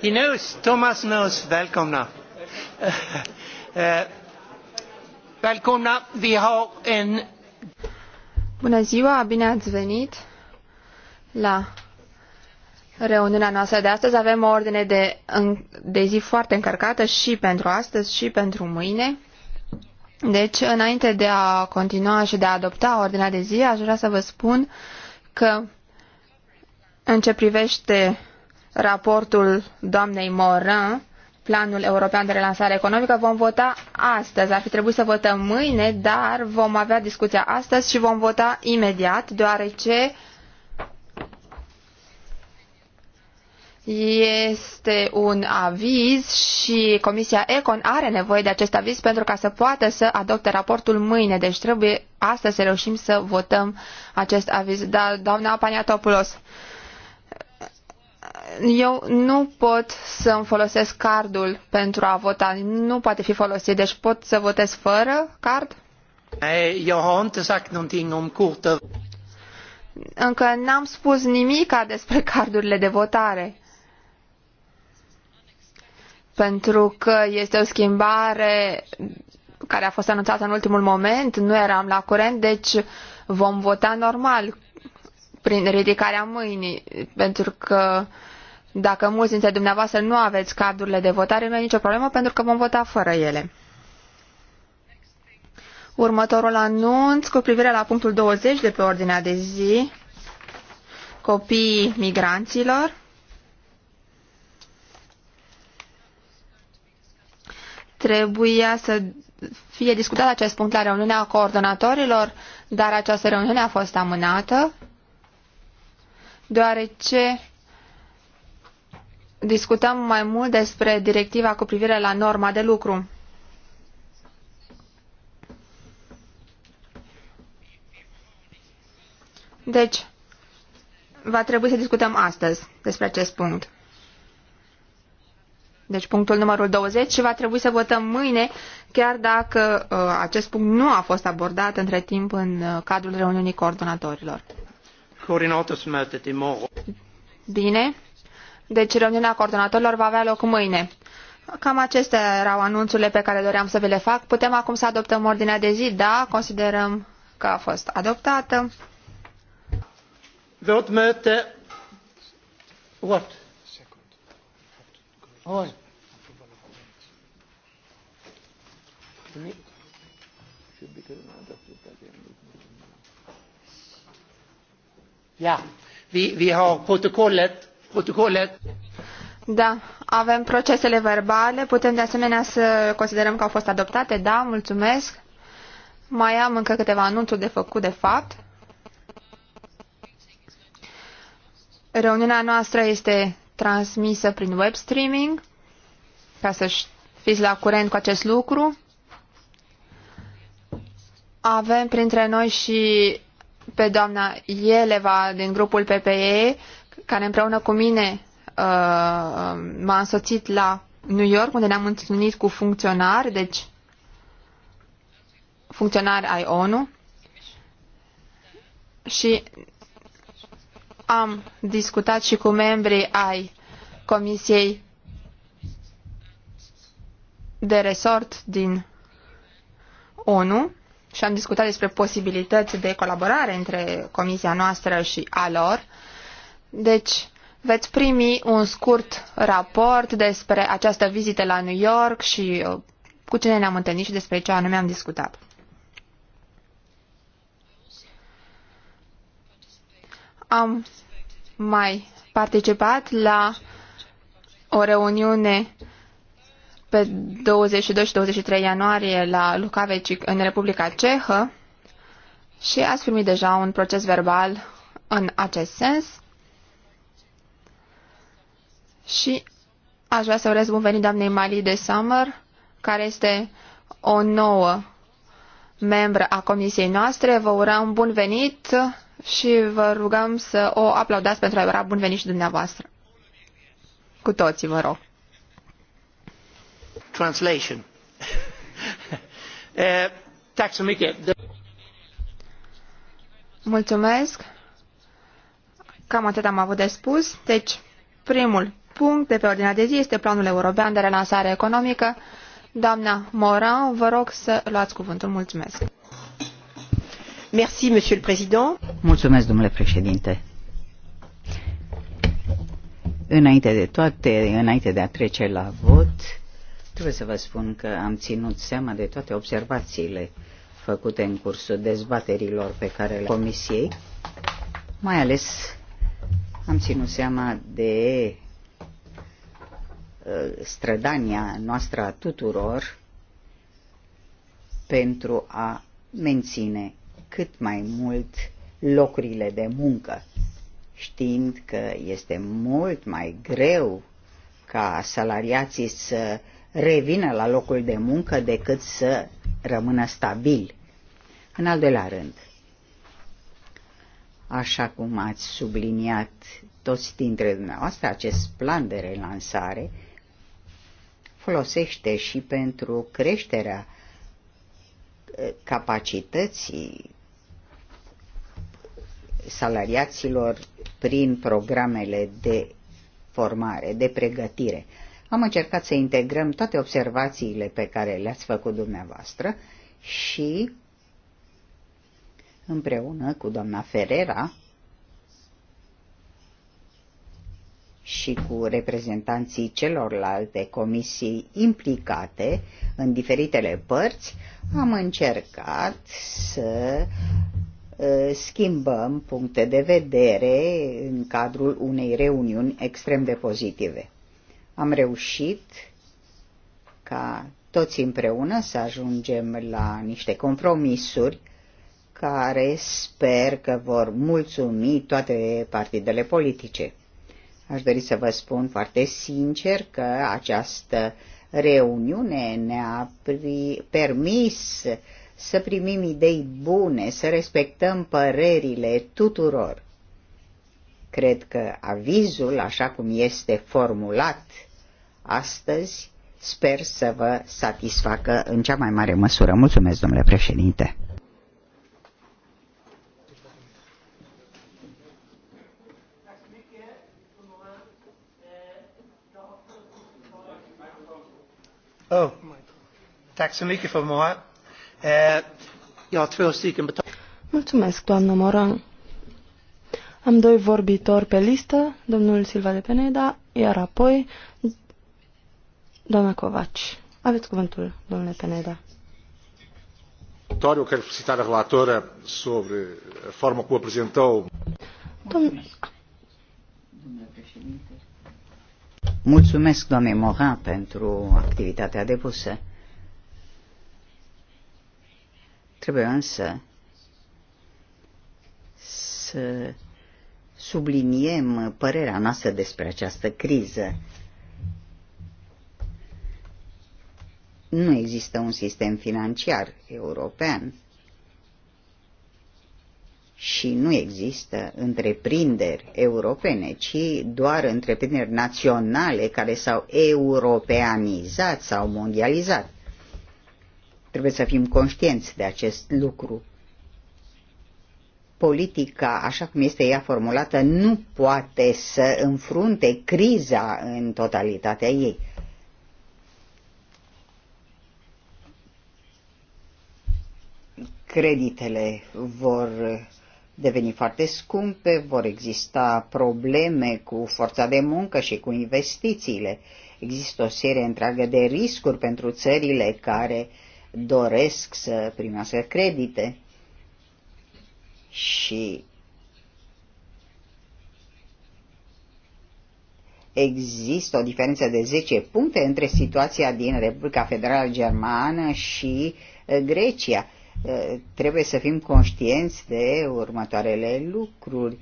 He knows, Thomas knows. vi har en... Bună ziua, bine ați venit la reuniunea noastră de astăzi. Avem o ordine de, de zi foarte încărcată și pentru astăzi și pentru mâine. Deci, înainte de a continua și de a adopta ordinea de zi, aș vrea să vă spun că în ce privește raportul doamnei Morin, Planul European de Relansare Economică, vom vota astăzi. Ar fi trebuit să votăm mâine, dar vom avea discuția astăzi și vom vota imediat, deoarece este un aviz și Comisia Econ are nevoie de acest aviz pentru ca să poată să adopte raportul mâine. Deci trebuie astăzi să reușim să votăm acest aviz. Da, doamna Paniatopoulos, eu nu pot să îmi folosesc cardul pentru a vota. Nu poate fi folosit, deci pot să votez fără card? Eu Încă n-am spus nimic despre cardurile de votare. Pentru că este o schimbare care a fost anunțată în ultimul moment, nu eram la curent, deci vom vota normal prin ridicarea mâinii, pentru că uh, dacă mulți dintre dumneavoastră nu aveți cardurile de votare, nu e nicio problemă pentru că vom vota fără ele. Următorul anunț cu privire la punctul 20 de pe ordinea de zi, copiii migranților. Trebuia să fie discutat acest punct la reuniunea coordonatorilor, dar această reuniune a fost amânată, deoarece discutăm mai mult despre directiva cu privire la norma de lucru. Deci, va trebui să discutăm astăzi despre acest punct. Deci punctul numărul 20 și va trebui să votăm mâine, chiar dacă uh, acest punct nu a fost abordat între timp în uh, cadrul reuniunii coordonatorilor. Bine, deci reuniunea coordonatorilor va avea loc mâine. Cam acestea erau anunțurile pe care doream să vi le fac. Putem acum să adoptăm ordinea de zi? Da, considerăm că a fost adoptată. Vot möte. What? Oi. Ja, vi, vi har protokollet da, avem procesele verbale, putem de asemenea să considerăm că au fost adoptate, da, mulțumesc. Mai am încă câteva anunțuri de făcut, de fapt. Reuniunea noastră este transmisă prin web streaming, ca să fiți la curent cu acest lucru. Avem printre noi și pe doamna Ieleva din grupul PPE, care împreună cu mine uh, m-a însoțit la New York, unde ne-am întâlnit cu funcționari, deci funcționari ai ONU și am discutat și cu membrii ai Comisiei de resort din ONU și am discutat despre posibilități de colaborare între comisia noastră și a lor deci, veți primi un scurt raport despre această vizită la New York și uh, cu cine ne-am întâlnit și despre ce anume am discutat. Am mai participat la o reuniune pe 22 și 23 ianuarie la Lukavec în Republica Cehă și ați primit deja un proces verbal în acest sens. Și aș vrea să urez bun venit doamnei Mali de Summer, care este o nouă membră a comisiei noastre. Vă urăm bun venit și vă rugăm să o aplaudați pentru a ura bun venit și dumneavoastră. Cu toții, vă rog. Translation. Eh, Mulțumesc. Cam atât am avut de spus. Deci, primul punct de pe ordinea de zi este Planul European de Relansare Economică. Doamna Morin, vă rog să luați cuvântul. Mulțumesc. Merci, Monsieur le Président. Mulțumesc, domnule președinte. Înainte de toate, înainte de a trece la vot, trebuie să vă spun că am ținut seama de toate observațiile făcute în cursul dezbaterilor pe care le comisiei, mai ales am ținut seama de strădania noastră a tuturor pentru a menține cât mai mult locurile de muncă, știind că este mult mai greu ca salariații să revină la locul de muncă decât să rămână stabil. În al doilea rând, așa cum ați subliniat toți dintre dumneavoastră, acest plan de relansare folosește și pentru creșterea capacității salariaților prin programele de formare, de pregătire. Am încercat să integrăm toate observațiile pe care le-ați făcut dumneavoastră și împreună cu doamna Ferrera și cu reprezentanții celorlalte comisii implicate în diferitele părți, am încercat să ă, schimbăm puncte de vedere în cadrul unei reuniuni extrem de pozitive. Am reușit ca toți împreună să ajungem la niște compromisuri care sper că vor mulțumi toate partidele politice. Aș dori să vă spun foarte sincer că această reuniune ne-a permis să primim idei bune, să respectăm părerile tuturor. Cred că avizul, așa cum este formulat astăzi, sper să vă satisfacă în cea mai mare măsură. Mulțumesc, domnule președinte! Oh. Mulțumesc, doamnă Moran. Am doi vorbitori pe listă, domnul Silva de Peneda, iar apoi doamna Covaci. Aveți cuvântul, domnule Peneda. Eu quero să a relatora sobre a forma como apresentou. Domn... Domnule președinte, Mulțumesc, doamne Moha, pentru activitatea depusă. Trebuie însă să subliniem părerea noastră despre această criză. Nu există un sistem financiar european și nu există întreprinderi europene, ci doar întreprinderi naționale care s-au europeanizat sau mondializat. Trebuie să fim conștienți de acest lucru. Politica, așa cum este ea formulată, nu poate să înfrunte criza în totalitatea ei. Creditele vor deveni foarte scumpe, vor exista probleme cu forța de muncă și cu investițiile. Există o serie întreagă de riscuri pentru țările care doresc să primească credite. Și există o diferență de 10 puncte între situația din Republica Federală Germană și eh, Grecia trebuie să fim conștienți de următoarele lucruri.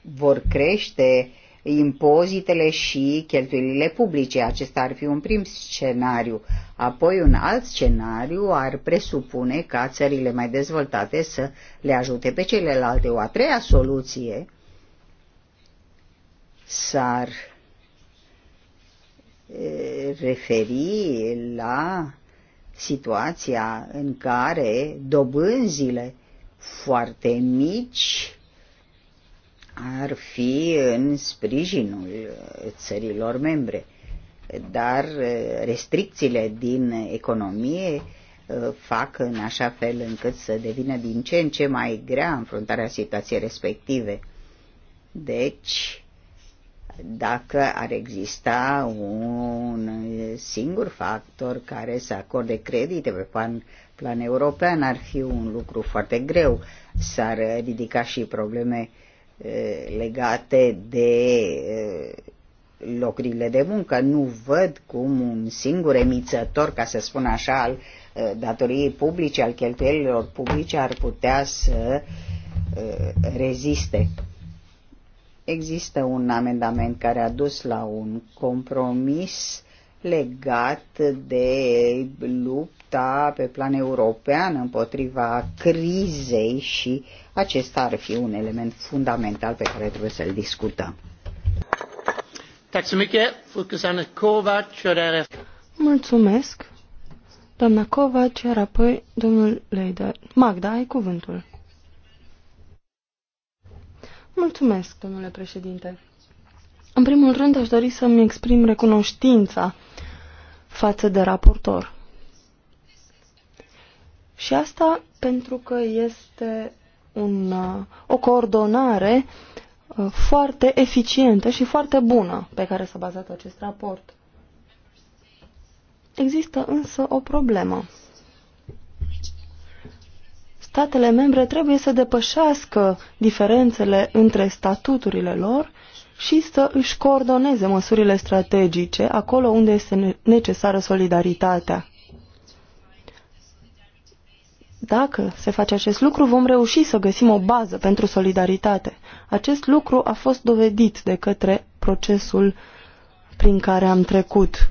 Vor crește impozitele și cheltuielile publice. Acesta ar fi un prim scenariu. Apoi un alt scenariu ar presupune ca țările mai dezvoltate să le ajute pe celelalte. O a treia soluție s-ar referi la situația în care dobânzile foarte mici ar fi în sprijinul țărilor membre, dar eh, restricțiile din economie eh, fac în așa fel încât să devină din ce în ce mai grea înfruntarea situației respective. Deci, dacă ar exista un singur factor care să acorde credite pe plan, plan european, ar fi un lucru foarte greu. S-ar ridica și probleme legate de locurile de muncă. Nu văd cum un singur emițător, ca să spun așa, al datoriei publice, al cheltuielilor publice, ar putea să reziste. Există un amendament care a dus la un compromis legat de lupta pe plan european împotriva crizei și acesta ar fi un element fundamental pe care trebuie să-l discutăm. Mulțumesc. Doamna Kovac, iar apoi domnul Leider. Magda, ai cuvântul. Mulțumesc, domnule președinte. În primul rând, aș dori să-mi exprim recunoștința față de raportor. Și asta pentru că este un, uh, o coordonare uh, foarte eficientă și foarte bună pe care s-a bazat acest raport. Există însă o problemă statele membre trebuie să depășească diferențele între statuturile lor și să își coordoneze măsurile strategice acolo unde este necesară solidaritatea. Dacă se face acest lucru, vom reuși să găsim o bază pentru solidaritate. Acest lucru a fost dovedit de către procesul prin care am trecut.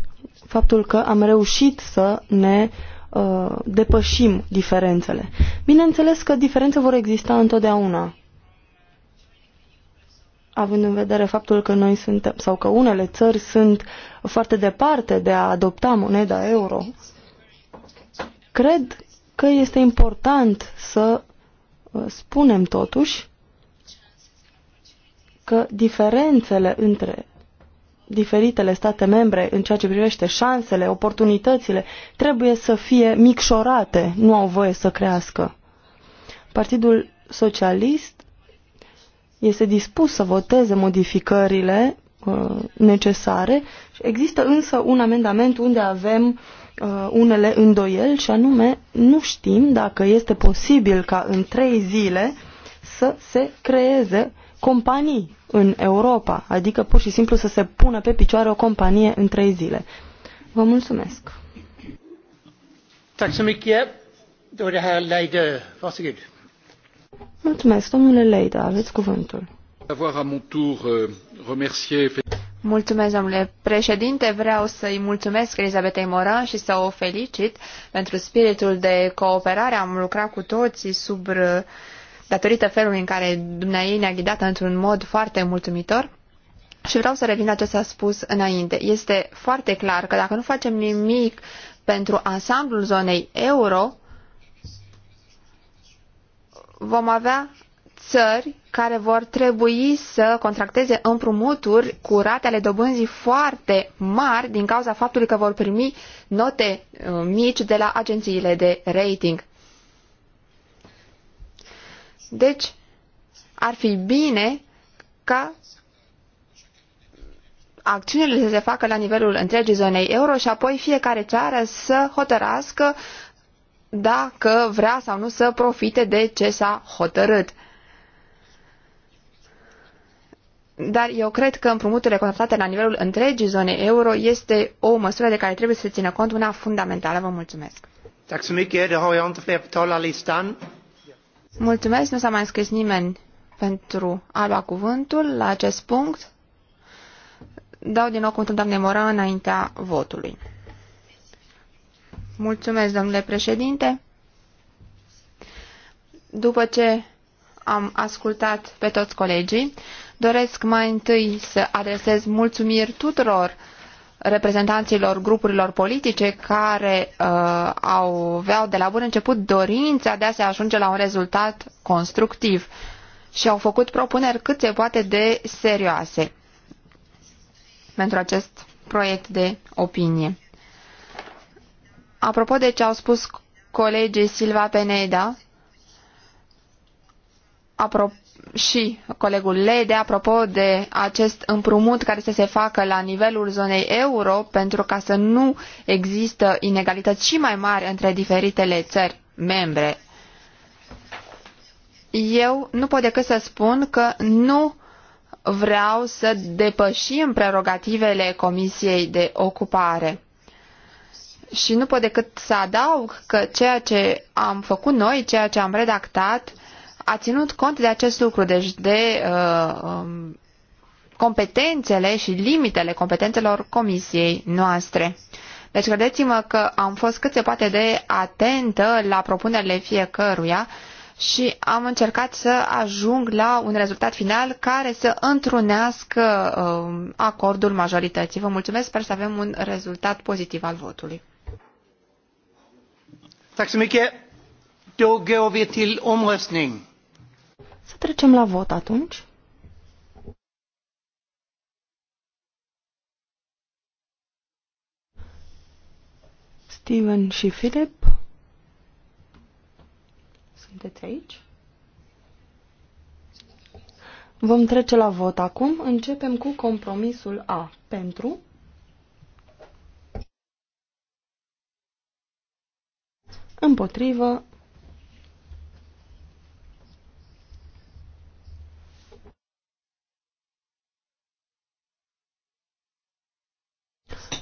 Faptul că am reușit să ne Uh, depășim diferențele. Bineînțeles că diferențe vor exista întotdeauna, având în vedere faptul că noi suntem, sau că unele țări sunt foarte departe de a adopta moneda euro, cred că este important să uh, spunem totuși că diferențele între diferitele state membre în ceea ce privește șansele, oportunitățile, trebuie să fie micșorate, nu au voie să crească. Partidul Socialist este dispus să voteze modificările uh, necesare. Există însă un amendament unde avem uh, unele îndoieli și anume nu știm dacă este posibil ca în trei zile să se creeze companii în Europa, adică pur și simplu să se pună pe picioare o companie în trei zile. Vă mulțumesc! Mulțumesc, domnule Leida, aveți cuvântul. Euh, mulțumesc, domnule președinte. Vreau să-i mulțumesc Elizabetei Moran și să o felicit pentru spiritul de cooperare. Am lucrat cu toții sub datorită felului în care dumneai ne-a ghidat într-un mod foarte mulțumitor. Și vreau să revin la ce s-a spus înainte. Este foarte clar că dacă nu facem nimic pentru ansamblul zonei euro, vom avea țări care vor trebui să contracteze împrumuturi cu rate ale dobânzii foarte mari din cauza faptului că vor primi note uh, mici de la agențiile de rating. Deci, ar fi bine ca acțiunile să se facă la nivelul întregii zonei euro și apoi fiecare țară să hotărască dacă vrea sau nu să profite de ce s-a hotărât. Dar eu cred că împrumuturile contractate la nivelul întregii zone euro este o măsură de care trebuie să se țină cont, una fundamentală. Vă mulțumesc! Mulțumesc, nu s-a mai scris nimeni pentru a lua cuvântul la acest punct. Dau din nou cuvântul doamnei Mora înaintea votului. Mulțumesc, domnule președinte. După ce am ascultat pe toți colegii, doresc mai întâi să adresez mulțumiri tuturor reprezentanților grupurilor politice care uh, au, aveau de la bun început dorința de a se ajunge la un rezultat constructiv și au făcut propuneri cât se poate de serioase pentru acest proiect de opinie. Apropo de ce au spus colegii Silva Peneda, apropo și colegul Lede apropo de acest împrumut care să se facă la nivelul zonei euro pentru ca să nu există inegalități și mai mari între diferitele țări membre. Eu nu pot decât să spun că nu vreau să depășim prerogativele Comisiei de Ocupare. Și nu pot decât să adaug că ceea ce am făcut noi, ceea ce am redactat, a ținut cont de acest lucru, deci de uh, um, competențele și limitele competențelor comisiei noastre. Deci credeți-mă că am fost cât se poate de atentă la propunerile fiecăruia și am încercat să ajung la un rezultat final care să întrunească uh, acordul majorității. Vă mulțumesc, sper să avem un rezultat pozitiv al votului. Tack så mycket. Då går vi till omröstning. Să trecem la vot atunci. Steven și Philip, sunteți aici? Vom trece la vot acum. Începem cu compromisul A. Pentru. Împotrivă.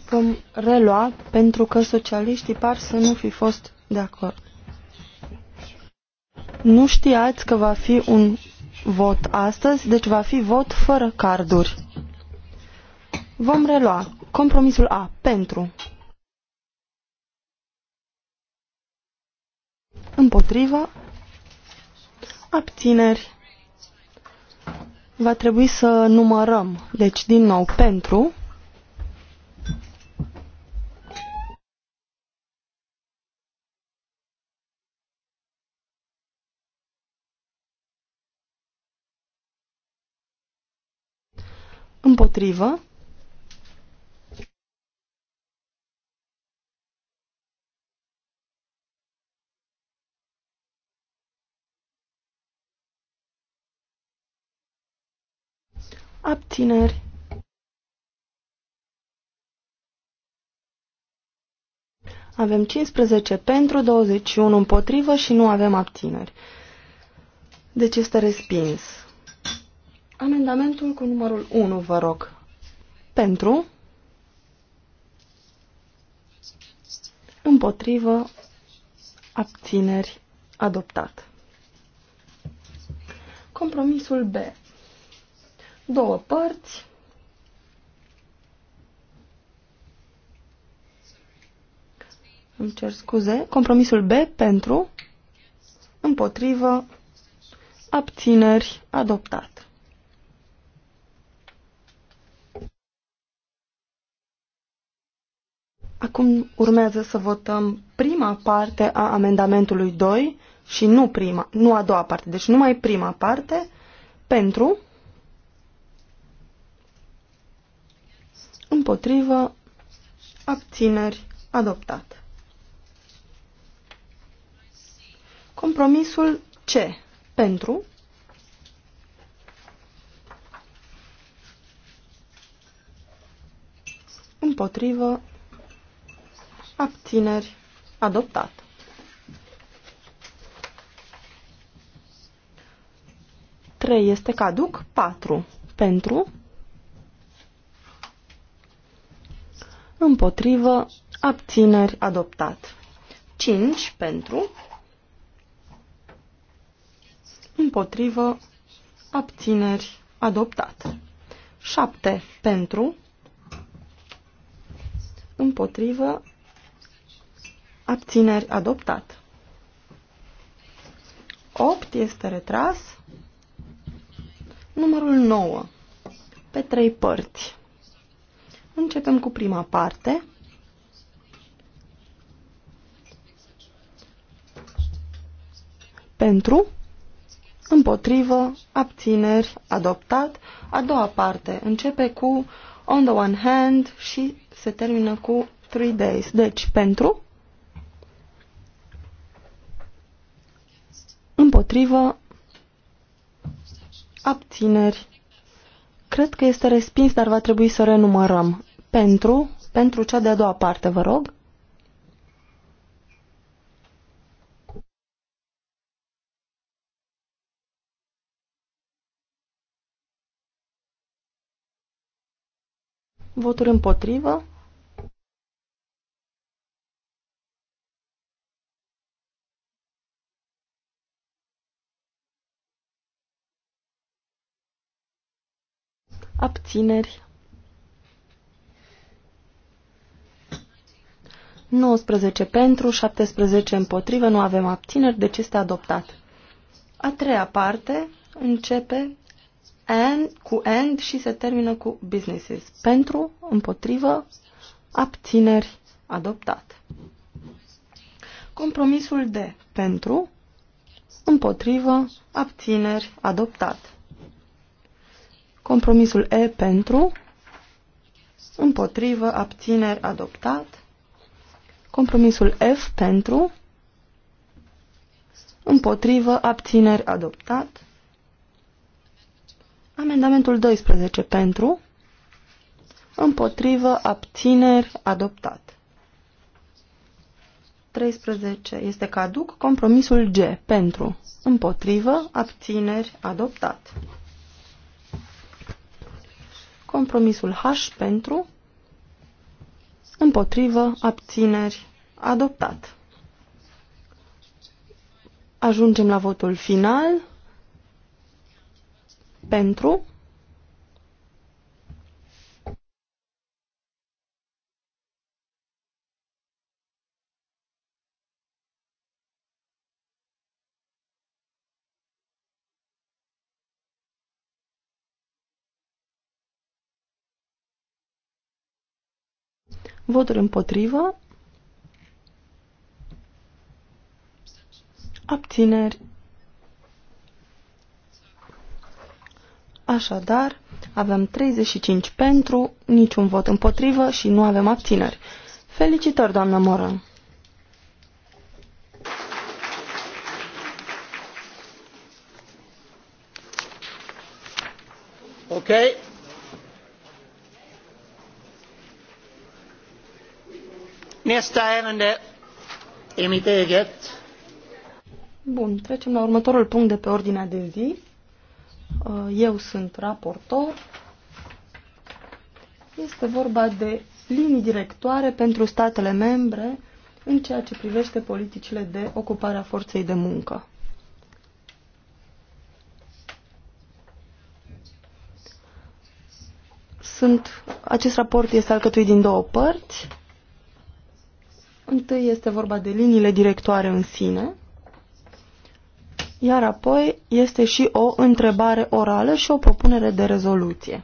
Vom relua pentru că socialiștii par să nu fi fost de acord. Nu știați că va fi un vot astăzi, deci va fi vot fără carduri. Vom relua. Compromisul A. Pentru. Împotriva. Abțineri. Va trebui să numărăm. Deci, din nou, pentru. Împotrivă. Abțineri. Avem 15 pentru, 21 împotrivă și nu avem abțineri. Deci este respins. Amendamentul cu numărul 1, vă rog. Pentru. Împotrivă. Abțineri. Adoptat. Compromisul B. Două părți. Îmi cer scuze. Compromisul B pentru, împotrivă, abțineri, adoptat. Acum urmează să votăm prima parte a amendamentului 2 și nu, prima, nu a doua parte, deci numai prima parte pentru, împotrivă, abțineri, adoptat. Compromisul C pentru împotrivă, Abțineri. Adoptat. Trei este caduc. Patru. Pentru. Împotrivă. Abțineri. Adoptat. Cinci pentru, împotrivă, abțineri, adoptat. 7 pentru, împotrivă, Abțineri adoptat. 8 este retras. Numărul 9. Pe trei părți. Începem cu prima parte. Pentru, împotrivă, abțineri, adoptat. A doua parte începe cu on the one hand și se termină cu three days. Deci, pentru, Împotrivă. Abțineri. Cred că este respins, dar va trebui să renumărăm. Pentru, pentru cea de-a doua parte, vă rog. Voturi împotrivă. abțineri. 19 pentru, 17 împotrivă, nu avem abțineri, deci este adoptat. A treia parte începe and, cu and și se termină cu businesses. Pentru, împotrivă, abțineri, adoptat. Compromisul de pentru, împotrivă, abțineri, adoptat. Compromisul E pentru, împotrivă, abțineri, adoptat. Compromisul F pentru, împotrivă, abțineri, adoptat. Amendamentul 12 pentru, împotrivă, abțineri, adoptat. 13 este caduc, compromisul G pentru, împotrivă, abțineri, adoptat. Compromisul H pentru, împotrivă, abțineri, adoptat. Ajungem la votul final pentru, Voturi împotrivă. Abțineri. Așadar, avem 35 pentru, niciun vot împotrivă și nu avem abțineri. Felicitări, doamnă Moran! Okay. Bun, trecem la următorul punct de pe ordinea de zi. Uh, eu sunt raportor. Este vorba de linii directoare pentru statele membre în ceea ce privește politicile de ocupare a forței de muncă. Sunt, acest raport este alcătuit din două părți. Întâi este vorba de liniile directoare în sine, iar apoi este și o întrebare orală și o propunere de rezoluție.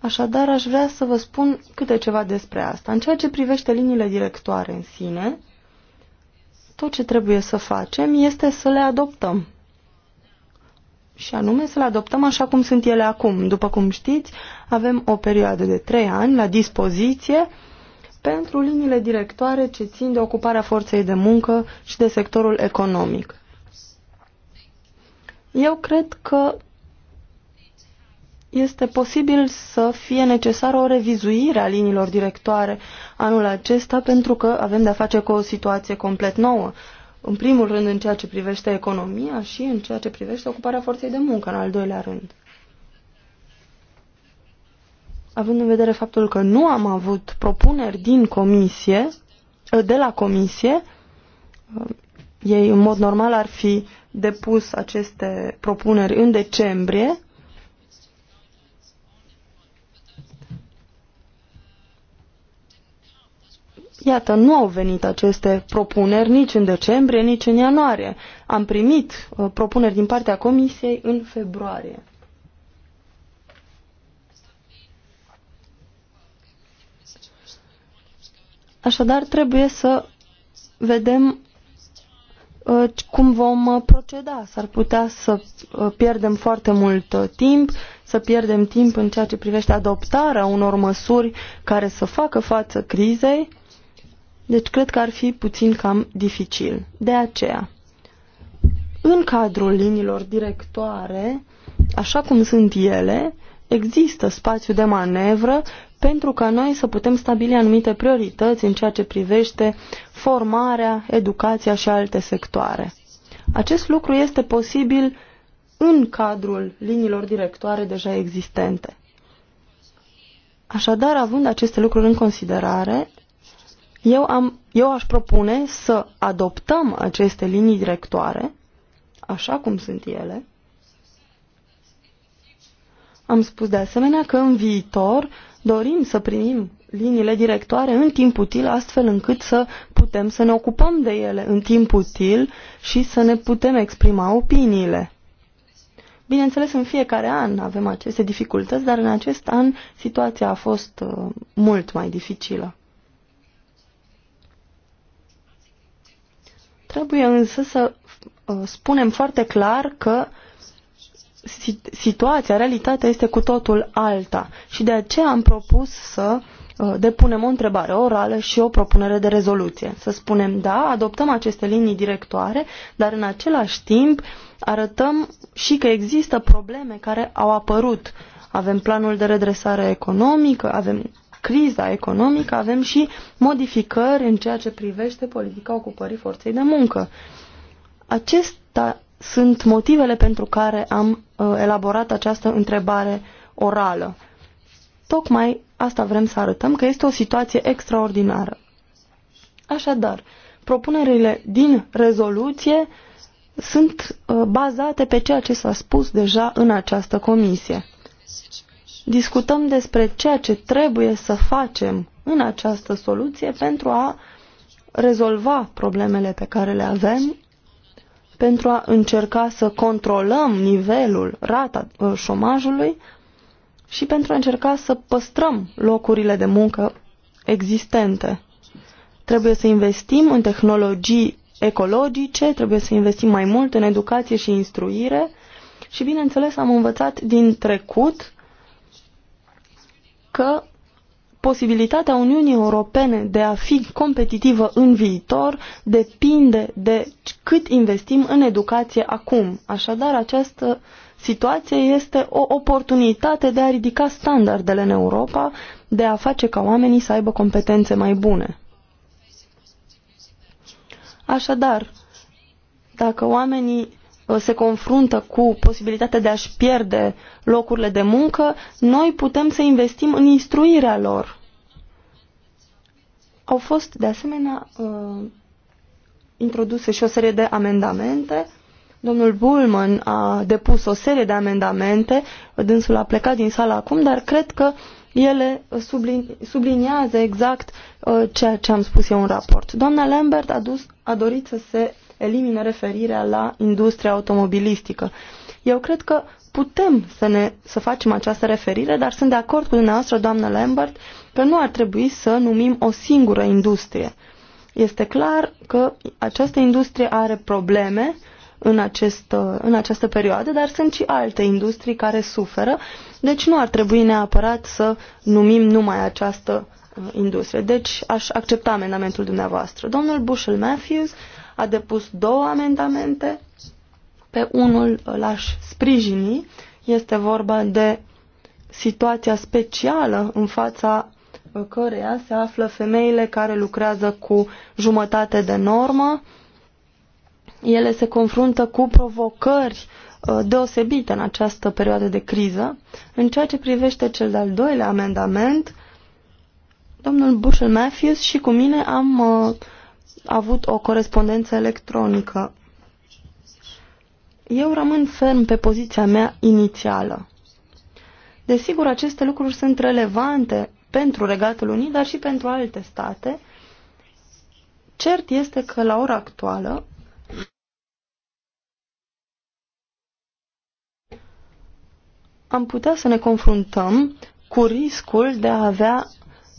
Așadar, aș vrea să vă spun câte ceva despre asta. În ceea ce privește liniile directoare în sine, tot ce trebuie să facem este să le adoptăm și anume să-l adoptăm așa cum sunt ele acum. După cum știți, avem o perioadă de trei ani la dispoziție pentru liniile directoare ce țin de ocuparea forței de muncă și de sectorul economic. Eu cred că este posibil să fie necesară o revizuire a liniilor directoare anul acesta pentru că avem de-a face cu o situație complet nouă în primul rând în ceea ce privește economia și în ceea ce privește ocuparea forței de muncă, în al doilea rând. Având în vedere faptul că nu am avut propuneri din comisie, ă, de la comisie, ă, ei în mod normal ar fi depus aceste propuneri în decembrie, Iată, nu au venit aceste propuneri nici în decembrie, nici în ianuarie. Am primit uh, propuneri din partea Comisiei în februarie. Așadar, trebuie să vedem uh, cum vom uh, proceda. S-ar putea să uh, pierdem foarte mult uh, timp, să pierdem timp în ceea ce privește adoptarea unor măsuri care să facă față crizei deci cred că ar fi puțin cam dificil. De aceea, în cadrul liniilor directoare, așa cum sunt ele, există spațiu de manevră pentru ca noi să putem stabili anumite priorități în ceea ce privește formarea, educația și alte sectoare. Acest lucru este posibil în cadrul liniilor directoare deja existente. Așadar, având aceste lucruri în considerare, eu, am, eu aș propune să adoptăm aceste linii directoare, așa cum sunt ele. Am spus de asemenea că în viitor dorim să primim liniile directoare în timp util, astfel încât să putem să ne ocupăm de ele în timp util și să ne putem exprima opiniile. Bineînțeles, în fiecare an avem aceste dificultăți, dar în acest an situația a fost uh, mult mai dificilă. Trebuie însă să uh, spunem foarte clar că situația, realitatea este cu totul alta și de aceea am propus să uh, depunem o întrebare orală și o propunere de rezoluție. Să spunem, da, adoptăm aceste linii directoare, dar în același timp arătăm și că există probleme care au apărut. Avem planul de redresare economică, avem criza economică avem și modificări în ceea ce privește politica ocupării forței de muncă. Acestea sunt motivele pentru care am uh, elaborat această întrebare orală. Tocmai asta vrem să arătăm, că este o situație extraordinară. Așadar, propunerile din rezoluție sunt uh, bazate pe ceea ce s-a spus deja în această comisie discutăm despre ceea ce trebuie să facem în această soluție pentru a rezolva problemele pe care le avem, pentru a încerca să controlăm nivelul, rata uh, șomajului și pentru a încerca să păstrăm locurile de muncă existente. Trebuie să investim în tehnologii ecologice, trebuie să investim mai mult în educație și instruire și, bineînțeles, am învățat din trecut că posibilitatea Uniunii Europene de a fi competitivă în viitor depinde de cât investim în educație acum. Așadar, această situație este o oportunitate de a ridica standardele în Europa, de a face ca oamenii să aibă competențe mai bune. Așadar, dacă oamenii Uh, se confruntă cu posibilitatea de a-și pierde locurile de muncă, noi putem să investim în instruirea lor. Au fost, de asemenea, uh, introduse și o serie de amendamente. Domnul Bullman a depus o serie de amendamente, dânsul a plecat din sală acum, dar cred că ele sublin, subliniază exact uh, ceea ce am spus eu în raport. Doamna Lambert a, dus, a dorit să se elimine referirea la industria automobilistică. Eu cred că putem să, ne, să facem această referire, dar sunt de acord cu dumneavoastră, doamnă Lambert, că nu ar trebui să numim o singură industrie. Este clar că această industrie are probleme în, acest, în această perioadă, dar sunt și alte industrii care suferă, deci nu ar trebui neapărat să numim numai această uh, industrie. Deci aș accepta amendamentul dumneavoastră. Domnul Bushel Matthews a depus două amendamente. Pe unul l-aș sprijini. Este vorba de situația specială în fața uh, căreia se află femeile care lucrează cu jumătate de normă. Ele se confruntă cu provocări uh, deosebite în această perioadă de criză. În ceea ce privește cel de-al doilea amendament, domnul Bushel Matthews și cu mine am uh, avut o corespondență electronică. Eu rămân ferm pe poziția mea inițială. Desigur, aceste lucruri sunt relevante pentru Regatul Unit, dar și pentru alte state. Cert este că la ora actuală am putea să ne confruntăm cu riscul de a avea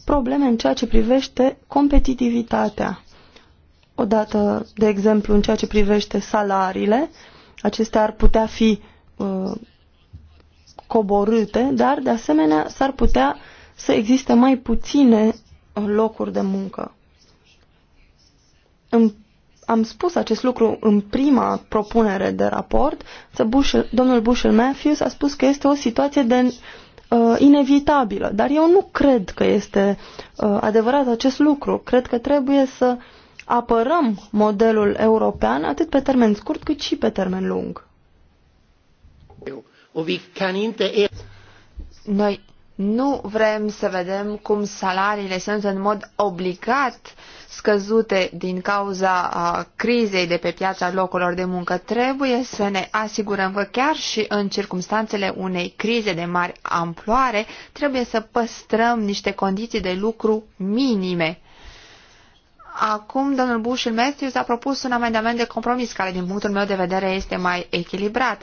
probleme în ceea ce privește competitivitatea. Odată, de exemplu, în ceea ce privește salariile, acestea ar putea fi uh, coborâte, dar, de asemenea, s-ar putea să existe mai puține uh, locuri de muncă. În am spus acest lucru în prima propunere de raport, Bushel, domnul Bushel Matthews a spus că este o situație de uh, inevitabilă, dar eu nu cred că este uh, adevărat acest lucru. Cred că trebuie să uh, apărăm modelul european atât pe termen scurt cât și pe termen lung. Noi nu vrem să vedem cum salariile sunt în mod obligat scăzute din cauza a crizei de pe piața locurilor de muncă. Trebuie să ne asigurăm că chiar și în circumstanțele unei crize de mari amploare, trebuie să păstrăm niște condiții de lucru minime. Acum, domnul Bushel Matthews a propus un amendament de compromis care, din punctul meu de vedere, este mai echilibrat,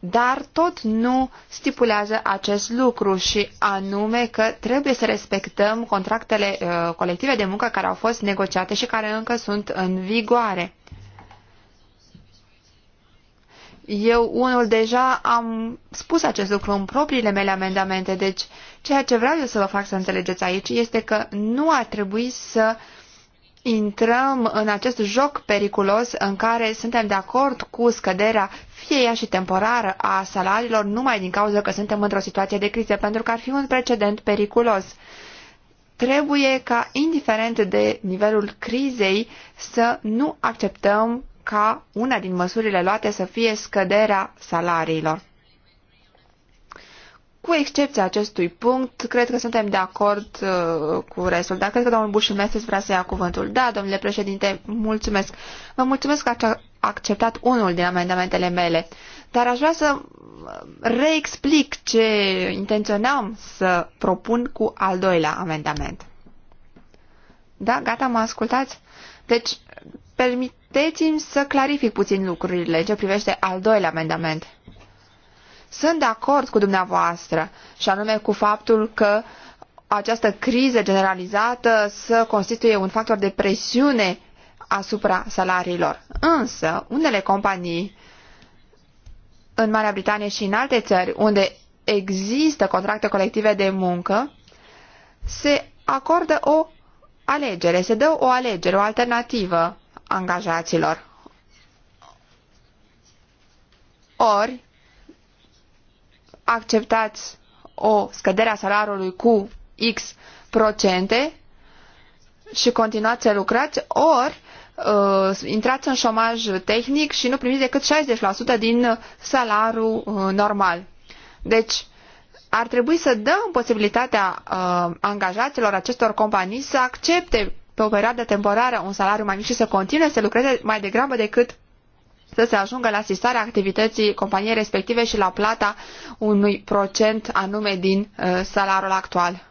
dar tot nu stipulează acest lucru și anume că trebuie să respectăm contractele uh, colective de muncă care au fost negociate și care încă sunt în vigoare. Eu, unul, deja am spus acest lucru în propriile mele amendamente, deci ceea ce vreau eu să vă fac să înțelegeți aici este că nu ar trebui să uh, intrăm în acest joc periculos în care suntem de acord cu scăderea, fie ea și temporară, a salariilor numai din cauza că suntem într-o situație de criză, pentru că ar fi un precedent periculos. Trebuie ca, indiferent de nivelul crizei, să nu acceptăm ca una din măsurile luate să fie scăderea salariilor. Cu excepția acestui punct, cred că suntem de acord uh, cu restul, dar cred că domnul Bușilmestes vrea să ia cuvântul. Da, domnule președinte, mulțumesc. Vă mulțumesc că ați acceptat unul din amendamentele mele, dar aș vrea să uh, reexplic ce intenționam să propun cu al doilea amendament. Da, gata, mă ascultați? Deci, permiteți-mi să clarific puțin lucrurile ce privește al doilea amendament. Sunt de acord cu dumneavoastră și anume cu faptul că această criză generalizată să constituie un factor de presiune asupra salariilor. Însă, unele companii în Marea Britanie și în alte țări unde există contracte colective de muncă, se acordă o alegere, se dă o alegere, o alternativă angajaților. Ori, acceptați o scădere a salariului cu X procente și continuați să lucrați, ori uh, intrați în șomaj tehnic și nu primiți decât 60% din salariul uh, normal. Deci, ar trebui să dăm posibilitatea uh, angajaților acestor companii să accepte pe o perioadă temporară un salariu mai mic și să continue să lucreze mai degrabă decât să se ajungă la sistarea activității companiei respective și la plata unui procent anume din uh, salariul actual.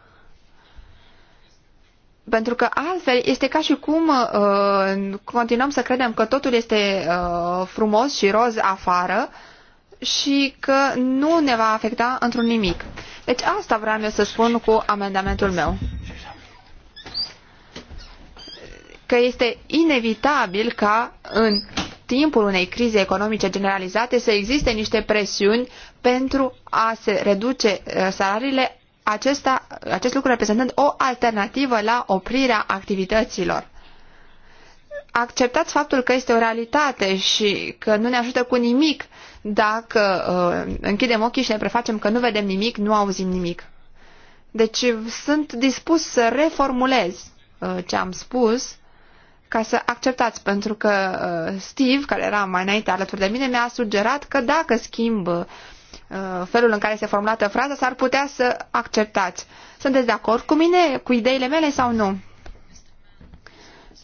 Pentru că altfel este ca și cum uh, continuăm să credem că totul este uh, frumos și roz afară și că nu ne va afecta într-un nimic. Deci asta vreau eu să spun cu amendamentul meu. Că este inevitabil ca în timpul unei crize economice generalizate să existe niște presiuni pentru a se reduce uh, salariile, acesta, acest lucru reprezentând o alternativă la oprirea activităților. Acceptați faptul că este o realitate și că nu ne ajută cu nimic dacă uh, închidem ochii și ne prefacem că nu vedem nimic, nu auzim nimic. Deci sunt dispus să reformulez uh, ce am spus ca să acceptați, pentru că uh, Steve, care era mai înainte alături de mine, mi-a sugerat că dacă schimb uh, felul în care este formulată fraza, s-ar putea să acceptați. Sunteți de acord cu mine, cu ideile mele sau nu?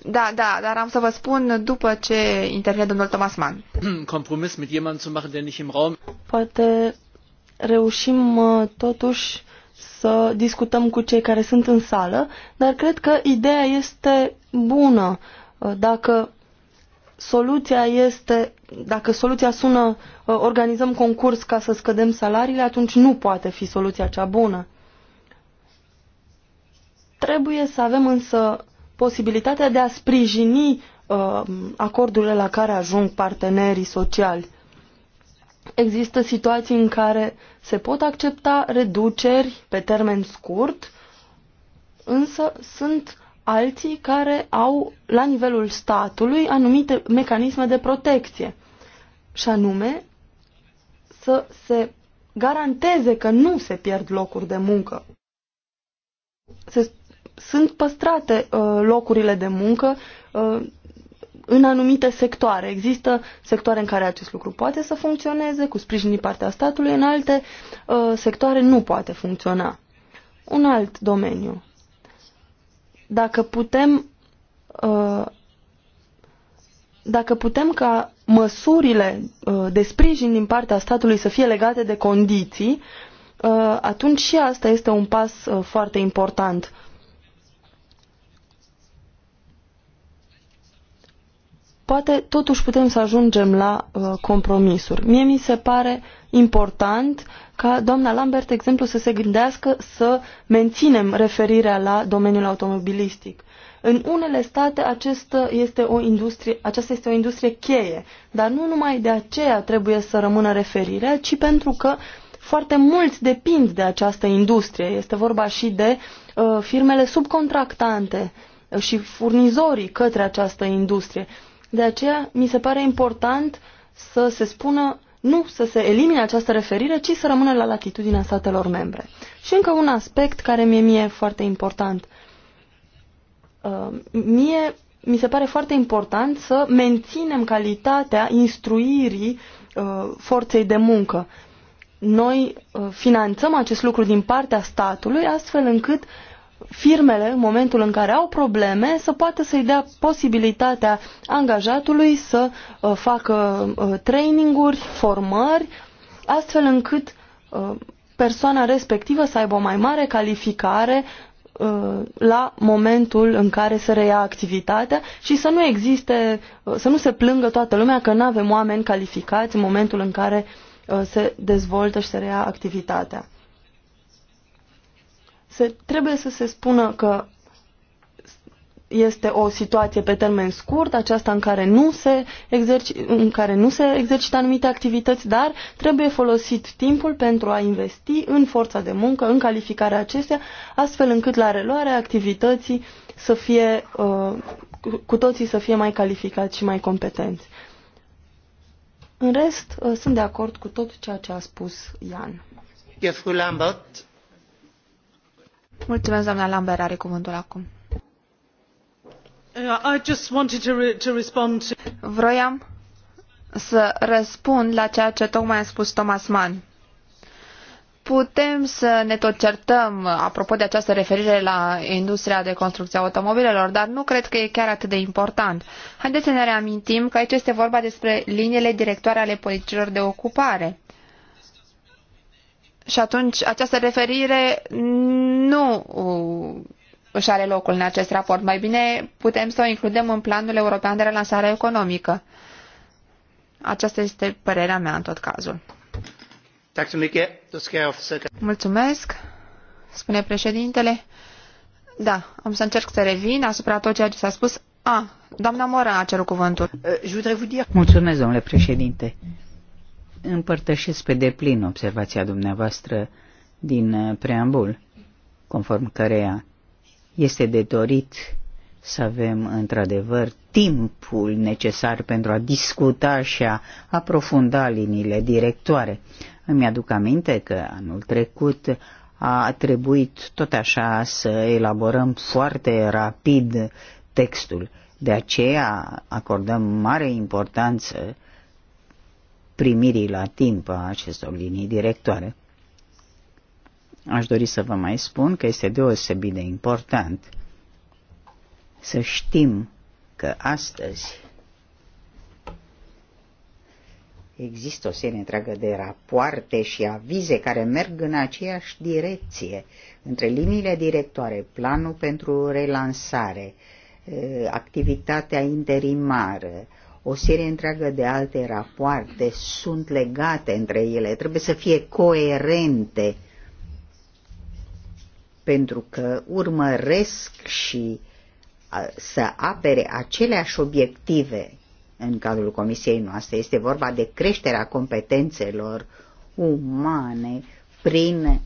Da, da, dar am să vă spun după ce intervine domnul Thomas Mann. Compromis mit jemandem zu machen, der nicht im Raum. Poate reușim uh, totuși să discutăm cu cei care sunt în sală, dar cred că ideea este bună. Uh, dacă soluția este, dacă soluția sună uh, organizăm concurs ca să scădem salariile, atunci nu poate fi soluția cea bună. Trebuie să avem însă posibilitatea de a sprijini uh, acordurile la care ajung partenerii sociali există situații în care se pot accepta reduceri pe termen scurt, însă sunt alții care au la nivelul statului anumite mecanisme de protecție, și anume să se garanteze că nu se pierd locuri de muncă. Se, sunt păstrate uh, locurile de muncă uh, în anumite sectoare. Există sectoare în care acest lucru poate să funcționeze, cu sprijin din partea statului, în alte uh, sectoare nu poate funcționa. Un alt domeniu. Dacă putem, uh, dacă putem ca măsurile uh, de sprijin din partea statului să fie legate de condiții, uh, atunci și asta este un pas uh, foarte important. Uh, poate totuși putem să ajungem la uh, compromisuri. Mie mi se pare important ca doamna Lambert, de exemplu, să se gândească să menținem referirea la domeniul automobilistic. În unele state acesta este o industrie, aceasta este o industrie cheie, dar nu numai de aceea trebuie să rămână referirea, ci pentru că foarte mulți depind de această industrie. Este vorba și de uh, firmele subcontractante și furnizorii către această industrie. De aceea mi se pare important să se spună nu să se elimine această referire, ci să rămână la latitudinea statelor membre. Și încă un aspect care mie mie e foarte important. Uh, mie mi se pare foarte important să menținem calitatea instruirii uh, forței de muncă. Noi uh, finanțăm acest lucru din partea statului astfel încât uh, firmele, în momentul în care au probleme, să poată să-i dea posibilitatea angajatului să uh, facă uh, traininguri, formări, astfel încât uh, persoana respectivă să aibă o mai mare calificare la momentul în care se reia activitatea și să nu existe, să nu se plângă toată lumea că nu avem oameni calificați în momentul în care se dezvoltă și se reia activitatea. Se, trebuie să se spună că este o situație pe termen scurt, aceasta în care nu se, exerci, în care nu se exercită anumite activități, dar trebuie folosit timpul pentru a investi în forța de muncă, în calificarea acestea, astfel încât la reluarea activității să fie, uh, cu toții să fie mai calificați și mai competenți. În rest, uh, sunt de acord cu tot ceea ce a spus Ian. Mulțumesc, doamna Lambert, are cuvântul acum. Uh, I just wanted to, re to respond to... Vroiam să răspund la ceea ce tocmai a spus Thomas Mann. Putem să ne tot certăm apropo de această referire la industria de construcție a automobilelor, dar nu cred că e chiar atât de important. Haideți să ne reamintim că aici este vorba despre liniile directoare ale politicilor de ocupare. Și atunci această referire nu își are locul în acest raport. Mai bine putem să o includem în planul european de relansare economică. Aceasta este părerea mea în tot cazul. Da Mulțumesc, spune președintele. Da, am să încerc să revin asupra tot ceea ce s-a spus. A, doamna Mora a cerut cuvântul. Eh, Mulțumesc, domnule președinte împărtășesc pe deplin observația dumneavoastră din uh, preambul, conform căreia este de dorit să avem într-adevăr timpul necesar pentru a discuta și a aprofunda liniile directoare. Îmi aduc aminte că anul trecut a trebuit tot așa să elaborăm foarte rapid textul. De aceea acordăm mare importanță primirii la timp a acestor linii directoare. Aș dori să vă mai spun că este deosebit de important să știm că astăzi Există o serie întreagă de rapoarte și avize care merg în aceeași direcție, între liniile directoare, planul pentru relansare, activitatea interimară, o serie întreagă de alte rapoarte sunt legate între ele, trebuie să fie coerente pentru că urmăresc și să apere aceleași obiective în cadrul comisiei noastre. Este vorba de creșterea competențelor umane prin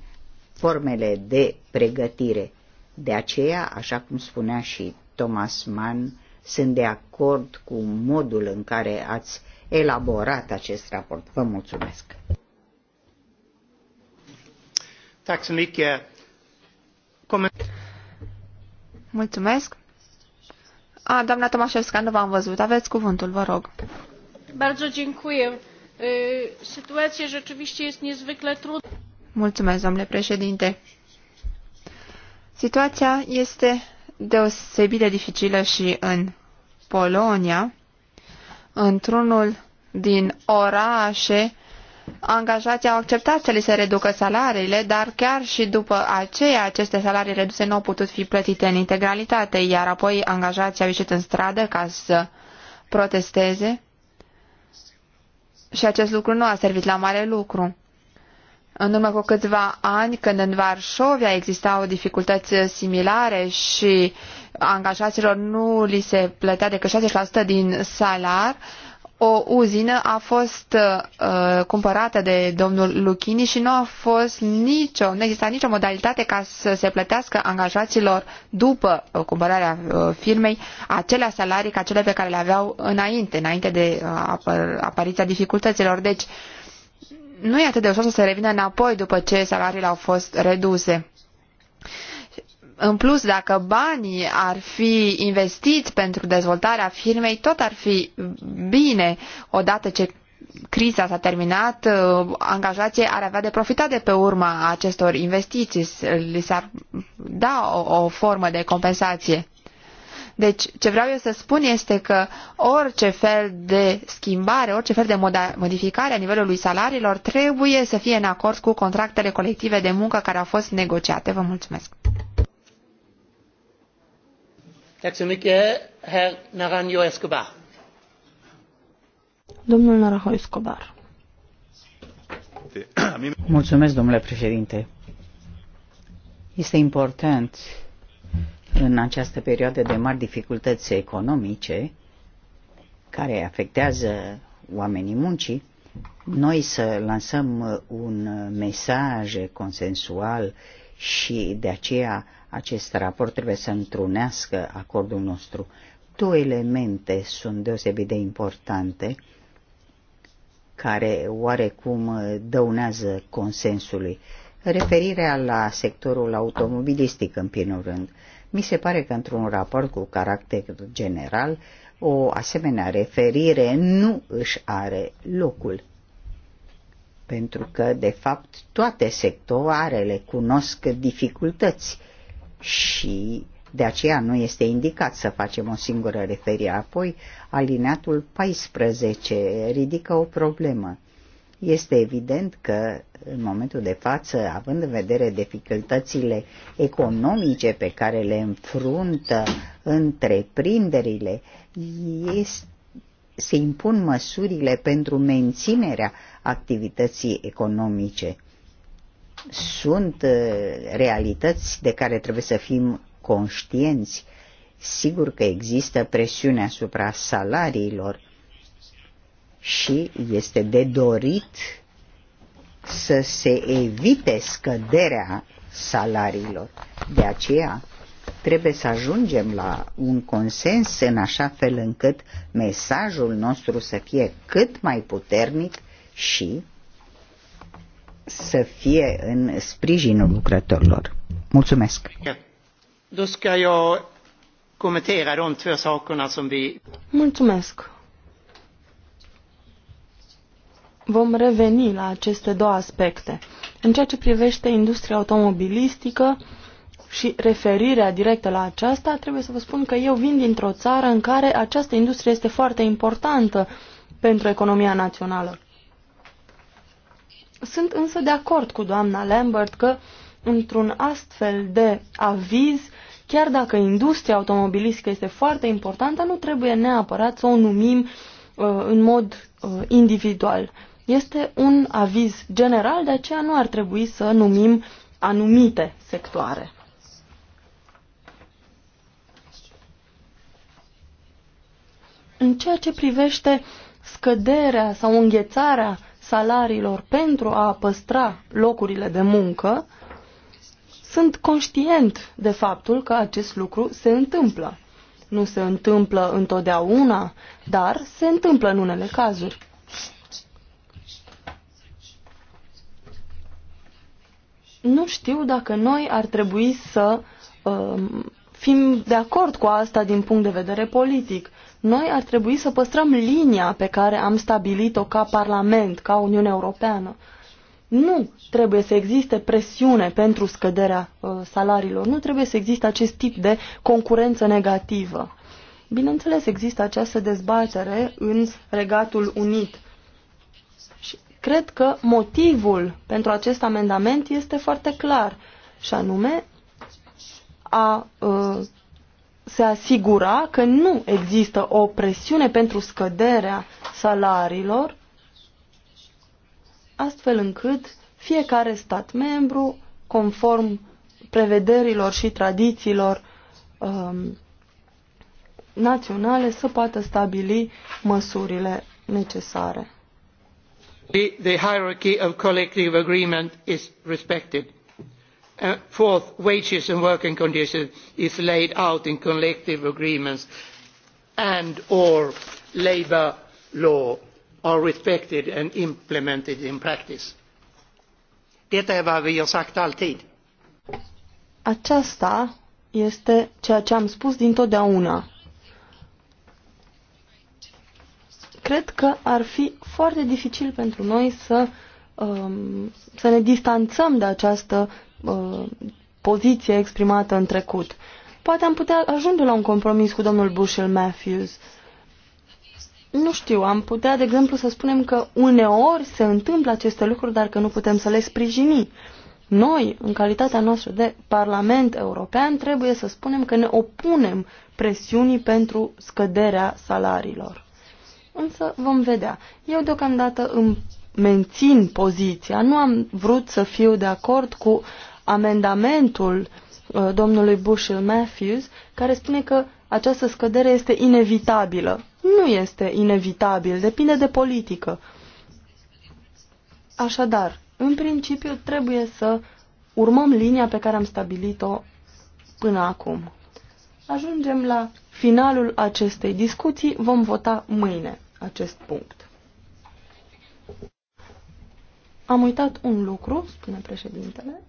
formele de pregătire. De aceea, așa cum spunea și Thomas Mann, sunt de acord cu modul în care ați elaborat acest raport. Vă mulțumesc! Mulțumesc! A, doamna Tomașevska, nu v-am văzut. Aveți cuvântul, vă rog. Bardzo dziękuję. rzeczywiście jest niezwykle trudna. Mulțumesc, domnule președinte. Situația este deosebit de dificilă și în Polonia, într-unul din orașe, angajații au acceptat să li se reducă salariile, dar chiar și după aceea aceste salarii reduse nu au putut fi plătite în integralitate, iar apoi angajații au ieșit în stradă ca să protesteze și acest lucru nu a servit la mare lucru. În urmă cu câțiva ani, când în Varșovia existau dificultăți similare și angajaților nu li se plătea decât 60% din salar, o uzină a fost uh, cumpărată de domnul Luchini și nu a fost nicio, nu exista nicio modalitate ca să se plătească angajaților după uh, cumpărarea uh, firmei acelea salarii ca cele pe care le aveau înainte, înainte de uh, apariția dificultăților. Deci, uh, nu e atât de ușor să se revină înapoi după ce salariile au fost reduse. În plus, dacă banii ar fi investiți pentru dezvoltarea firmei, tot ar fi bine odată ce criza s-a terminat, uh, angajații ar avea de profitat de pe urma acestor investiții, li s-ar da o, o formă de compensație. Deci, ce vreau eu să spun este că orice fel de schimbare, orice fel de modificare a nivelului salariilor trebuie să fie în acord cu contractele colective de muncă care au fost negociate. Vă mulțumesc! Domnul Escobar. Mulțumesc, domnule președinte. Este important în această perioadă de mari dificultăți economice care afectează oamenii muncii, noi să lansăm un mesaj consensual și de aceea acest raport trebuie să întrunească acordul nostru. Două elemente sunt deosebit de importante care oarecum dăunează consensului. Referirea la sectorul automobilistic, în primul rând. Mi se pare că într-un raport cu caracter general, o asemenea referire nu își are locul. Pentru că, de fapt, toate sectoarele cunosc dificultăți și de aceea nu este indicat să facem o singură referire. Apoi, alineatul 14 ridică o problemă este evident că în momentul de față, având în vedere dificultățile economice pe care le înfruntă întreprinderile, se impun măsurile pentru menținerea activității economice. Sunt uh, realități de care trebuie să fim conștienți. Sigur că există presiune asupra salariilor, și este de dorit să se evite scăderea salariilor. De aceea trebuie să ajungem la un consens în așa fel încât mesajul nostru să fie cât mai puternic și să fie în sprijinul lucrătorilor. Mulțumesc! Mulțumesc! Mulțumesc! vom reveni la aceste două aspecte. În ceea ce privește industria automobilistică și referirea directă la aceasta, trebuie să vă spun că eu vin dintr-o țară în care această industrie este foarte importantă pentru economia națională. Sunt însă de acord cu doamna Lambert că într-un astfel de aviz, chiar dacă industria automobilistică este foarte importantă, nu trebuie neapărat să o numim uh, în mod uh, individual. Este un aviz general, de aceea nu ar trebui să numim anumite sectoare. În ceea ce privește scăderea sau înghețarea salariilor pentru a păstra locurile de muncă, sunt conștient de faptul că acest lucru se întâmplă. Nu se întâmplă întotdeauna, dar se întâmplă în unele cazuri. nu știu dacă noi ar trebui să uh, fim de acord cu asta din punct de vedere politic. Noi ar trebui să păstrăm linia pe care am stabilit-o ca Parlament, ca Uniunea Europeană. Nu trebuie să existe presiune pentru scăderea uh, salariilor, nu trebuie să existe acest tip de concurență negativă. Bineînțeles, există această dezbatere în Regatul Unit. Și Cred că motivul pentru acest amendament este foarte clar, și anume a ă, se asigura că nu există o presiune pentru scăderea salariilor, astfel încât fiecare stat membru, conform prevederilor și tradițiilor um, naționale, să poată stabili măsurile necesare the, hierarchy of collective agreement is respected. Uh, fourth, wages and working conditions is laid out in collective agreements and or labour law are respected and implemented in practice. Detta är vad vi har sagt alltid. Aceasta este ceea ce am spus dintotdeauna. cred că ar fi foarte dificil pentru noi să, um, să ne distanțăm de această uh, poziție exprimată în trecut. Poate am putea ajunge la un compromis cu domnul Bushel Matthews. Nu știu, am putea, de exemplu, să spunem că uneori se întâmplă aceste lucruri, dar că nu putem să le sprijini. Noi, în calitatea noastră de Parlament European, trebuie să spunem că ne opunem presiunii pentru scăderea salariilor. Însă vom vedea. Eu deocamdată îmi mențin poziția. Nu am vrut să fiu de acord cu amendamentul uh, domnului Bushel Matthews, care spune că această scădere este inevitabilă. Nu este inevitabil, depinde de politică. Așadar, în principiu trebuie să urmăm linia pe care am stabilit-o până acum. Ajungem la finalul acestei discuții vom vota mâine acest punct. Am uitat un lucru, spune președintele.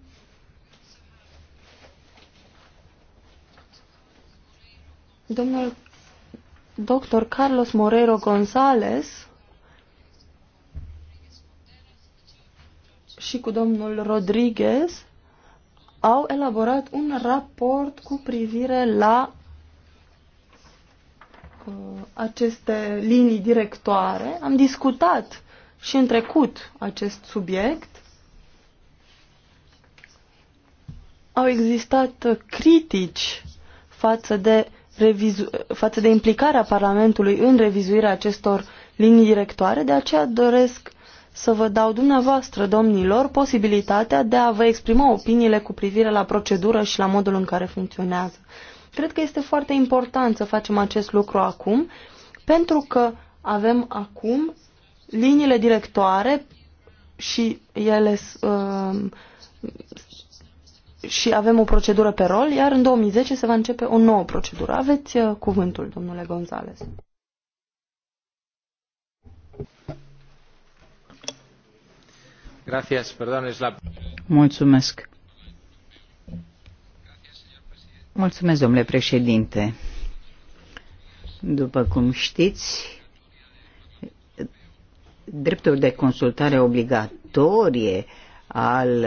Domnul doctor Carlos Morero González și cu domnul Rodriguez au elaborat un raport cu privire la aceste linii directoare. Am discutat și în trecut acest subiect. Au existat critici față de, revizu- față de implicarea Parlamentului în revizuirea acestor linii directoare, de aceea doresc să vă dau dumneavoastră, domnilor, posibilitatea de a vă exprima opiniile cu privire la procedură și la modul în care funcționează. Cred că este foarte important să facem acest lucru acum, pentru că avem acum liniile directoare și ele uh, și avem o procedură pe rol, iar în 2010 se va începe o nouă procedură. Aveți uh, cuvântul, domnule Gonzales. Mulțumesc. Mulțumesc, domnule președinte. După cum știți, dreptul de consultare obligatorie al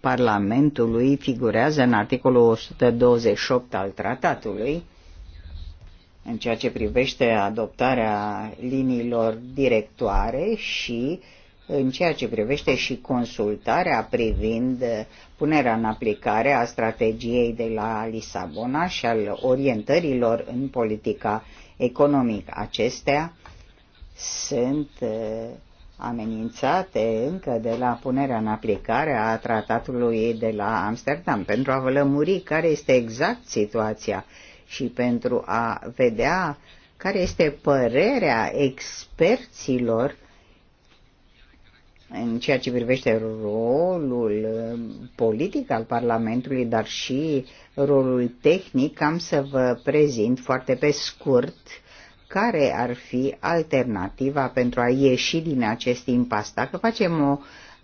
Parlamentului figurează în articolul 128 al tratatului în ceea ce privește adoptarea liniilor directoare și uh, în ceea ce privește și consultarea privind punerea în aplicare a strategiei de la Lisabona și al orientărilor în politica economică. Acestea sunt uh, amenințate încă de la punerea în aplicare a tratatului de la Amsterdam pentru a vă lămuri care este exact situația și pentru a vedea care este părerea experților în ceea ce privește rolul uh, politic al Parlamentului, dar și rolul tehnic, am să vă prezint foarte pe scurt care ar fi alternativa pentru a ieși din acest impas. Dacă facem o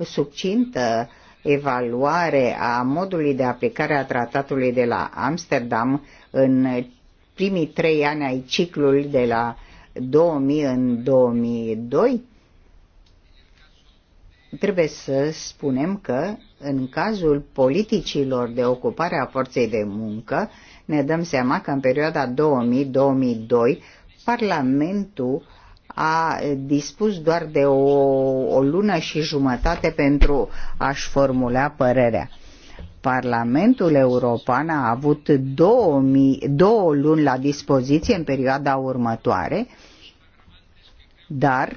succintă evaluare a modului de aplicare a tratatului de la Amsterdam în primii trei ani ai ciclului de la 2000 în 2002, trebuie să spunem că în cazul politicilor de ocupare a forței de muncă, ne dăm seama că în perioada 2000-2002 Parlamentul a dispus doar de o, o lună și jumătate pentru a-și formula părerea. Parlamentul European a avut 2000, două luni la dispoziție în perioada următoare, dar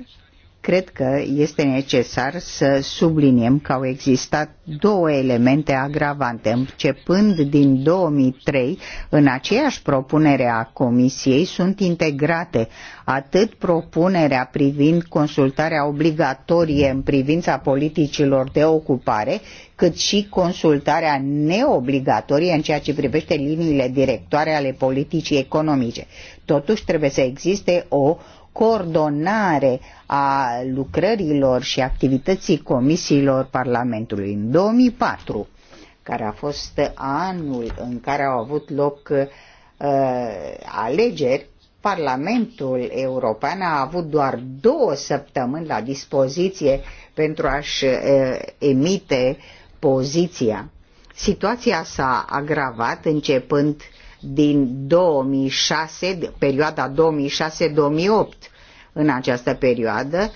Cred că este necesar să subliniem că au existat două elemente agravante. Începând din 2003, în aceeași propunere a Comisiei sunt integrate atât propunerea privind consultarea obligatorie în privința politicilor de ocupare, cât și consultarea neobligatorie în ceea ce privește liniile directoare ale politicii economice. Totuși trebuie să existe o coordonare a lucrărilor și activității comisiilor Parlamentului în 2004, care a fost anul în care au avut loc uh, alegeri, Parlamentul European a avut doar două săptămâni la dispoziție pentru a-și uh, emite poziția. Situația s-a agravat începând uh, din 2006, perioada 2006-2008. În această perioadă,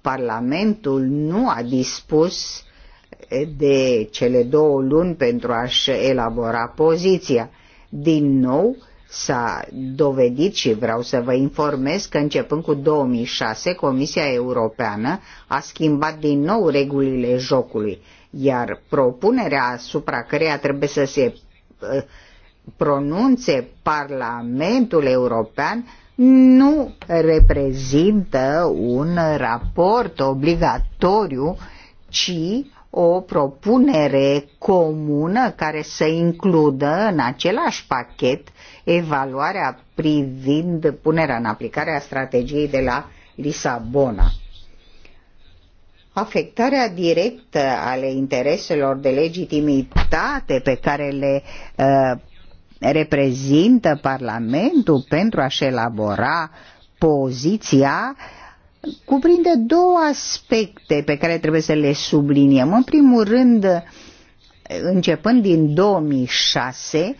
Parlamentul nu a dispus de cele două luni pentru a-și elabora poziția. Din nou, s-a dovedit și vreau să vă informez că începând cu 2006 Comisia Europeană a schimbat din nou regulile jocului, iar propunerea asupra căreia trebuie să se ă, pronunțe Parlamentul European nu reprezintă un raport obligatoriu, ci o propunere comună care să includă în același pachet evaluarea privind punerea în aplicare a strategiei de la Lisabona. Afectarea directă ale intereselor de legitimitate pe care le uh, reprezintă Parlamentul pentru a-și elabora poziția cuprinde două aspecte pe care trebuie să le subliniem. În primul rând, începând din 2006,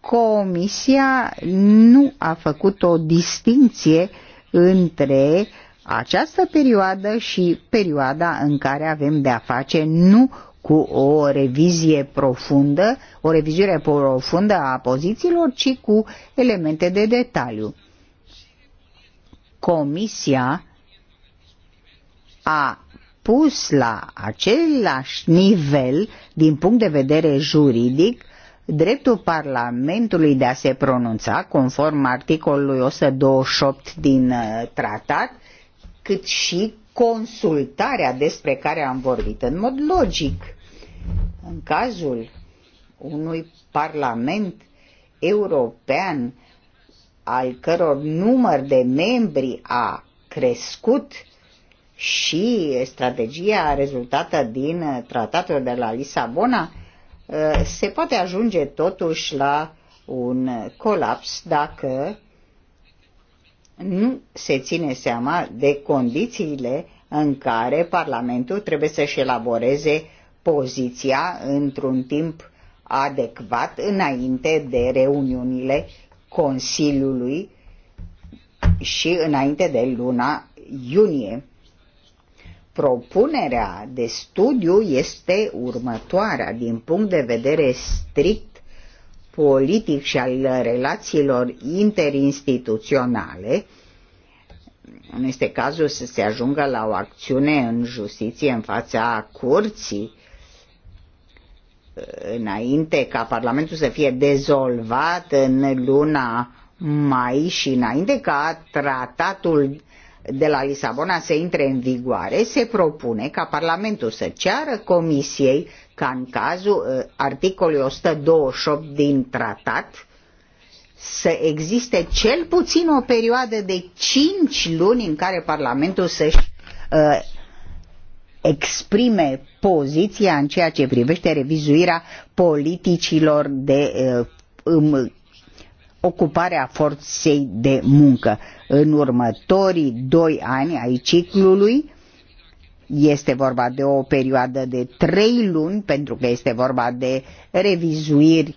Comisia nu a făcut o distinție între această perioadă și perioada în care avem de a face nu cu o revizie profundă, o revizuire profundă a pozițiilor, ci cu elemente de detaliu. Comisia a pus la același nivel, din punct de vedere juridic, dreptul Parlamentului de a se pronunța, conform articolului 128 din uh, tratat, cât și consultarea despre care am vorbit în mod logic. În cazul unui parlament european al căror număr de membri a crescut și strategia rezultată din tratatul de la Lisabona, ă, se poate ajunge totuși la un colaps dacă nu se ține seama de condițiile în care Parlamentul trebuie să-și elaboreze poziția într-un timp adecvat înainte de reuniunile Consiliului și înainte de luna iunie. Propunerea de studiu este următoarea din punct de vedere strict politic și al relațiilor interinstituționale. Nu este cazul să se ajungă la o acțiune în justiție în fața curții înainte ca Parlamentul să fie dezolvat în luna mai și înainte ca tratatul de la Lisabona să intre în vigoare, se propune ca Parlamentul să ceară Comisiei ca în cazul uh, articolului 128 din tratat să existe cel puțin o perioadă de 5 luni în care Parlamentul să-și uh, exprime poziția în ceea ce privește revizuirea politicilor de um, ocuparea forței de muncă. În următorii doi ani ai ciclului este vorba de o perioadă de trei luni, pentru că este vorba de revizuiri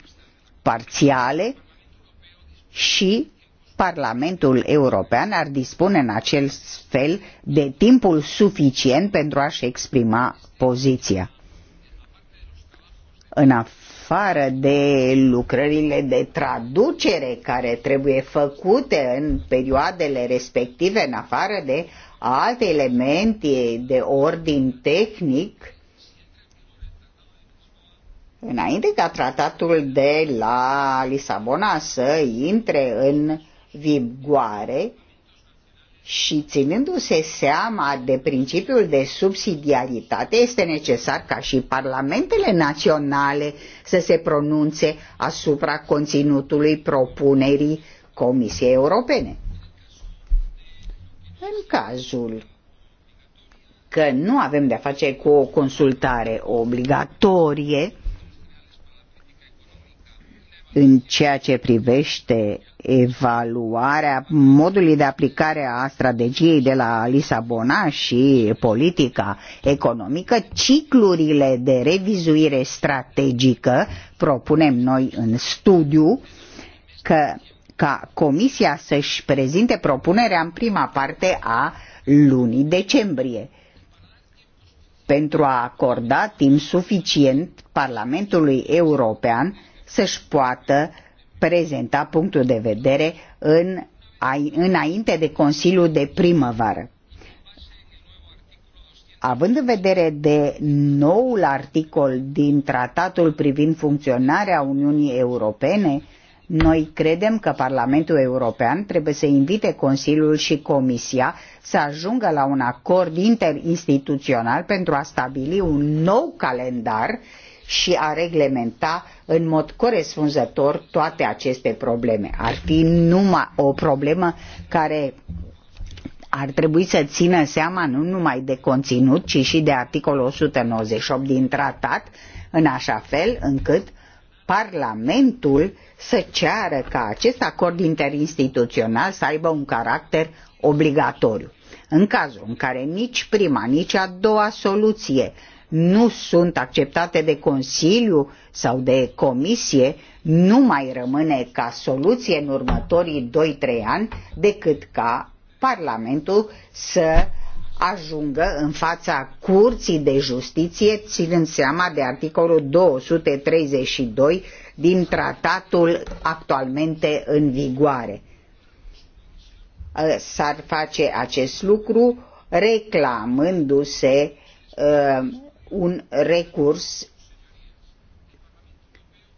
parțiale și Parlamentul European ar dispune în acel fel de timpul suficient pentru a-și exprima poziția. În afară de lucrările de traducere care trebuie făcute în perioadele respective, în afară de alte elemente de ordin tehnic, înainte ca tratatul de la Lisabona să intre în vigoare și ținându-se seama de principiul de subsidiaritate, este necesar ca și parlamentele naționale să se pronunțe asupra conținutului propunerii Comisiei Europene. În cazul că nu avem de-a face cu o consultare obligatorie, în ceea ce privește evaluarea modului de aplicare a strategiei de la Lisabona și politica economică, ciclurile de revizuire strategică propunem noi în studiu că ca Comisia să-și prezinte propunerea în prima parte a lunii decembrie pentru a acorda timp suficient Parlamentului European să-și poată prezenta punctul de vedere în, înainte de Consiliul de primăvară. Având în vedere de noul articol din tratatul privind funcționarea Uniunii Europene, noi credem că Parlamentul European trebuie să invite Consiliul și Comisia să ajungă la un acord interinstituțional pentru a stabili un nou calendar și a reglementa în mod corespunzător toate aceste probleme. Ar fi numai o problemă care ar trebui să țină seama nu numai de conținut, ci și de articolul 198 din tratat, în așa fel încât Parlamentul să ceară ca acest acord interinstituțional să aibă un caracter obligatoriu. În cazul în care nici prima, nici a doua soluție nu sunt acceptate de Consiliu sau de Comisie, nu mai rămâne ca soluție în următorii 2-3 ani decât ca Parlamentul să ajungă în fața Curții de Justiție, ținând seama de articolul 232 din tratatul actualmente în vigoare. Ă, s-ar face acest lucru reclamându-se uh, un recurs,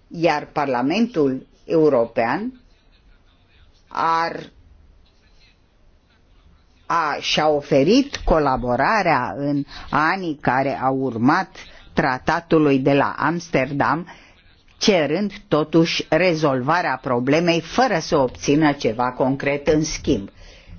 iar Parlamentul European ar a, și-a oferit colaborarea în anii care au urmat tratatului de la Amsterdam, cerând totuși rezolvarea problemei fără să obțină ceva concret în schimb.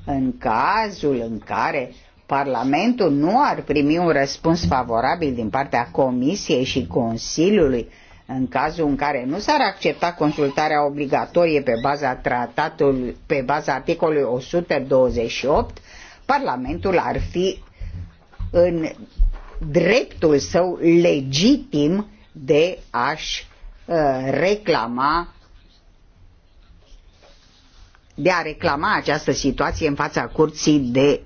În cazul în care Parlamentul nu ar primi un răspuns favorabil din partea Comisiei și Consiliului în cazul în care nu s-ar accepta consultarea obligatorie pe baza tratatului, pe baza articolului 128, Parlamentul ar fi în dreptul său legitim de a-și uh, reclama de a reclama această situație în fața curții de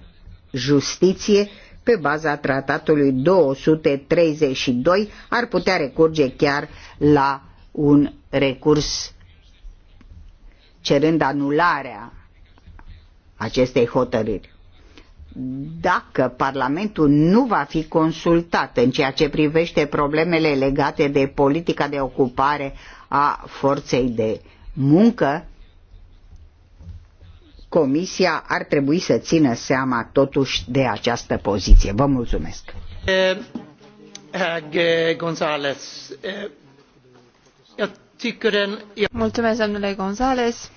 justiție pe baza tratatului 232 ar putea recurge chiar la un recurs cerând anularea acestei hotărâri. Dacă Parlamentul nu va fi consultat în ceea ce privește problemele legate de politica de ocupare a forței de muncă, Comisia ar trebui să țină seama totuși de această poziție. Vă mulțumesc. Mulțumesc, domnule González.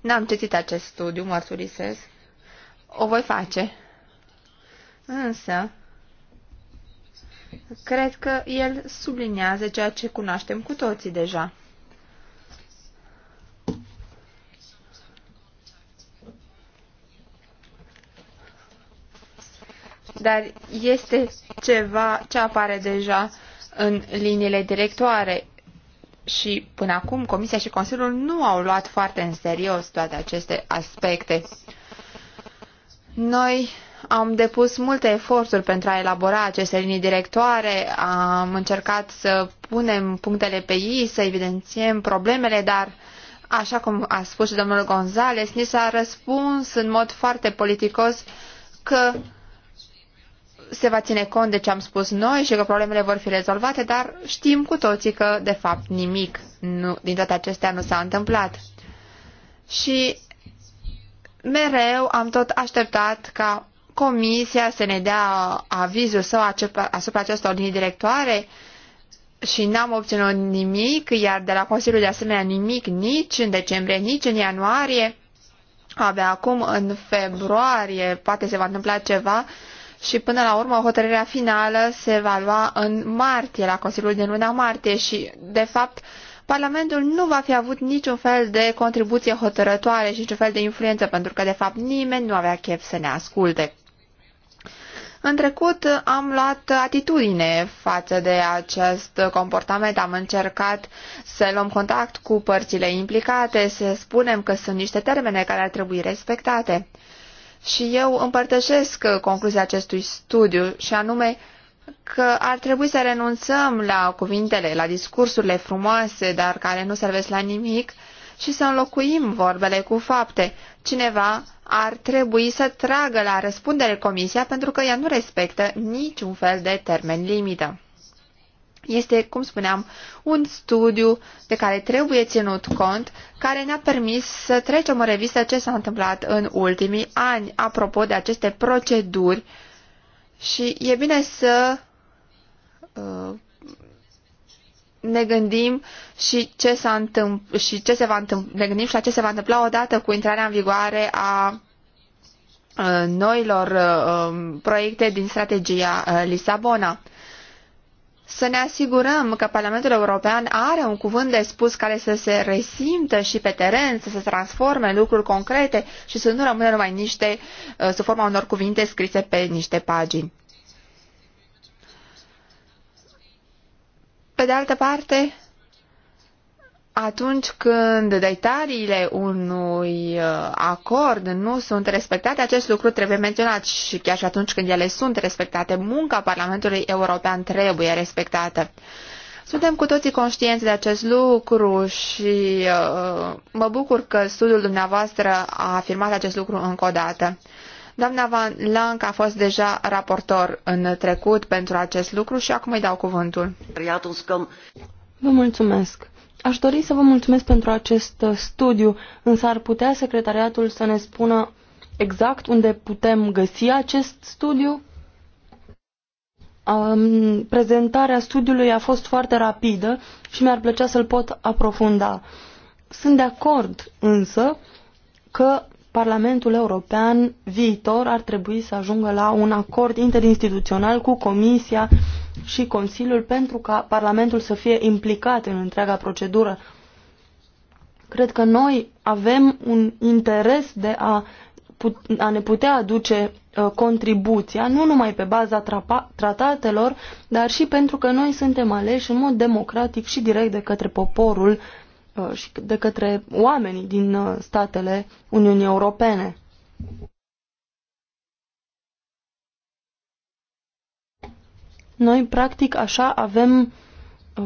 N-am citit acest studiu, mărturisesc. O voi face. Însă, cred că el subliniază ceea ce cunoaștem cu toții deja – dar este ceva ce apare deja în liniile directoare. Și până acum Comisia și Consiliul nu au luat foarte în serios toate aceste aspecte. Noi am depus multe eforturi pentru a elabora aceste linii directoare, am încercat să punem punctele pe ei, să evidențiem problemele, dar așa cum a spus și domnul Gonzales, ni s-a răspuns în mod foarte politicos că se va ține cont de ce am spus noi și că problemele vor fi rezolvate, dar știm cu toții că, de fapt, nimic nu, din toate acestea nu s-a întâmplat. Și mereu am tot așteptat ca comisia să ne dea avizul său asupra acestor linii directoare și n-am obținut nimic, iar de la Consiliul de asemenea nimic nici în decembrie, nici în ianuarie. Abia acum, în februarie, poate se va întâmpla ceva, și până la urmă hotărârea finală se va lua în martie, la Consiliul din luna martie și, de fapt, Parlamentul nu va fi avut niciun fel de contribuție hotărătoare și niciun fel de influență, pentru că, de fapt, nimeni nu avea chef să ne asculte. În trecut am luat atitudine față de acest comportament, am încercat să luăm contact cu părțile implicate, să spunem că sunt niște termene care ar trebui respectate. Și eu împărtășesc uh, concluzia acestui studiu și anume că ar trebui să renunțăm la cuvintele, la discursurile frumoase, dar care nu servesc la nimic, și să înlocuim vorbele cu fapte. Cineva ar trebui să tragă la răspundere comisia pentru că ea nu respectă niciun fel de termen limită. Este, cum spuneam, un studiu de care trebuie ținut cont, care ne-a permis să trecem în revistă ce s-a întâmplat în ultimii ani apropo de aceste proceduri și e bine să uh, ne gândim și ce, s-a întâmplat, și ce se va întâmpla, ne gândim și la ce se va întâmpla odată cu intrarea în vigoare a uh, noilor uh, um, proiecte din strategia uh, Lisabona să ne asigurăm că Parlamentul European are un cuvânt de spus care să se resimtă și pe teren, să se transforme în lucruri concrete și să nu rămână numai niște, uh, sub forma unor cuvinte scrise pe niște pagini. Pe de altă parte, atunci când detaliile unui uh, acord nu sunt respectate, acest lucru trebuie menționat și chiar și atunci când ele sunt respectate, munca Parlamentului European trebuie respectată. Suntem cu toții conștienți de acest lucru și uh, mă bucur că studiul dumneavoastră a afirmat acest lucru încă o dată. Doamna Van Lank a fost deja raportor în trecut pentru acest lucru și acum îi dau cuvântul. Vă mulțumesc. Aș dori să vă mulțumesc pentru acest uh, studiu, însă ar putea secretariatul să ne spună exact unde putem găsi acest studiu? Um, prezentarea studiului a fost foarte rapidă și mi-ar plăcea să-l pot aprofunda. Sunt de acord însă că Parlamentul European viitor ar trebui să ajungă la un acord interinstituțional cu Comisia și Consiliul pentru ca Parlamentul să fie implicat în întreaga procedură. Cred că noi avem un interes de a, a ne putea aduce uh, contribuția, nu numai pe baza tratatelor, dar și pentru că noi suntem aleși în mod democratic și direct de către poporul uh, și de către oamenii din uh, statele Uniunii Europene. Noi, practic, așa avem,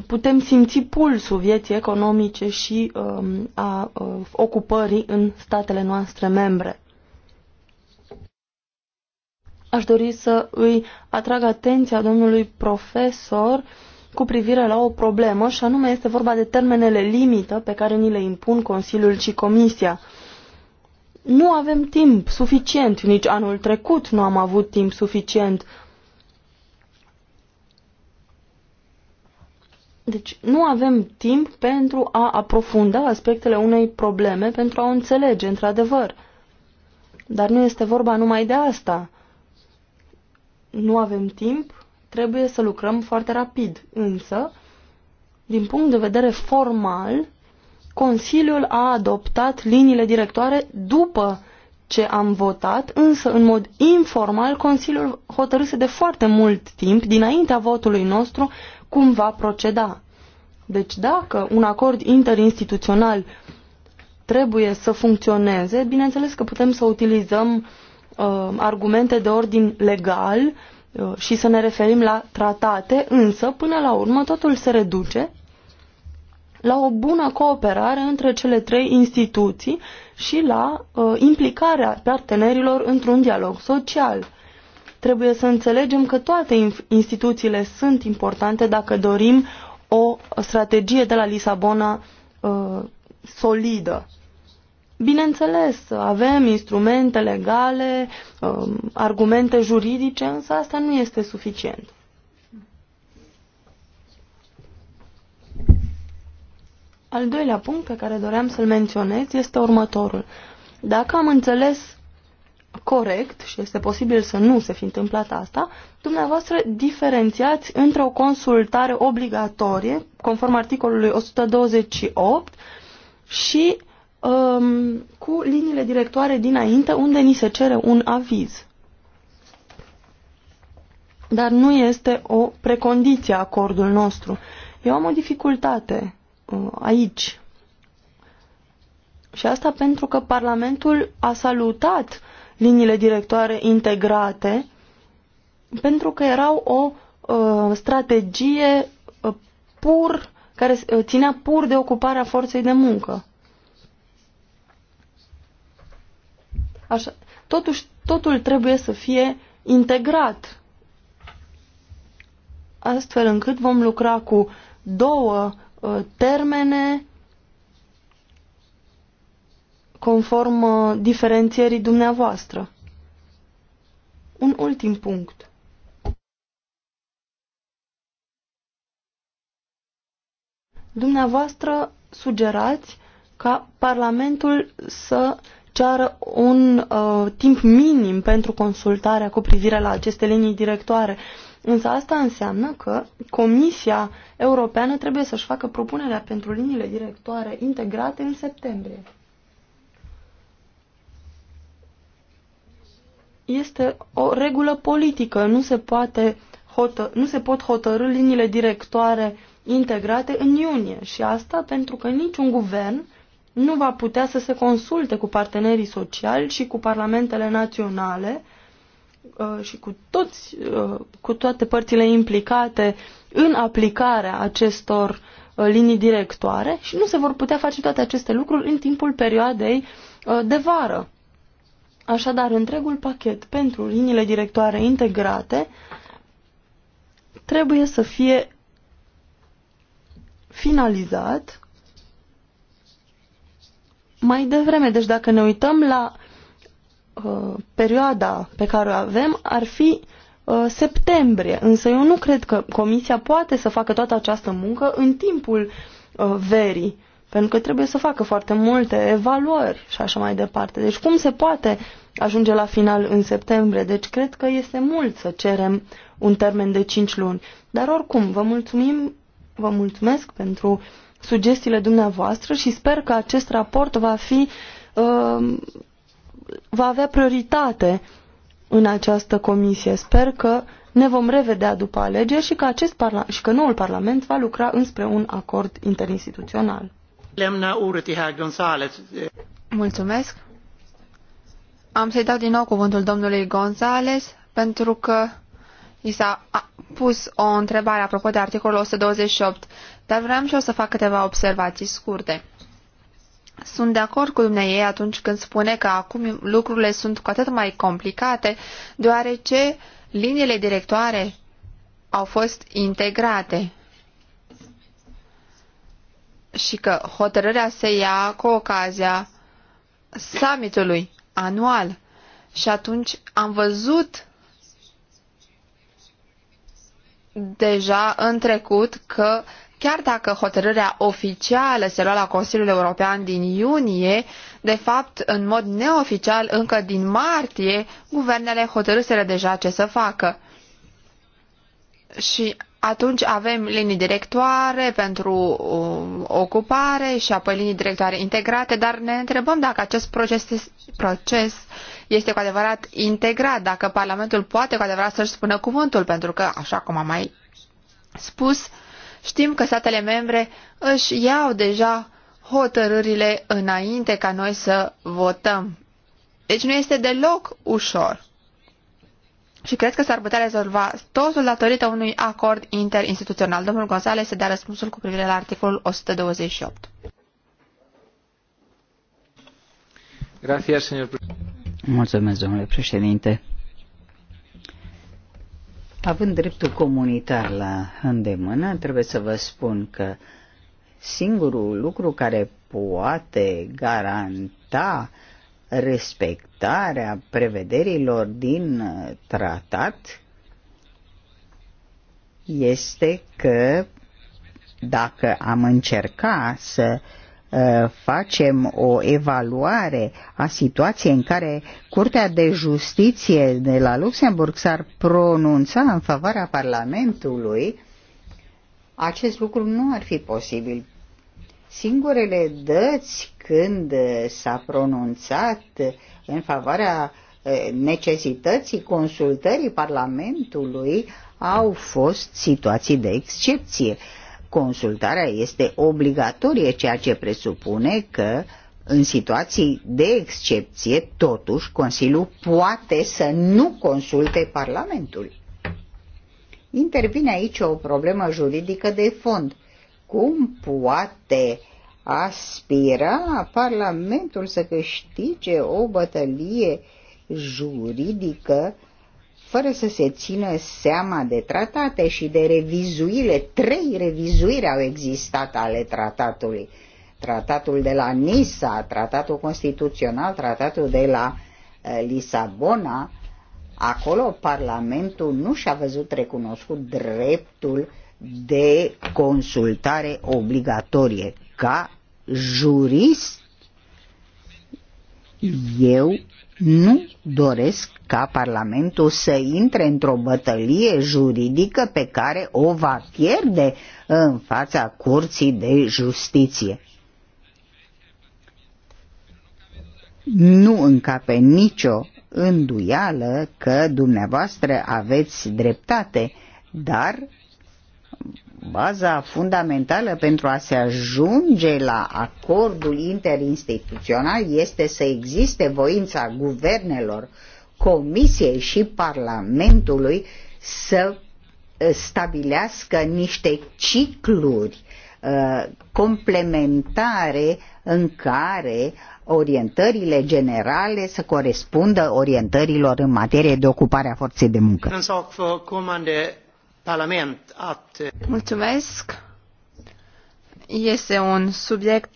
putem simți pulsul vieții economice și um, a uh, ocupării în statele noastre membre. Aș dori să îi atrag atenția domnului profesor cu privire la o problemă, și anume este vorba de termenele limită pe care ni le impun Consiliul și Comisia. Nu avem timp suficient, nici anul trecut nu am avut timp suficient Deci nu avem timp pentru a aprofunda aspectele unei probleme, pentru a o înțelege, într-adevăr. Dar nu este vorba numai de asta. Nu avem timp, trebuie să lucrăm foarte rapid. Însă, din punct de vedere formal, Consiliul a adoptat liniile directoare după ce am votat, însă în mod informal Consiliul hotărâse de foarte mult timp, dinaintea votului nostru, cum va proceda. Deci dacă un acord interinstituțional trebuie să funcționeze, bineînțeles că putem să utilizăm uh, argumente de ordin legal uh, și să ne referim la tratate, însă până la urmă totul se reduce la o bună cooperare între cele trei instituții și la uh, implicarea partenerilor într-un dialog social. Trebuie să înțelegem că toate instituțiile sunt importante dacă dorim o strategie de la Lisabona uh, solidă. Bineînțeles, avem instrumente legale, uh, argumente juridice, însă asta nu este suficient. Al doilea punct pe care doream să-l menționez este următorul. Dacă am înțeles corect și este posibil să nu se fi întâmplat asta, dumneavoastră diferențiați între o consultare obligatorie, conform articolului 128, și um, cu liniile directoare dinainte, unde ni se cere un aviz. Dar nu este o precondiție acordul nostru. Eu am o dificultate uh, aici. Și asta pentru că Parlamentul a salutat liniile directoare integrate, pentru că erau o uh, strategie uh, pur, care uh, ținea pur de ocuparea forței de muncă. Așa. Totuși, totul trebuie să fie integrat, astfel încât vom lucra cu două uh, termene conform uh, diferențierii dumneavoastră. Un ultim punct. Dumneavoastră sugerați ca Parlamentul să ceară un uh, timp minim pentru consultarea cu privire la aceste linii directoare. Însă asta înseamnă că Comisia Europeană trebuie să-și facă propunerea pentru liniile directoare integrate în septembrie. este o regulă politică. Nu se, poate hotă, nu se pot hotărâ liniile directoare integrate în iunie și asta pentru că niciun guvern nu va putea să se consulte cu partenerii sociali și cu parlamentele naționale uh, și cu, toți, uh, cu toate părțile implicate în aplicarea acestor uh, linii directoare și nu se vor putea face toate aceste lucruri în timpul perioadei de vară. Așadar, întregul pachet pentru liniile directoare integrate trebuie să fie finalizat mai devreme. Deci dacă ne uităm la uh, perioada pe care o avem, ar fi uh, septembrie. Însă eu nu cred că Comisia poate să facă toată această muncă în timpul uh, verii, pentru că trebuie să facă foarte multe evaluări și așa mai departe. Deci cum se poate uh, ajunge la final în septembrie, deci cred că este mult să cerem un termen de 5 luni. Dar oricum, vă mulțumim, vă mulțumesc pentru sugestiile dumneavoastră și sper că acest raport va fi uh, va avea prioritate în această comisie. Sper că ne vom revedea după alegeri și că, acest parla- și că noul Parlament va lucra înspre un acord interinstituțional. Mulțumesc. Am să-i dau din nou cuvântul domnului Gonzales pentru că i s-a pus o întrebare apropo de articolul 128, dar vreau și eu să fac câteva observații scurte. Sunt de acord cu dumneavoastră atunci când spune că acum lucrurile sunt cu atât mai complicate, deoarece liniile directoare au fost integrate și că hotărârea se ia cu ocazia summitului anual. Și atunci am văzut deja în trecut că chiar dacă hotărârea oficială se lua la Consiliul European din iunie, de fapt, în mod neoficial, încă din martie, guvernele hotărâsele deja ce să facă. Și atunci avem linii directoare pentru uh, ocupare și apoi linii directoare integrate, dar ne întrebăm dacă acest proces, proces este cu adevărat integrat, dacă Parlamentul poate cu adevărat să-și spună cuvântul, pentru că, așa cum am mai spus, știm că statele membre își iau deja hotărârile înainte ca noi să votăm. Deci nu este deloc ușor și cred că s-ar putea rezolva totul datorită unui acord interinstituțional. Domnul Gonzales se dea răspunsul cu privire la articolul 128. Gracias, Mulțumesc, domnule președinte. Având dreptul comunitar la îndemână, trebuie să vă spun că singurul lucru care poate garanta respectarea prevederilor din uh, tratat este că dacă am încerca să uh, facem o evaluare a situației în care Curtea de Justiție de la Luxemburg s-ar pronunța în favoarea Parlamentului, acest lucru nu ar fi posibil. Singurele dăți când eh, s-a pronunțat eh, în favoarea eh, necesității consultării Parlamentului au fost situații de excepție. Consultarea este obligatorie, ceea ce presupune că în situații de excepție, totuși, Consiliul poate să nu consulte Parlamentul. Intervine aici o problemă juridică de fond. Cum poate aspira Parlamentul să câștige o bătălie juridică fără să se țină seama de tratate și de revizuire. Trei revizuiri au existat ale tratatului. Tratatul de la Nisa, tratatul constituțional, tratatul de la eh, Lisabona. Acolo Parlamentul nu și-a văzut recunoscut dreptul de consultare obligatorie ca jurist, eu nu doresc ca Parlamentul să intre într-o bătălie juridică pe care o va pierde în fața Curții de Justiție. Nu încape nicio înduială că dumneavoastră aveți dreptate, dar baza fundamentală pentru a se ajunge la acordul interinstituțional este să existe voința guvernelor, Comisiei și Parlamentului să uh, stabilească niște cicluri uh, complementare în care orientările generale să corespundă orientărilor în materie de ocupare a forței de muncă. Parlament eh, Mulțumesc. Este un subiect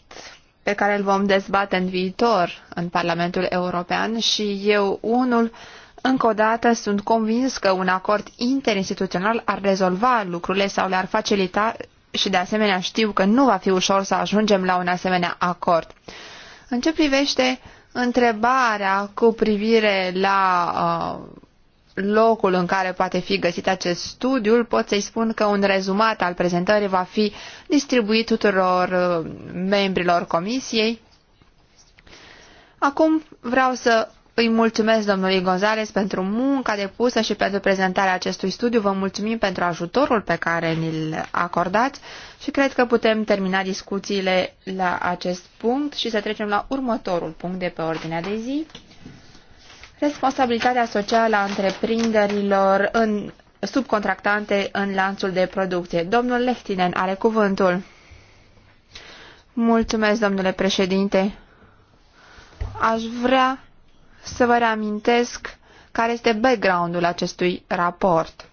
pe care îl vom dezbate în viitor în Parlamentul European și eu unul încă o dată sunt convins că un acord interinstituțional ar rezolva lucrurile sau le-ar facilita și de asemenea știu că nu va fi ușor să ajungem la un asemenea acord. În ce privește întrebarea cu privire la uh, locul în care poate fi găsit acest studiu, pot să-i spun că un rezumat al prezentării va fi distribuit tuturor uh, membrilor comisiei. Acum vreau să îi mulțumesc domnului Gonzales pentru munca depusă și pentru prezentarea acestui studiu. Vă mulțumim pentru ajutorul pe care ni-l acordați și cred că putem termina discuțiile la acest punct și să trecem la următorul punct de pe ordinea de zi responsabilitatea socială a întreprinderilor în subcontractante în lanțul de producție. Domnul Lehtinen are cuvântul. Mulțumesc, domnule președinte. Aș vrea să vă reamintesc care este background-ul acestui raport.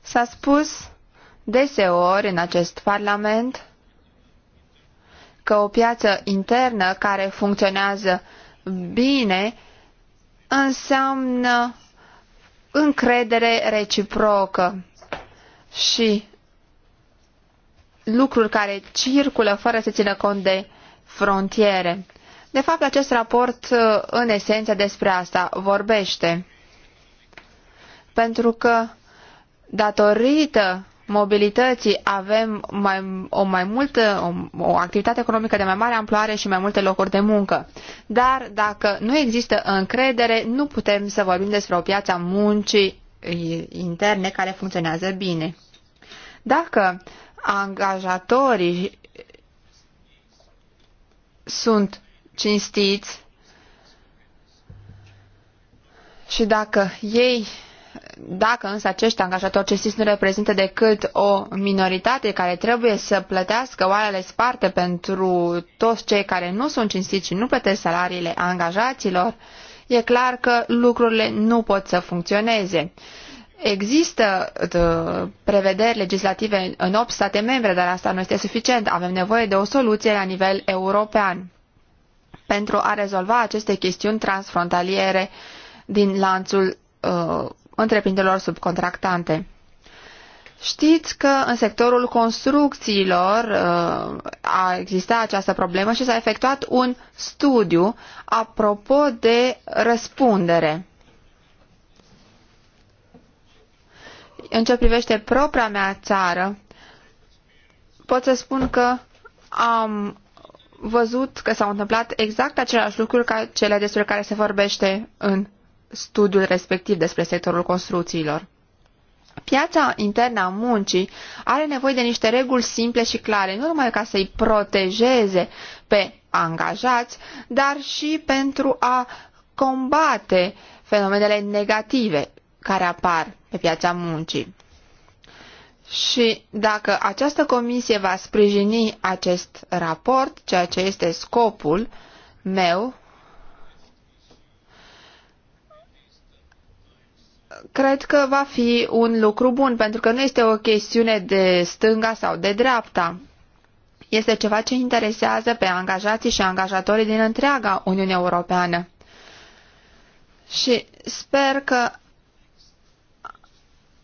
S-a spus deseori în acest Parlament că o piață internă care funcționează bine înseamnă încredere reciprocă și lucruri care circulă fără să țină cont de frontiere. De fapt, acest raport în esență despre asta vorbește. Pentru că datorită mobilității avem mai, o mai multă, o, o activitate economică de mai mare amploare și mai multe locuri de muncă. Dar dacă nu există încredere, nu putem să vorbim despre o piață a muncii interne care funcționează bine. Dacă angajatorii sunt cinstiți și dacă ei dacă însă acești angajatori cestiți nu reprezintă decât o minoritate care trebuie să plătească oalele sparte pentru toți cei care nu sunt cinstiți și nu plătesc salariile angajaților, e clar că lucrurile nu pot să funcționeze. Există uh, prevederi legislative în 8 state membre, dar asta nu este suficient. Avem nevoie de o soluție la nivel european pentru a rezolva aceste chestiuni transfrontaliere din lanțul uh, întreprinderilor subcontractante. Știți că în sectorul construcțiilor uh, a existat această problemă și s-a efectuat un studiu apropo de răspundere. În ce privește propria mea țară, pot să spun că am văzut că s-au întâmplat exact aceleași lucruri ca cele despre care se vorbește în studiul respectiv despre sectorul construcțiilor. Piața internă a muncii are nevoie de niște reguli simple și clare, nu numai ca să-i protejeze pe angajați, dar și pentru a combate fenomenele negative care apar pe piața muncii. Și dacă această comisie va sprijini acest raport, ceea ce este scopul meu, cred că va fi un lucru bun, pentru că nu este o chestiune de stânga sau de dreapta. Este ceva ce interesează pe angajații și angajatorii din întreaga Uniune Europeană. Și sper că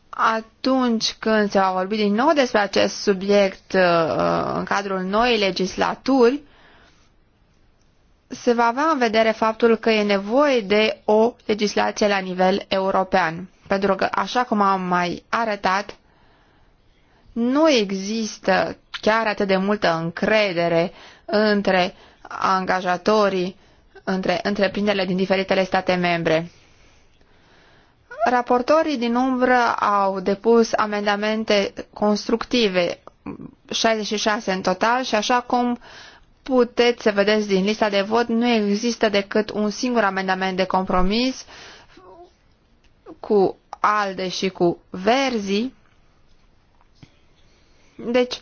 atunci când se va vorbi din nou despre acest subiect uh, în cadrul noii legislaturi, se va avea în vedere faptul că e nevoie de o legislație la nivel european. Pentru că, așa cum am mai arătat, nu există chiar atât de multă încredere între angajatorii, între întreprinderile din diferitele state membre. Raportorii din umbră au depus amendamente constructive, 66 în total, și așa cum uh, puteți să vedeți din lista de vot, nu există decât un singur amendament de compromis cu ALDE și cu Verzi. Deci,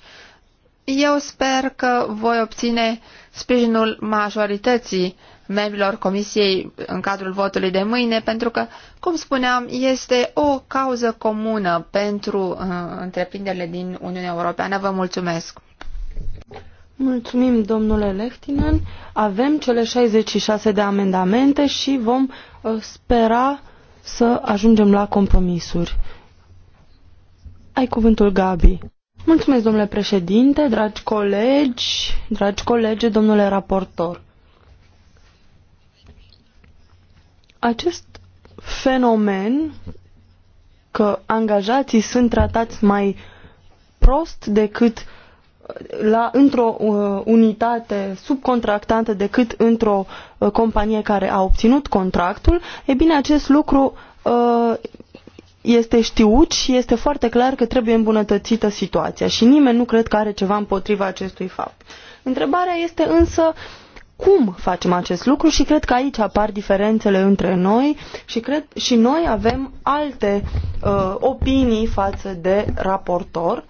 eu sper că voi obține sprijinul majorității membrilor comisiei în cadrul votului de mâine, pentru că, cum spuneam, este o cauză comună pentru uh, întreprinderile din Uniunea Europeană. Vă mulțumesc! Mulțumim, domnule Lehtinen. Avem cele 66 de amendamente și vom uh, spera să ajungem la compromisuri. Ai cuvântul, Gabi. Mulțumesc, domnule președinte, dragi colegi, dragi colegi, domnule raportor. Acest fenomen că angajații sunt tratați mai prost decât uh, la, într-o uh, unitate subcontractantă decât într-o uh, companie care a obținut contractul, e bine, acest lucru uh, este știut și este foarte clar că trebuie îmbunătățită situația și nimeni nu cred că are ceva împotriva acestui fapt. Întrebarea este însă cum facem acest lucru și cred că aici apar diferențele între noi și, cred, și noi avem alte uh, opinii față de raportor uh,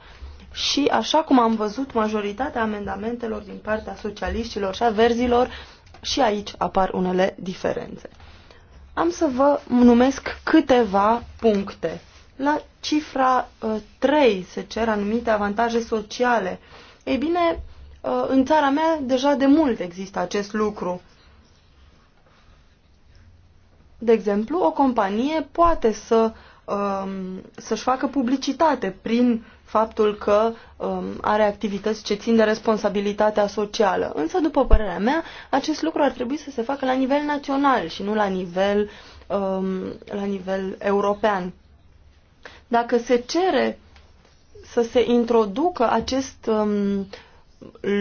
și, așa cum am văzut, majoritatea amendamentelor din partea socialiștilor și a verzilor, și aici apar unele diferențe. Am să vă numesc câteva puncte. La cifra uh, 3 se cer anumite avantaje sociale. Ei bine, uh, în țara mea deja de mult există acest lucru. De exemplu, o companie poate să, uh, să-și facă publicitate prin faptul că um, are activități ce țin de responsabilitatea socială. Însă, după părerea mea, acest lucru ar trebui să se facă la nivel național și nu la nivel, um, la nivel european. Dacă se cere să se introducă acest um,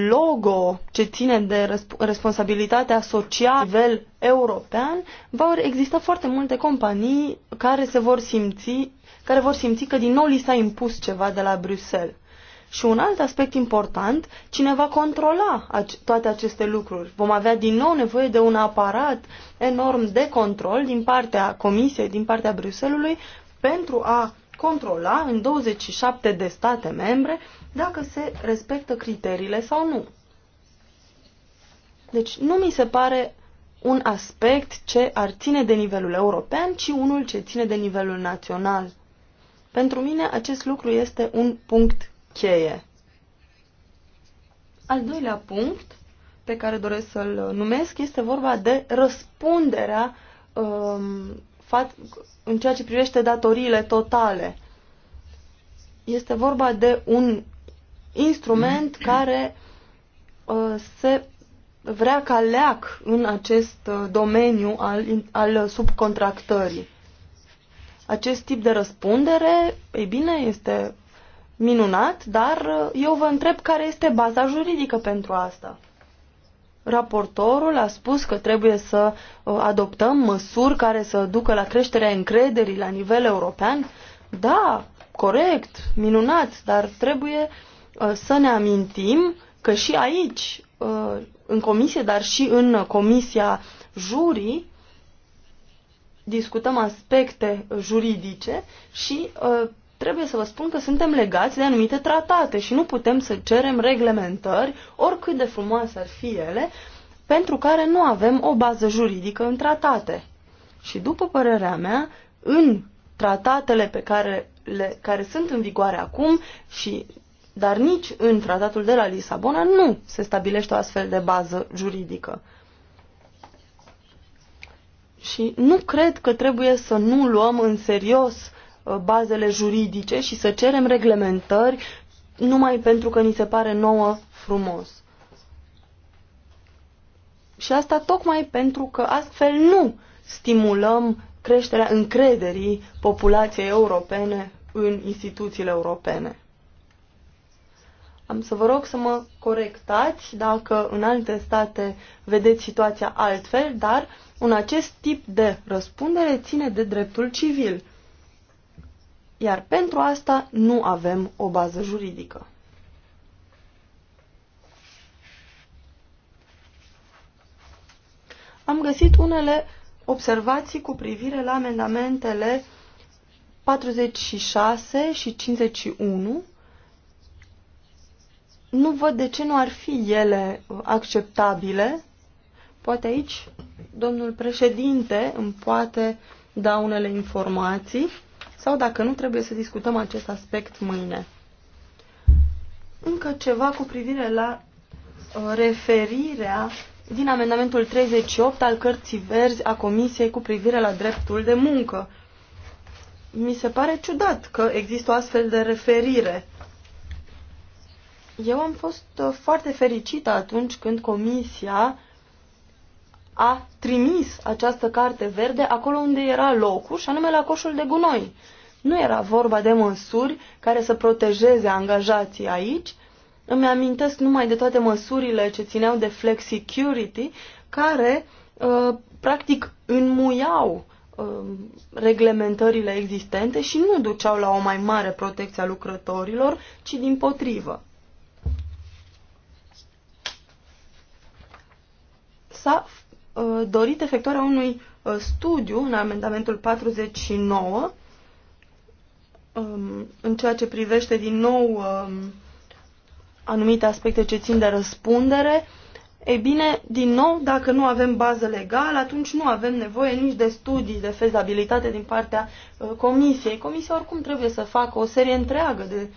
logo ce ține de responsabilitatea socială la nivel european, vor exista foarte multe companii care se vor simți care vor simți că din nou li s-a impus ceva de la Bruxelles. Și un alt aspect important, cine va controla toate aceste lucruri? Vom avea din nou nevoie de un aparat enorm de control din partea Comisiei, din partea Bruxellesului, pentru a controla în 27 de state membre dacă se respectă criteriile sau nu. Deci nu mi se pare un aspect ce ar ține de nivelul european, ci unul ce ține de nivelul național. Pentru mine acest lucru este un punct cheie. Al doilea punct pe care doresc să-l numesc este vorba de răspunderea um, în ceea ce privește datoriile totale. Este vorba de un instrument care uh, se vrea ca leac în acest uh, domeniu al, al subcontractării. Acest tip de răspundere, ei bine, este minunat, dar uh, eu vă întreb care este baza juridică pentru asta. Raportorul a spus că trebuie să uh, adoptăm măsuri care să ducă la creșterea încrederii la nivel european. Da, corect, minunat, dar trebuie uh, să ne amintim că și aici, în comisie, dar și în comisia jurii, discutăm aspecte juridice și uh, trebuie să vă spun că suntem legați de anumite tratate și nu putem să cerem reglementări, oricât de frumoase ar fi ele, pentru care nu avem o bază juridică în tratate. Și după părerea mea, în tratatele pe care, le, care sunt în vigoare acum și dar nici în tratatul de la Lisabona nu se stabilește o astfel de bază juridică. Și nu cred că trebuie să nu luăm în serios uh, bazele juridice și să cerem reglementări numai pentru că ni se pare nouă frumos. Și asta tocmai pentru că astfel nu stimulăm creșterea încrederii populației europene în instituțiile europene. Am să vă rog să mă corectați dacă în alte state vedeți situația altfel, dar un acest tip de răspundere ține de dreptul civil. Iar pentru asta nu avem o bază juridică. Am găsit unele observații cu privire la amendamentele 46 și 51 nu văd de ce nu ar fi ele uh, acceptabile. Poate aici domnul președinte îmi poate da unele informații sau dacă nu trebuie să discutăm acest aspect mâine. Încă ceva cu privire la uh, referirea din amendamentul 38 al cărții verzi a Comisiei cu privire la dreptul de muncă. Mi se pare ciudat că există o astfel de referire eu am fost uh, foarte fericită atunci când Comisia a trimis această carte verde acolo unde era locul, și anume la coșul de gunoi. Nu era vorba de măsuri care să protejeze angajații aici. Îmi amintesc numai de toate măsurile ce țineau de flexicurity, care uh, practic înmuiau uh, reglementările existente și nu duceau la o mai mare protecție a lucrătorilor, ci din potrivă. s-a uh, dorit efectuarea unui uh, studiu în amendamentul 49 um, în ceea ce privește din nou um, anumite aspecte ce țin de răspundere. E bine, din nou, dacă nu avem bază legală, atunci nu avem nevoie nici de studii de fezabilitate din partea uh, comisiei. Comisia oricum trebuie să facă o serie întreagă de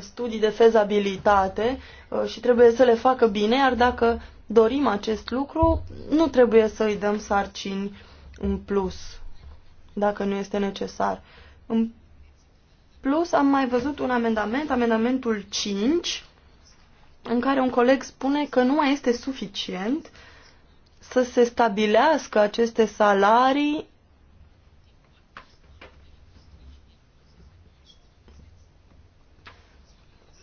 studii de fezabilitate și trebuie să le facă bine, iar dacă dorim acest lucru, nu trebuie să îi dăm sarcini în plus, dacă nu este necesar. În plus, am mai văzut un amendament, amendamentul 5, în care un coleg spune că nu mai este suficient să se stabilească aceste salarii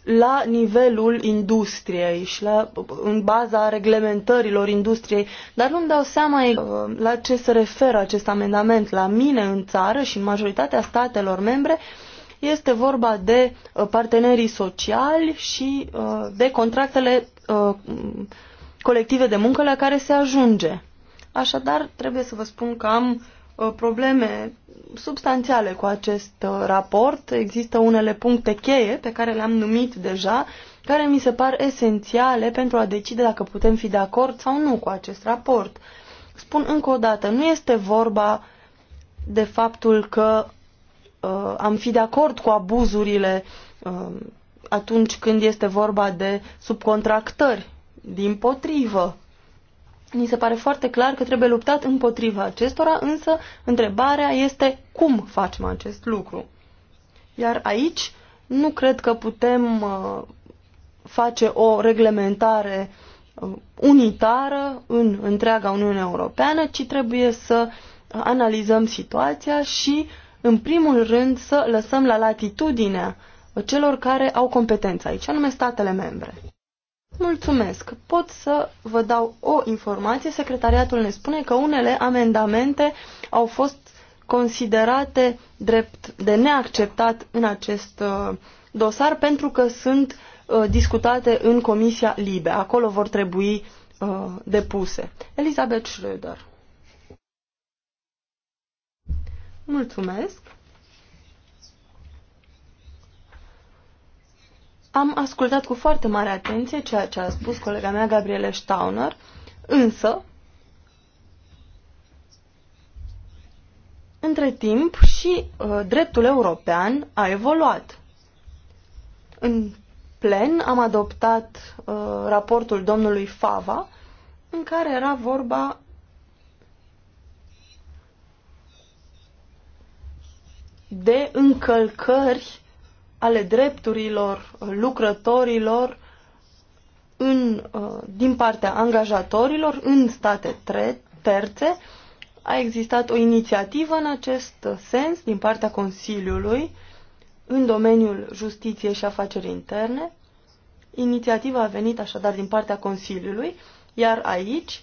la nivelul industriei și la, în baza reglementărilor industriei, dar nu-mi dau seama uh, la ce se referă acest amendament. La mine în țară și în majoritatea statelor membre este vorba de uh, partenerii sociali și uh, de contractele colective de muncă la care se ajunge. Așadar, trebuie să vă spun că am Uh, probleme substanțiale cu acest uh, raport. Există unele puncte cheie pe care le-am numit deja, care mi se par esențiale pentru a decide dacă putem fi de acord sau nu cu acest raport. Spun încă o dată, nu este vorba de faptul că uh, am fi de acord cu abuzurile uh, atunci când este vorba de subcontractări. Din potrivă, Ni se pare foarte clar că trebuie luptat împotriva acestora, însă întrebarea este cum facem acest lucru. Iar aici nu cred că putem uh, face o reglementare uh, unitară în întreaga Uniune Europeană, ci trebuie să analizăm situația și, în primul rând, să lăsăm la latitudinea celor care au competența aici, anume statele membre. Mulțumesc. Pot să vă dau o informație. Secretariatul ne spune că unele amendamente au fost considerate drept de neacceptat în acest uh, dosar pentru că sunt uh, discutate în Comisia Libe. Acolo vor trebui uh, depuse. Elizabeth Schröder. Mulțumesc. Am ascultat cu foarte mare atenție ceea ce a spus colega mea, Gabriele Stauner, însă, între timp, și uh, dreptul european a evoluat. În plen am adoptat uh, raportul domnului Fava, în care era vorba de încălcări ale drepturilor uh, lucrătorilor în, uh, din partea angajatorilor în state terțe. A existat o inițiativă în acest uh, sens din partea Consiliului în domeniul justiției și afaceri interne. Inițiativa a venit așadar din partea Consiliului, iar aici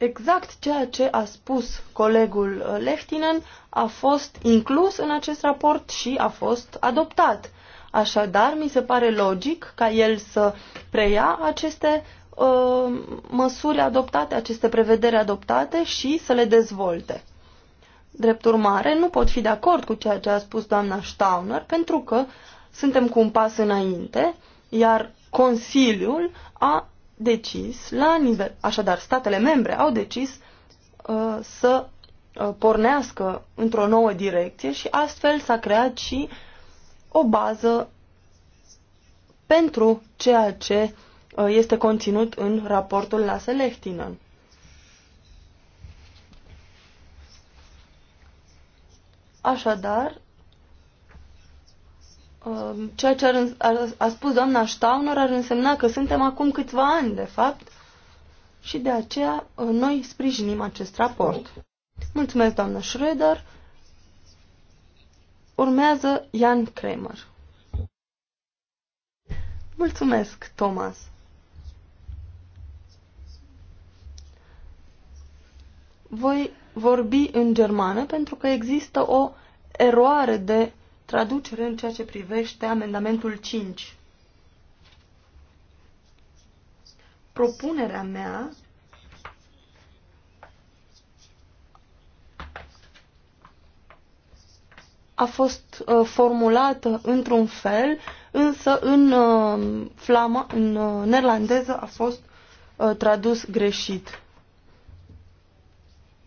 exact ceea ce a spus colegul uh, Lehtinen a fost inclus în acest raport și a fost adoptat. Așadar, mi se pare logic ca el să preia aceste uh, măsuri adoptate, aceste prevederi adoptate și să le dezvolte. Drept urmare, nu pot fi de acord cu ceea ce a spus doamna Stauner, pentru că suntem cu un pas înainte, iar Consiliul a decis la nivel, așadar statele membre au decis uh, să uh, pornească într-o nouă direcție și astfel s-a creat și o bază pentru ceea ce uh, este conținut în raportul la Selehtinen. Așadar, Um, ceea ce ar, ar, a spus doamna Staunor ar însemna că suntem acum câțiva ani, de fapt, și de aceea uh, noi sprijinim acest raport. Mulțumesc, doamna Schroeder. Urmează Jan Kramer. Mulțumesc, Thomas. Voi vorbi în germană pentru că există o eroare de traducere în ceea ce privește amendamentul 5. Propunerea mea a fost uh, formulată într-un fel, însă în, uh, flama, în uh, neerlandeză a fost uh, tradus greșit.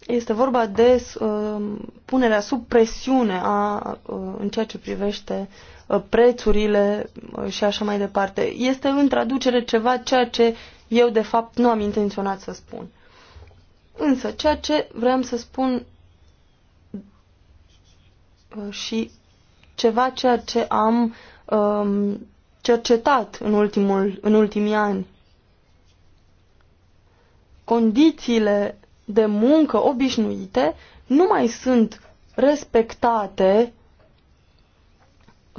Este vorba de uh, punerea sub presiune a, uh, în ceea ce privește uh, prețurile uh, și așa mai departe. Este în traducere ceva ceea ce eu de fapt nu am intenționat să spun. Însă, ceea ce vreau să spun uh, și ceva ceea ce am um, cercetat în, ultimul, în ultimii ani. Condițiile de muncă obișnuite nu mai sunt respectate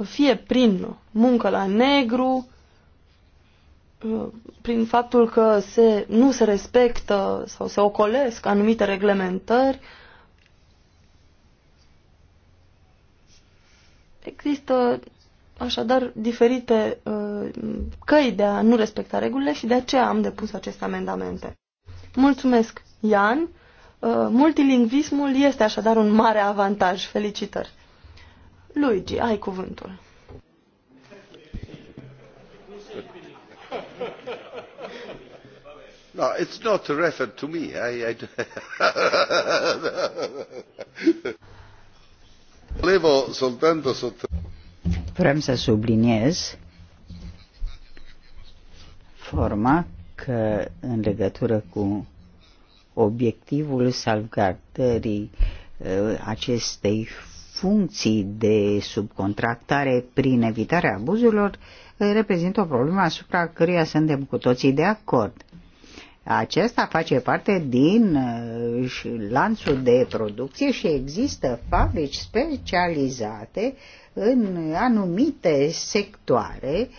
fie prin muncă la negru, uh, prin faptul că se, nu se respectă sau se ocolesc anumite reglementări, există așadar diferite uh, căi de a nu respecta regulile și de aceea am depus aceste amendamente. Mulțumesc! Ian, uh, multilingvismul este așadar un mare avantaj. Felicitări! Luigi, ai cuvântul. No, it's not referred to me. I, I... Levo soltanto sotto... Vrem să subliniez forma că în legătură cu obiectivul salvgardării uh, acestei funcții de subcontractare prin evitarea abuzurilor uh, reprezintă o problemă asupra căruia suntem cu toții de acord. Acesta face parte din uh, lanțul de producție și există fabrici specializate în anumite sectoare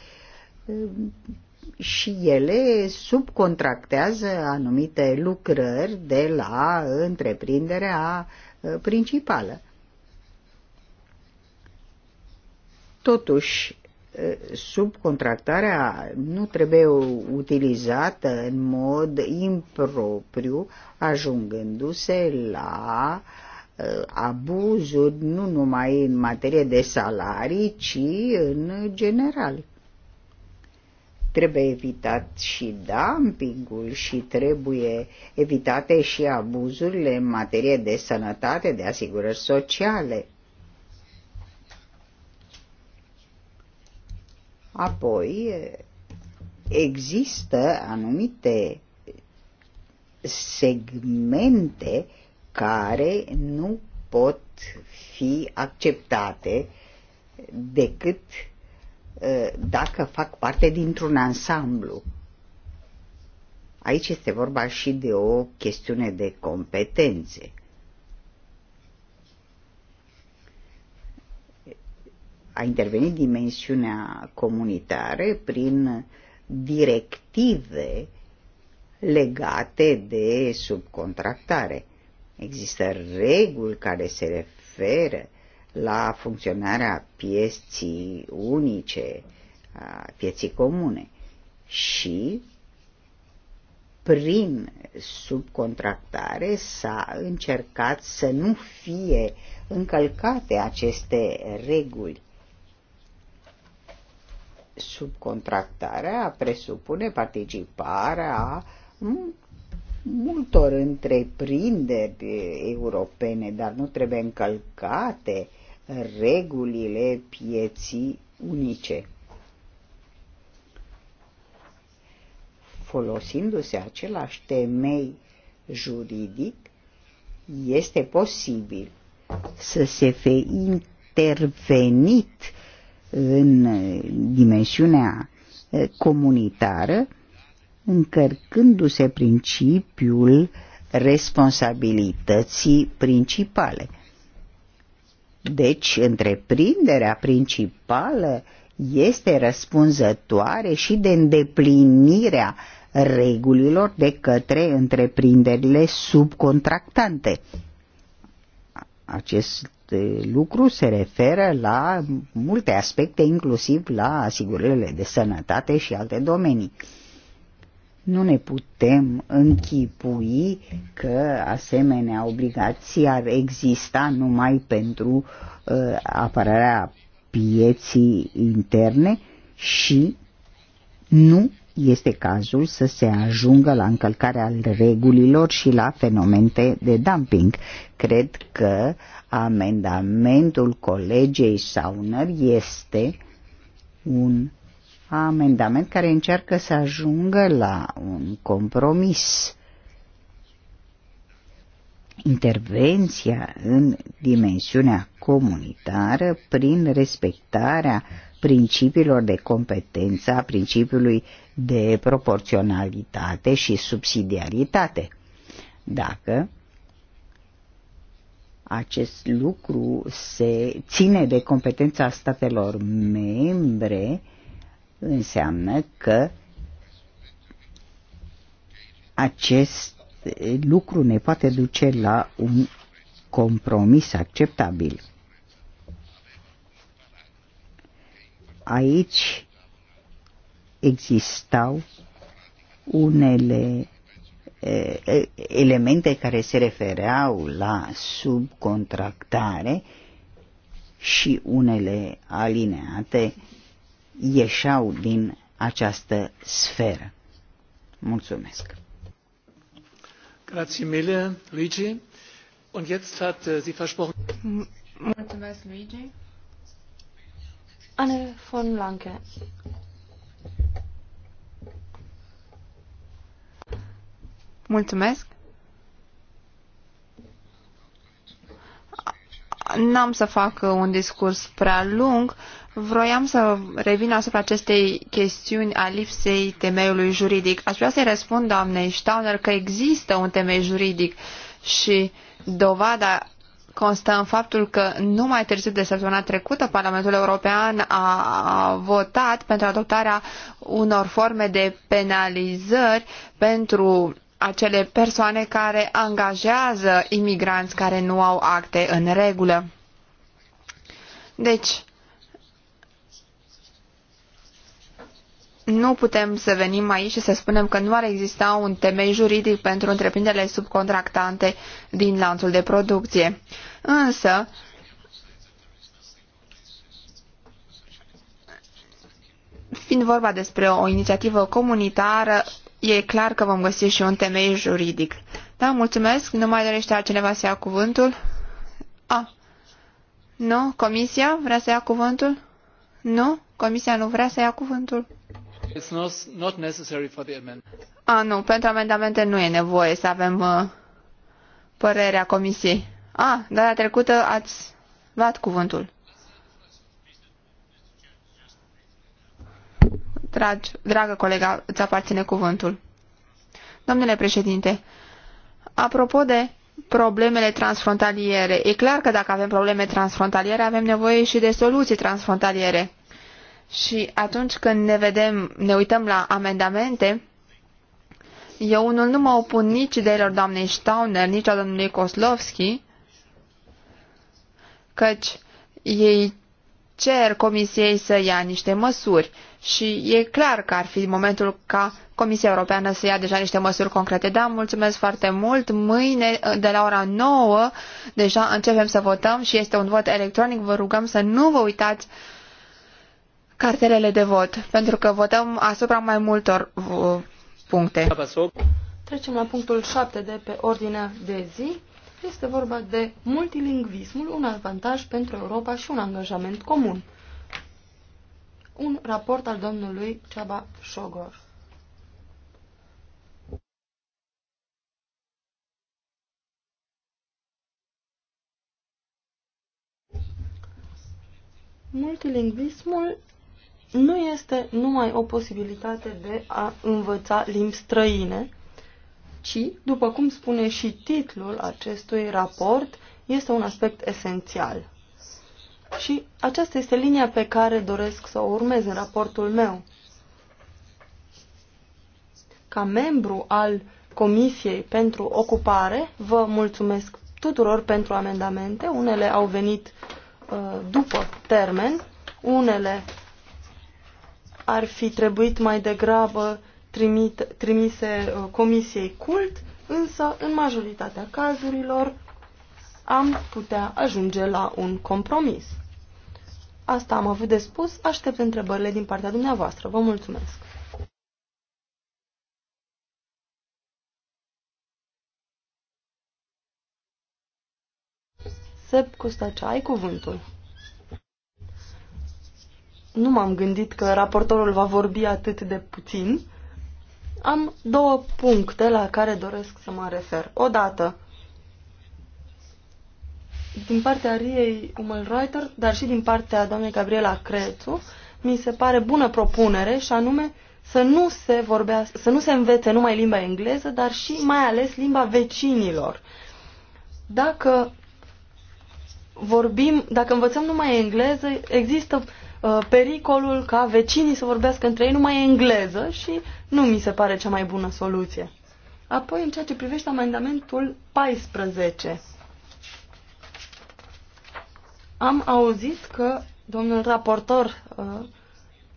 și ele subcontractează anumite lucrări de la întreprinderea uh, principală. Totuși, uh, subcontractarea nu trebuie utilizată în mod impropriu, ajungându-se la uh, abuzuri nu numai în materie de salarii, ci în general. Trebuie evitat și dumpingul și trebuie evitate și abuzurile în materie de sănătate, de asigurări sociale. Apoi, există anumite segmente care nu pot fi acceptate decât Ă, dacă fac parte dintr-un ansamblu. Aici este vorba și de o chestiune de competențe. A intervenit dimensiunea comunitară prin directive legate de subcontractare. Există reguli care se referă la funcționarea pieții unice, a pieții comune și prin subcontractare s-a încercat să nu fie încălcate aceste reguli. Subcontractarea presupune participarea multor întreprinderi europene, dar nu trebuie încălcate uh, regulile pieții unice. Folosindu-se același temei juridic, este posibil să se fie intervenit în dimensiunea eh, comunitară, încărcându-se principiul responsabilității principale. Deci, întreprinderea principală este răspunzătoare și de îndeplinirea regulilor de către întreprinderile subcontractante. Acest lucru se referă la multe aspecte, inclusiv la asigurările de sănătate și alte domenii. Nu ne putem închipui că asemenea obligații ar exista numai pentru uh, apărarea pieții interne și nu este cazul să se ajungă la încălcarea regulilor și la fenomente de dumping. Cred că amendamentul colegei Sauner este un amendament care încearcă să ajungă la un compromis. Intervenția în dimensiunea comunitară prin respectarea principiilor de competență, a principiului de proporționalitate și subsidiaritate. Dacă acest lucru se ține de competența statelor membre, înseamnă că acest lucru ne poate duce la un compromis acceptabil. Aici existau unele elemente care se refereau la subcontractare și unele alineate ieșeau din această sferă. Mulțumesc! Grazie mille, Luigi. Und jetzt hat uh, sie versprochen. Mulțumesc, Luigi. Anne von Lanke. Mulțumesc. n-am să fac uh, un discurs prea lung, vroiam să revin asupra acestei chestiuni a lipsei temeiului juridic. Aș vrea să-i răspund doamnei Stauner că există un temei juridic și dovada constă în faptul că numai târziu de săptămâna trecută Parlamentul European a votat pentru adoptarea unor forme de penalizări pentru acele persoane care angajează imigranți care nu au acte în regulă. Deci, nu putem să venim aici și să spunem că nu ar exista un temei juridic pentru întreprinderile subcontractante din lanțul de producție. Însă, fiind vorba despre o inițiativă comunitară, e clar că vom găsi și un temei juridic. Da, mulțumesc. Nu mai dorește altcineva să ia cuvântul? A. Nu? Comisia vrea să ia cuvântul? Nu? Comisia nu vrea să ia cuvântul? It's not, not necessary for the amendment. A, nu. Pentru amendamente nu e nevoie să avem uh, părerea comisiei. A, data trecută ați luat cuvântul. Dragi, dragă colega, îți aparține cuvântul. Domnule președinte, apropo de problemele transfrontaliere, e clar că dacă avem probleme transfrontaliere, avem nevoie și de soluții transfrontaliere. Și atunci când ne vedem, ne uităm la amendamente, eu unul nu mă opun nici ideilor doamnei Stauner, nici a domnului Koslovski, căci ei cer comisiei să ia niște măsuri și e clar că ar fi momentul ca Comisia Europeană să ia deja niște măsuri concrete. Da, mulțumesc foarte mult. Mâine, de la ora 9, deja începem să votăm și este un vot electronic. Vă rugăm să nu vă uitați cartelele de vot, pentru că votăm asupra mai multor uh, puncte. Trecem la punctul 7 de pe ordinea de zi. Este vorba de multilingvismul, un avantaj pentru Europa și un angajament comun un raport al domnului Ceaba Șogor. Multilingvismul nu este numai o posibilitate de a învăța limbi străine, ci, după cum spune și titlul acestui raport, este un aspect esențial. Și aceasta este linia pe care doresc să o urmez în raportul meu. Ca membru al Comisiei pentru Ocupare, vă mulțumesc tuturor pentru amendamente. Unele au venit uh, după termen, unele ar fi trebuit mai degrabă trimit, trimise uh, Comisiei Cult, însă în majoritatea cazurilor am putea ajunge la un compromis. Asta am avut de spus, aștept întrebările din partea dumneavoastră. Vă mulțumesc! Sep Custacea, ai cuvântul. Nu m-am gândit că raportorul va vorbi atât de puțin. Am două puncte la care doresc să mă refer. Odată, din partea Riei Umelreuter, dar și din partea doamnei Gabriela Crețu, mi se pare bună propunere și anume să nu se, vorbea, să nu se învețe numai limba engleză, dar și mai ales limba vecinilor. Dacă vorbim, dacă învățăm numai engleză, există uh, pericolul ca vecinii să vorbească între ei numai engleză și nu mi se pare cea mai bună soluție. Apoi, în ceea ce privește amendamentul 14, am auzit că domnul raportor uh,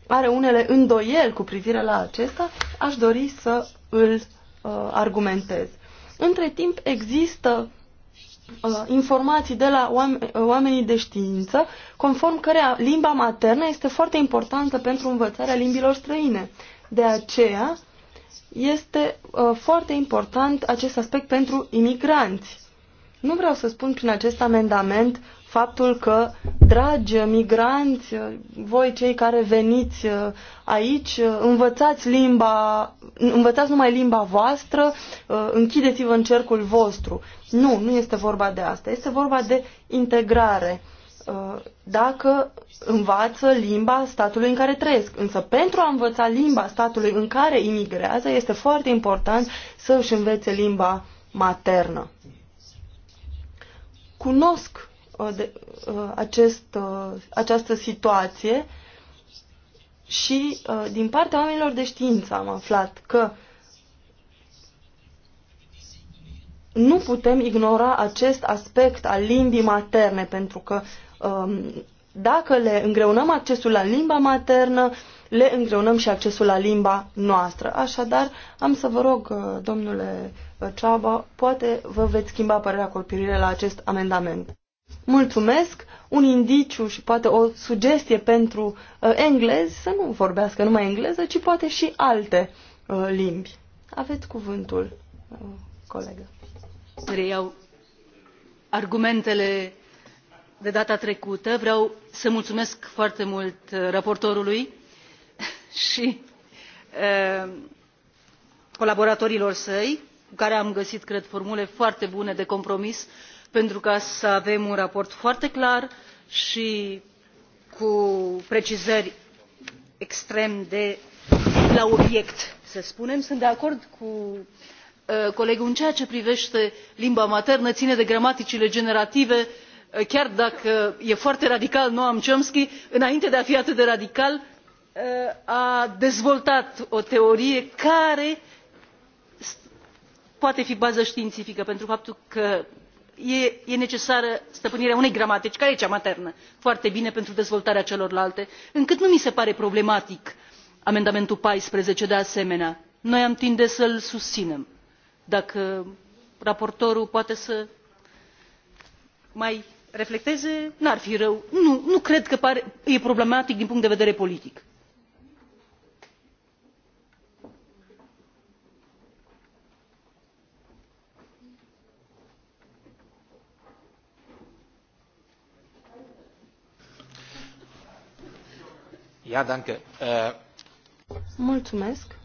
are unele îndoieli cu privire la acesta. Aș dori să îl uh, argumentez. Între timp există uh, informații de la oamenii de știință, conform cărea limba maternă este foarte importantă pentru învățarea limbilor străine. De aceea este foarte important acest aspect pentru imigranți. Nu vreau să spun prin acest amendament faptul că, dragi migranți, voi cei care veniți uh, aici, uh, învățați limba, învățați numai limba voastră, uh, închideți-vă în cercul vostru. Nu, nu este vorba de asta, este vorba de integrare. Dacă învață limba statului în care trăiesc. Însă pentru a învăța limba statului în care imigrează, este foarte important să își învețe limba maternă. Cunosc Uh, de, uh, acest, uh, această situație și din partea oamenilor de știință am aflat că nu putem ignora acest aspect al limbii materne, pentru că um, dacă le îngreunăm accesul la limba maternă, le îngreunăm și accesul la limba noastră. Așadar, am să vă rog, domnule Ceaba, poate vă veți schimba părerea cu privire la acest amendament mulțumesc, un indiciu și poate o sugestie pentru uh, englezi să nu vorbească numai engleză, ci poate și alte uh, limbi. Aveți cuvântul, uh, colegă. Reiau argumentele de data trecută. Vreau să mulțumesc foarte mult uh, raportorului și uh, colaboratorilor săi, cu care am găsit, cred, formule foarte bune de compromis uh, pentru ca să avem un raport foarte clar și cu precizări extrem de la obiect să spunem. sunt de acord cu uh, colegul în ceea ce privește limba maternă ține de gramaticile generative uh, chiar dacă e foarte radical noam chomsky înainte de a fi atât de radical uh, a dezvoltat o teorie care poate fi bază științifică pentru faptul că e, necesară stăpânirea unei gramatici care e cea maternă foarte bine pentru dezvoltarea celorlalte încât nu mi se pare problematic amendamentul paisprezece de asemenea noi am tinde să îl susținem dacă raportorul poate să mai reflecteze n ar fi rău. nu, nu cred că pare, e problematic din punct de vedere politic Ja, danke. Uh, Mulțumesc.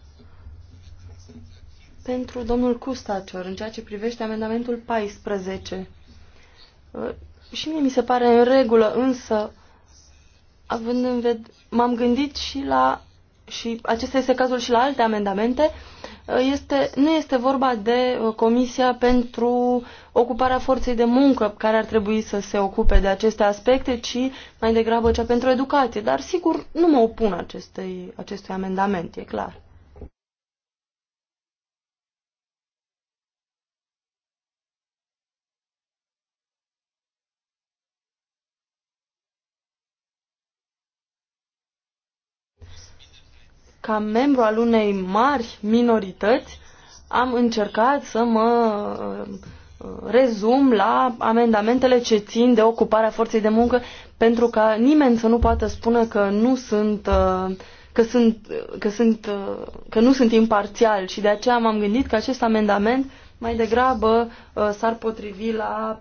Pentru domnul Custacior, în ceea ce privește amendamentul 14. Uh, și mie mi se pare în regulă, însă, având în ved- m-am gândit și la, și acesta este cazul și la alte amendamente, este, nu este vorba de uh, Comisia pentru ocuparea forței de muncă care ar trebui să se ocupe de aceste aspecte, ci mai degrabă cea pentru educație. Dar sigur nu mă opun acestei, acestui amendament, e clar. ca membru al unei mari minorități, am încercat să mă uh, rezum la amendamentele ce țin de ocuparea forței de muncă pentru ca nimeni să nu poată spune că nu sunt uh, că sunt, uh, că sunt că nu sunt imparțial și de aceea m-am gândit că acest amendament mai degrabă s-ar potrivi la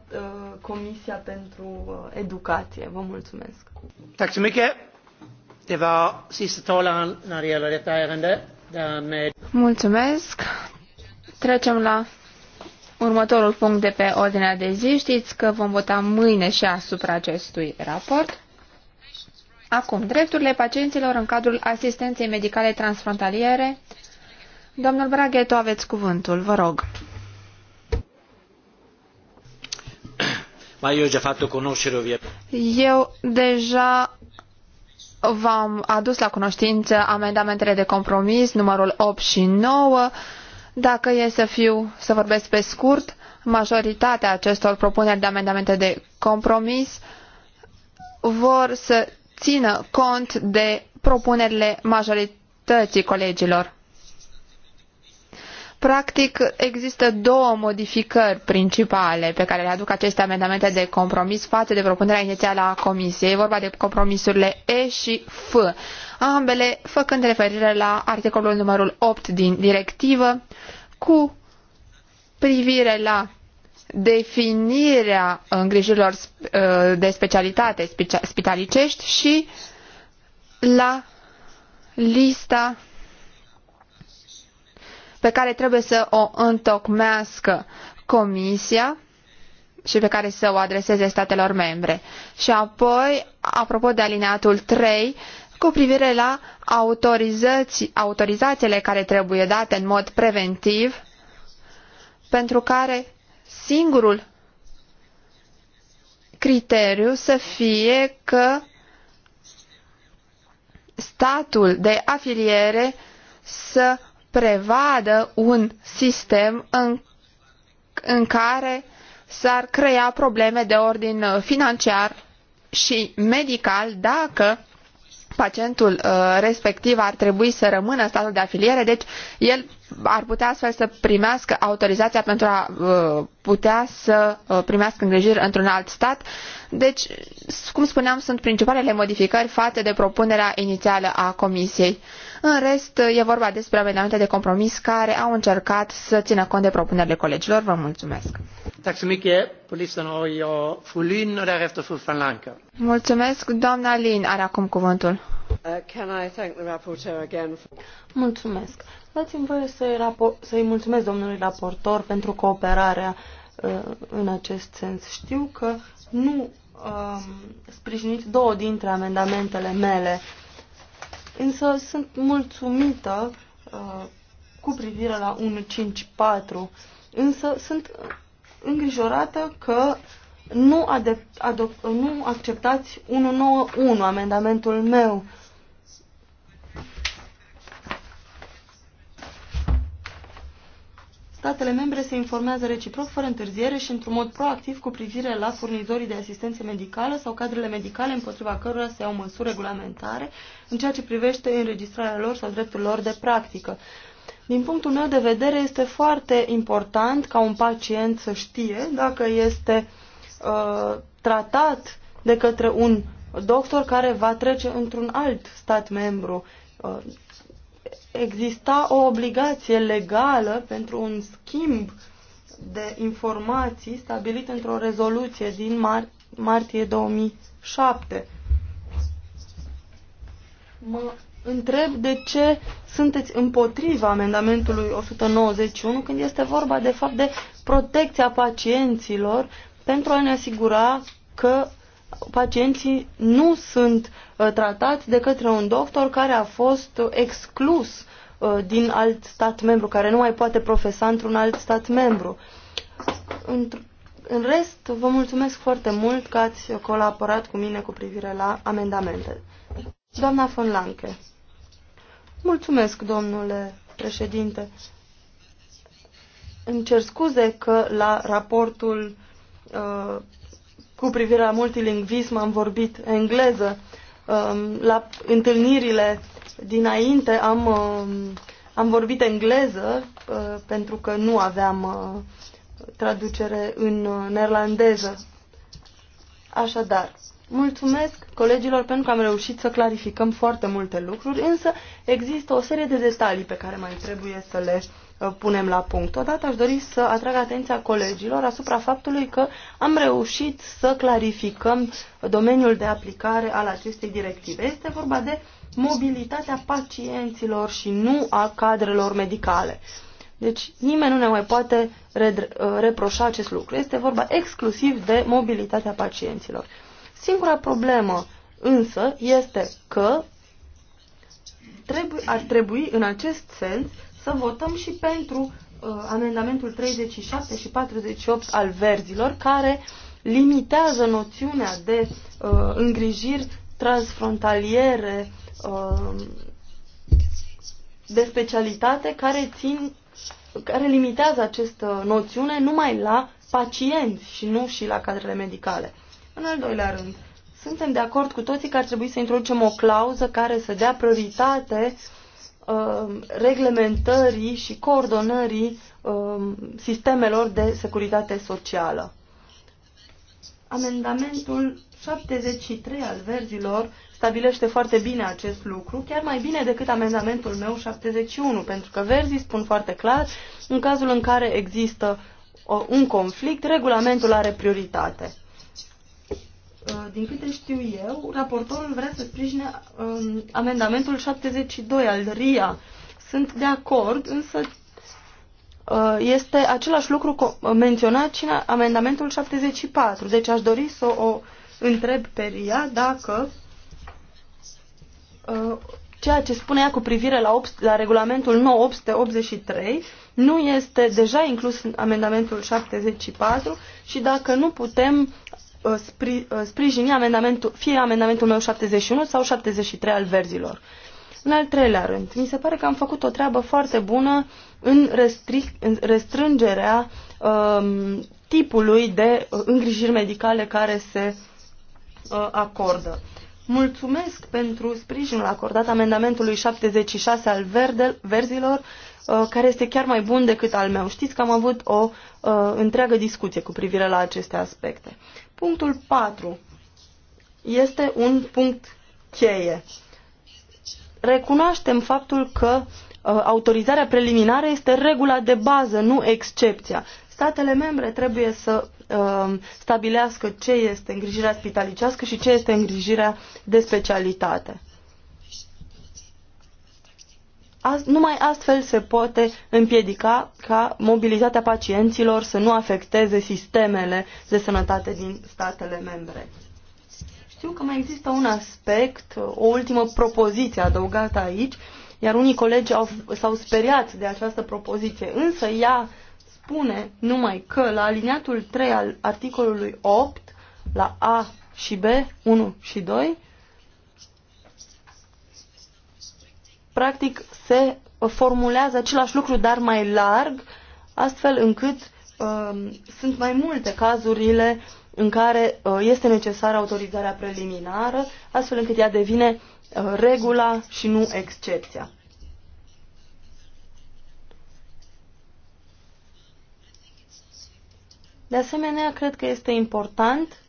Comisia pentru Educație. Vă mulțumesc. Mulțumesc. Trecem la următorul punct de pe ordinea de zi. Știți că vom vota mâine și asupra acestui raport. Acum, drepturile pacienților în cadrul asistenței medicale transfrontaliere. Domnul Bragheto, aveți cuvântul, vă rog. Eu deja V-am adus la cunoștință amendamentele de compromis, numărul 8 și 9. Dacă e să fiu, să vorbesc pe scurt, majoritatea acestor propuneri de amendamente de compromis vor să țină cont de propunerile majorității colegilor. Practic, există două modificări principale pe care le aduc aceste amendamente de compromis față de propunerea inițială a Comisiei. E vorba de compromisurile E și F, ambele făcând referire la articolul numărul 8 din directivă cu privire la definirea îngrijirilor uh, de specialitate spitalicești și la lista pe care trebuie să o întocmească Comisia și pe care să o adreseze statelor membre. Și apoi, apropo de alineatul 3, cu privire la autorizațiile care trebuie date în mod preventiv, pentru care singurul criteriu să fie că statul de afiliere să prevadă un sistem în, în care s-ar crea probleme de ordin uh, financiar și medical dacă pacientul uh, respectiv ar trebui să rămână în statul de afiliere, deci el ar putea astfel să primească autorizația pentru a uh, putea să primească îngrijiri într-un alt stat. Deci, cum spuneam, sunt principalele modificări față de propunerea inițială a Comisiei. În rest, e vorba despre amendamente de compromis care au încercat să țină cont de propunerile colegilor. Vă mulțumesc! Mulțumesc, doamna Lin are acum cuvântul. Uh, mulțumesc. Dați-mi voie să-i, rapo- să mulțumesc domnului raportor pentru cooperarea uh, în acest sens. Știu că nu uh, sprijiniți două dintre amendamentele mele Însă sunt mulțumită uh, cu privire la 154, însă sunt îngrijorată că nu, adept, adop, nu acceptați 191, amendamentul meu, statele membre se informează reciproc, fără întârziere și într-un mod proactiv cu privire la furnizorii de asistență medicală sau cadrele medicale împotriva cărora se iau măsuri regulamentare în ceea ce privește înregistrarea lor sau dreptul lor de practică. Din punctul meu de vedere, este foarte important ca un pacient să știe dacă este uh, tratat de către un doctor care va trece într-un alt stat membru uh, exista o obligație legală pentru un schimb de informații stabilit într-o rezoluție din mar martie 2007. Mă întreb de ce sunteți împotriva amendamentului 191 când este vorba de fapt de protecția pacienților pentru a ne asigura că pacienții nu sunt uh, tratați de către un doctor care a fost uh, exclus uh, din alt stat membru, care nu mai poate profesa într-un alt stat membru. În rest, vă mulțumesc foarte mult că ați colaborat cu mine cu privire la amendamente. Doamna von Lanke. Mulțumesc, domnule președinte. Îmi cer scuze că la raportul uh, cu privire la multilingvism am vorbit engleză. Um, la întâlnirile dinainte am, um, am vorbit engleză uh, pentru că nu aveam uh, traducere în uh, neerlandeză. Așadar, Mulțumesc colegilor pentru că am reușit să clarificăm foarte multe lucruri, însă există o serie de detalii pe care mai trebuie să le uh, punem la punct. Odată aș dori să atrag atenția colegilor asupra faptului că am reușit să clarificăm domeniul de aplicare al acestei directive. Este vorba de mobilitatea pacienților și nu a cadrelor medicale. Deci nimeni nu ne mai poate uh, reproșa acest lucru. Este vorba exclusiv de mobilitatea pacienților. Singura problemă însă este că trebuie, ar trebui în acest sens să votăm și pentru uh, amendamentul 37 și 48 al verzilor care limitează noțiunea de uh, îngrijiri transfrontaliere uh, de specialitate care țin care limitează această noțiune numai la pacienți și nu și la cadrele medicale. În al doilea rând, suntem de acord cu toții că ar trebui să introducem o clauză care să dea prioritate uh, reglementării și coordonării uh, sistemelor de securitate socială. Amendamentul 73 al verzilor stabilește foarte bine acest lucru, chiar mai bine decât amendamentul meu 71, pentru că verzii spun foarte clar, în cazul în care există uh, un conflict, regulamentul are prioritate. Uh, din câte știu eu, raportorul vrea să sprijine um, amendamentul 72 al RIA. Sunt de acord, însă uh, este același lucru uh, menționat și în amendamentul 74. Deci aș dori să o întreb pe RIA dacă uh, ceea ce spune ea cu privire la, la regulamentul 983 nu este deja inclus în amendamentul 74 și dacă nu putem Uh, spri, uh, sprijini amendamentul, fie amendamentul meu 71 sau 73 al verzilor. În al treilea rând, mi se pare că am făcut o treabă foarte bună în, restric, în restrângerea um, tipului de uh, îngrijiri medicale care se uh, acordă. Mulțumesc pentru sprijinul acordat amendamentului 76 al verde, verzilor, uh, care este chiar mai bun decât al meu. Știți că am avut o uh, întreagă discuție cu privire la aceste aspecte. Punctul 4 este un punct cheie. Recunoaștem faptul că uh, autorizarea preliminară este regula de bază, nu excepția. Statele membre trebuie să uh, stabilească ce este îngrijirea spitalicească și ce este îngrijirea de specialitate numai astfel se poate împiedica ca mobilitatea pacienților să nu afecteze sistemele de sănătate din statele membre. Știu că mai există un aspect, o ultimă propoziție adăugată aici, iar unii colegi s-au speriat de această propoziție, însă ea spune numai că la aliniatul 3 al articolului 8, la A și B, 1 și 2, practic se formulează același lucru, dar mai larg, astfel încât uh, sunt mai multe cazurile în care uh, este necesară autorizarea preliminară, astfel încât ea devine uh, regula și nu excepția. De asemenea, cred că este important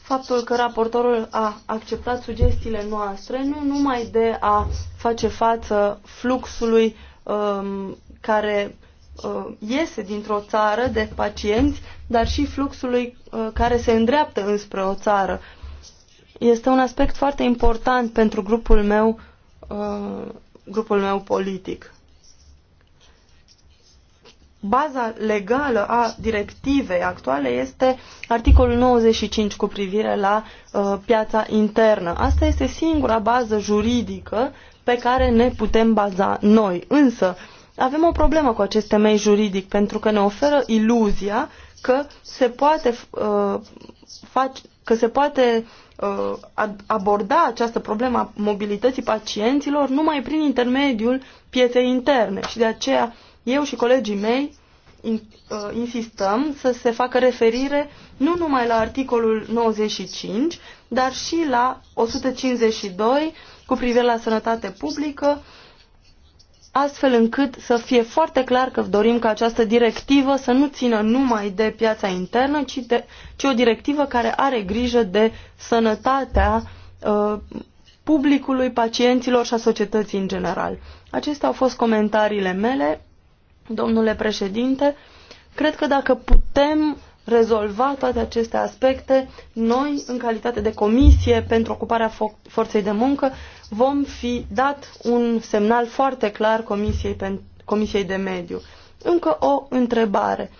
faptul că raportorul a acceptat sugestiile noastre, nu numai de a face față fluxului um, care uh, iese dintr-o țară de pacienți, dar și fluxului uh, care se îndreaptă înspre o țară. Este un aspect foarte important pentru grupul meu, uh, grupul meu politic baza legală a directivei actuale este articolul 95 cu privire la uh, piața internă. Asta este singura bază juridică pe care ne putem baza noi. Însă avem o problemă cu acest temei juridic pentru că ne oferă iluzia că se poate, uh, face, că se poate uh, aborda această problemă a mobilității pacienților numai prin intermediul pieței interne și de aceea eu și colegii mei uh, insistăm să se facă referire nu numai la articolul 95, dar și la 152 cu privire la sănătate publică, astfel încât să fie foarte clar că dorim ca această directivă să nu țină numai de piața internă, ci, de, ci o directivă care are grijă de sănătatea uh, publicului, pacienților și a societății în general. Acestea au fost comentariile mele. Domnule președinte, cred că dacă putem rezolva toate aceste aspecte, noi, în calitate de comisie pentru ocuparea forței de muncă, vom fi dat un semnal foarte clar Comisiei, comisiei de Mediu. Încă o întrebare.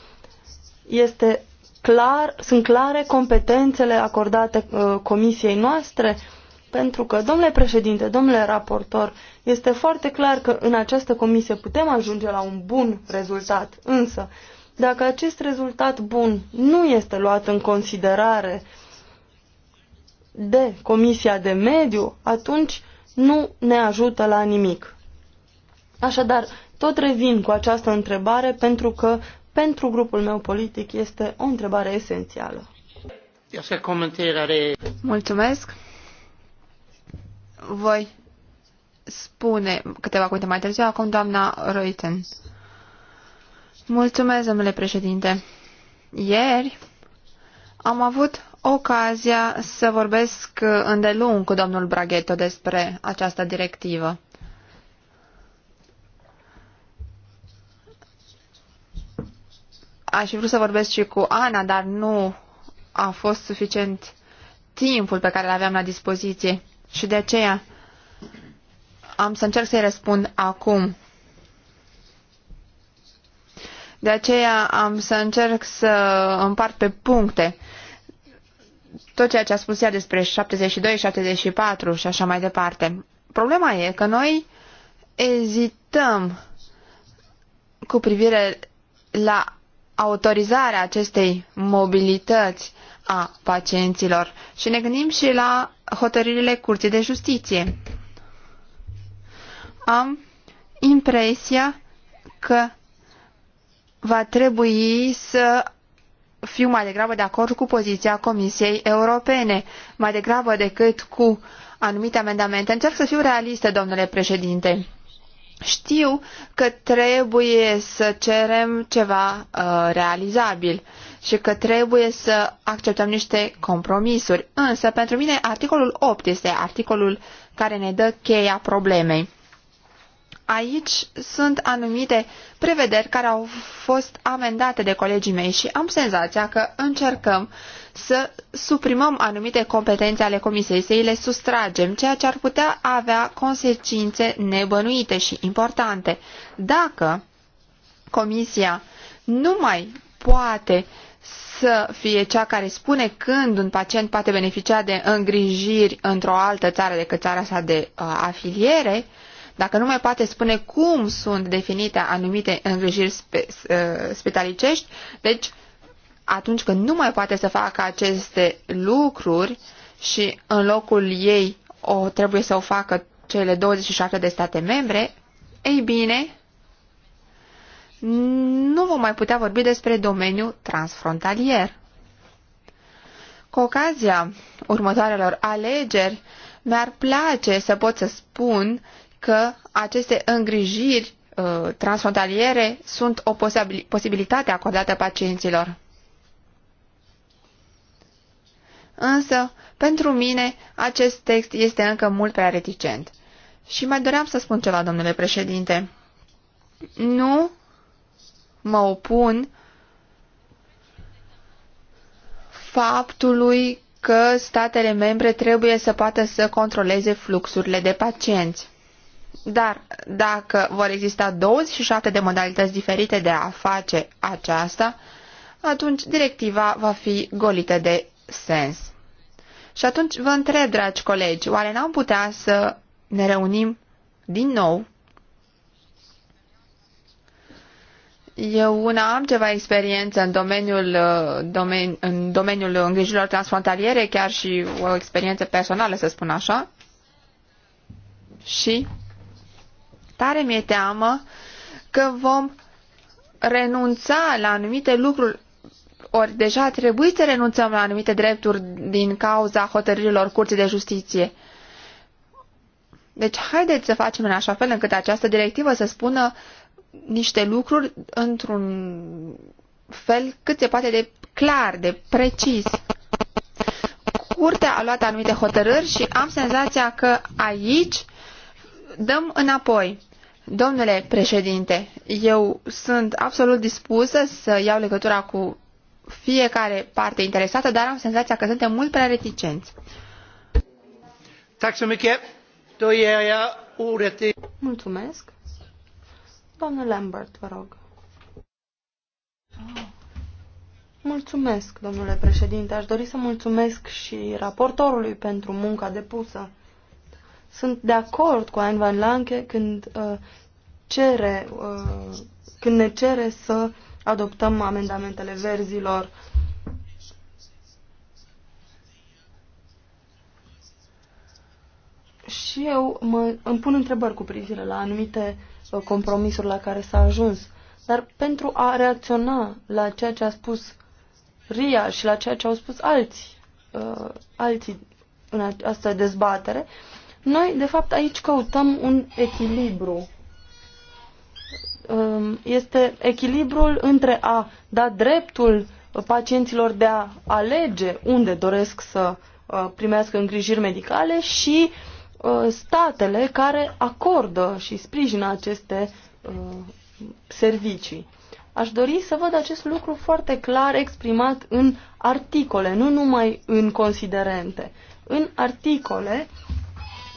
Este clar, sunt clare competențele acordate uh, comisiei noastre? Uh, pentru că, domnule președinte, domnule raportor, este foarte clar că în această comisie putem ajunge la un bun rezultat. Însă, dacă acest rezultat bun nu este luat în considerare de Comisia de Mediu, atunci nu ne ajută la nimic. Așadar, tot revin cu această întrebare pentru că pentru grupul meu politic este o întrebare esențială. Mulțumesc voi spune câteva cuvinte mai târziu. Acum, doamna Reuten. Mulțumesc, domnule președinte. Ieri am avut ocazia să vorbesc îndelung cu domnul Braghetto despre această directivă. Aș fi vrut să vorbesc și cu Ana, dar nu a fost suficient timpul pe care îl aveam la dispoziție și de aceea am să încerc să-i răspund acum. De aceea am să încerc să împart pe puncte tot ceea ce a spus ea despre 72, 74 și așa mai departe. Problema e că noi ezităm cu privire la autorizarea acestei mobilități a pacienților și ne gândim și la hotărârile Curții de Justiție. Am impresia că va trebui să fiu mai degrabă de acord cu poziția Comisiei Europene, mai degrabă decât cu anumite amendamente. Încerc să fiu realistă, domnule președinte. Știu că trebuie să cerem ceva uh, realizabil și că trebuie să acceptăm niște compromisuri. Însă, pentru mine, articolul 8 este articolul care ne dă cheia problemei. Aici sunt anumite prevederi care au fost amendate de colegii mei și am senzația că încercăm să suprimăm anumite competențe ale comisiei, să îi le sustragem, ceea ce ar putea avea consecințe nebănuite și importante. Dacă comisia nu mai poate să fie cea care spune când un pacient poate beneficia de îngrijiri într-o altă țară decât țara sa de uh, afiliere, dacă nu mai poate spune cum sunt definite anumite îngrijiri spe, uh, spitalicești, deci atunci când nu mai poate să facă aceste lucruri și în locul ei o trebuie să o facă cele 27 de state membre, ei bine, nu vom mai putea vorbi despre domeniul transfrontalier. Cu ocazia următoarelor alegeri, mi-ar place să pot să spun că aceste îngrijiri uh, transfrontaliere sunt o posibilitate acordată pacienților. Însă, pentru mine, acest text este încă mult prea reticent. Și mai doream să spun ceva, domnule președinte. Nu mă opun faptului că statele membre trebuie să poată să controleze fluxurile de pacienți. Dar dacă vor exista 27 de modalități diferite de a face aceasta, atunci directiva va fi golită de sens. Și atunci vă întreb, dragi colegi, oare n-am putea să ne reunim din nou Eu una am ceva experiență în domeniul, uh, domeni, în domeniul îngrijirilor transfrontaliere, chiar și o experiență personală, să spun așa. Și tare mi-e teamă că vom renunța la anumite lucruri, ori deja trebuie să renunțăm la anumite drepturi din cauza hotărârilor Curții de Justiție. Deci haideți să facem în așa fel încât această directivă să spună uh, niște lucruri într-un fel cât se poate de clar, de precis. Curtea a luat anumite hotărâri și am senzația că aici dăm înapoi. Domnule președinte, eu sunt absolut dispusă să iau legătura cu fiecare parte interesată, dar am senzația că suntem mult prea reticenți. Mulțumesc. Domnul Lambert, vă rog. Mulțumesc, domnule președinte. Aș dori să mulțumesc și raportorului pentru munca depusă. Sunt de acord cu Ayn Van Lanke când, uh, cere, uh, când ne cere să adoptăm amendamentele verzilor. Și eu mă, îmi pun întrebări cu privire la anumite uh, Uh, compromisul la care s-a ajuns. Dar pentru a reacționa la ceea ce a spus Ria și la ceea ce au spus alții, uh, alții în această dezbatere, noi, de fapt, aici căutăm un echilibru. Um, este echilibrul între a da dreptul pacienților de a alege unde doresc să uh, primească îngrijiri medicale și uh, Uh, statele care acordă și sprijină aceste uh, servicii. Aș dori să văd acest lucru foarte clar exprimat în articole, nu numai în considerente. În articole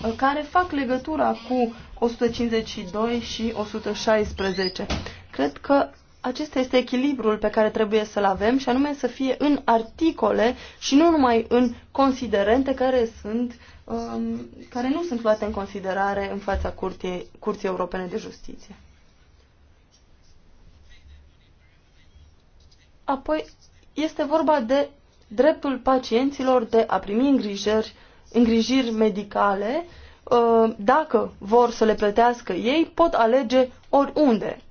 uh, care fac legătura cu 152 și 116. Cred că acesta este echilibrul pe care trebuie să-l avem și anume să fie în articole și nu numai în considerente care sunt uh, um, care nu sunt luate în considerare în fața Curții, Curții Europene de Justiție. Apoi este vorba de dreptul pacienților de a primi îngrijiri, îngrijiri medicale. Uh, dacă vor să le plătească ei, pot alege oriunde.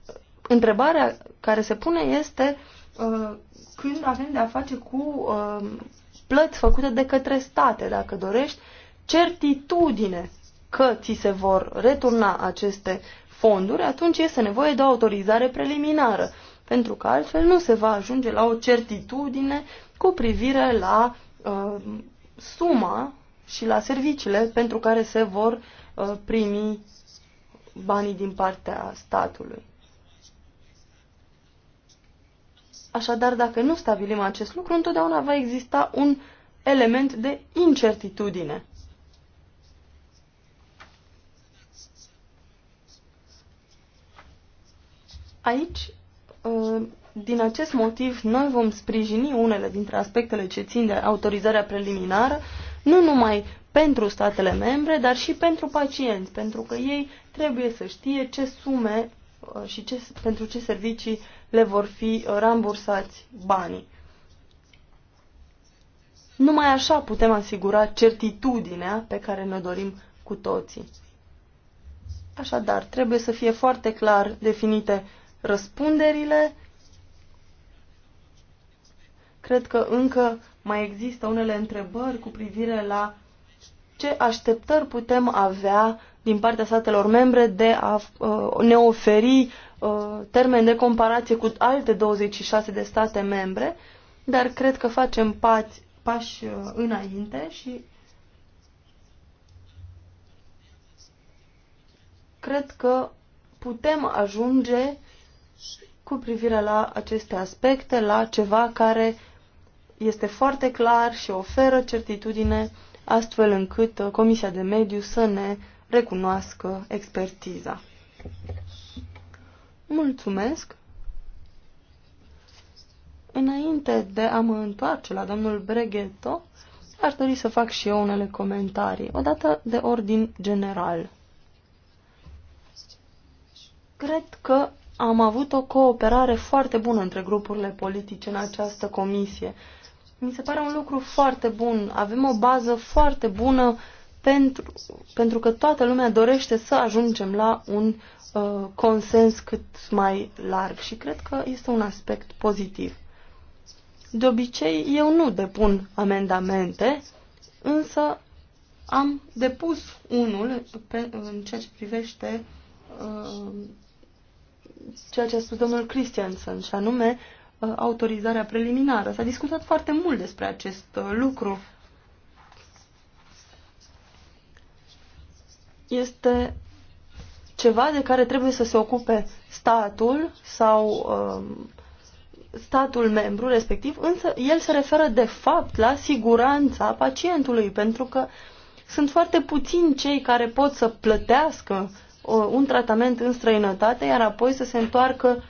Întrebarea care se pune este uh, când avem de a face cu uh, plăți făcute de către state. Dacă dorești certitudine că ți se vor returna aceste fonduri, atunci este nevoie de o autorizare preliminară, pentru că altfel nu se va ajunge la o certitudine cu privire la uh, suma și la serviciile pentru care se vor uh, primi banii din partea statului. Așadar, dacă nu stabilim acest lucru, întotdeauna va exista un element de incertitudine. Aici, uh, din acest motiv, noi vom sprijini unele dintre aspectele ce țin de autorizarea preliminară, nu numai pentru statele membre, dar și pentru pacienți, pentru că ei trebuie să știe ce sume uh, și ce, pentru ce servicii le vor fi rambursați banii. Numai așa putem asigura certitudinea pe care ne dorim cu toții. Așadar, trebuie să fie foarte clar definite răspunderile. Cred că încă mai există unele întrebări cu privire la ce așteptări putem avea din partea statelor membre de a uh, ne oferi uh, termen de comparație cu alte 26 de state membre, dar cred că facem pați, pași uh, înainte și cred că putem ajunge cu privire la aceste aspecte, la ceva care este foarte clar și oferă certitudine astfel încât uh, Comisia de Mediu să ne recunoască expertiza. Mulțumesc! Înainte de a mă întoarce la domnul Breghetto, ar dori să fac și eu unele comentarii, odată de ordin general. Cred că am avut o cooperare foarte bună între grupurile politice în această comisie. Mi se pare un lucru foarte bun. Avem o bază foarte bună pentru, pentru că toată lumea dorește să ajungem la un uh, consens cât mai larg și cred că este un aspect pozitiv. De obicei, eu nu depun amendamente, însă am depus unul pe, în ceea ce privește uh, ceea ce a spus domnul Christiansen, și anume uh, autorizarea preliminară. S-a discutat foarte mult despre acest uh, lucru. Este ceva de care trebuie să se ocupe statul sau um, statul membru respectiv, însă el se referă de fapt la siguranța pacientului, pentru că sunt foarte puțini cei care pot să plătească un tratament în străinătate, iar apoi să se întoarcă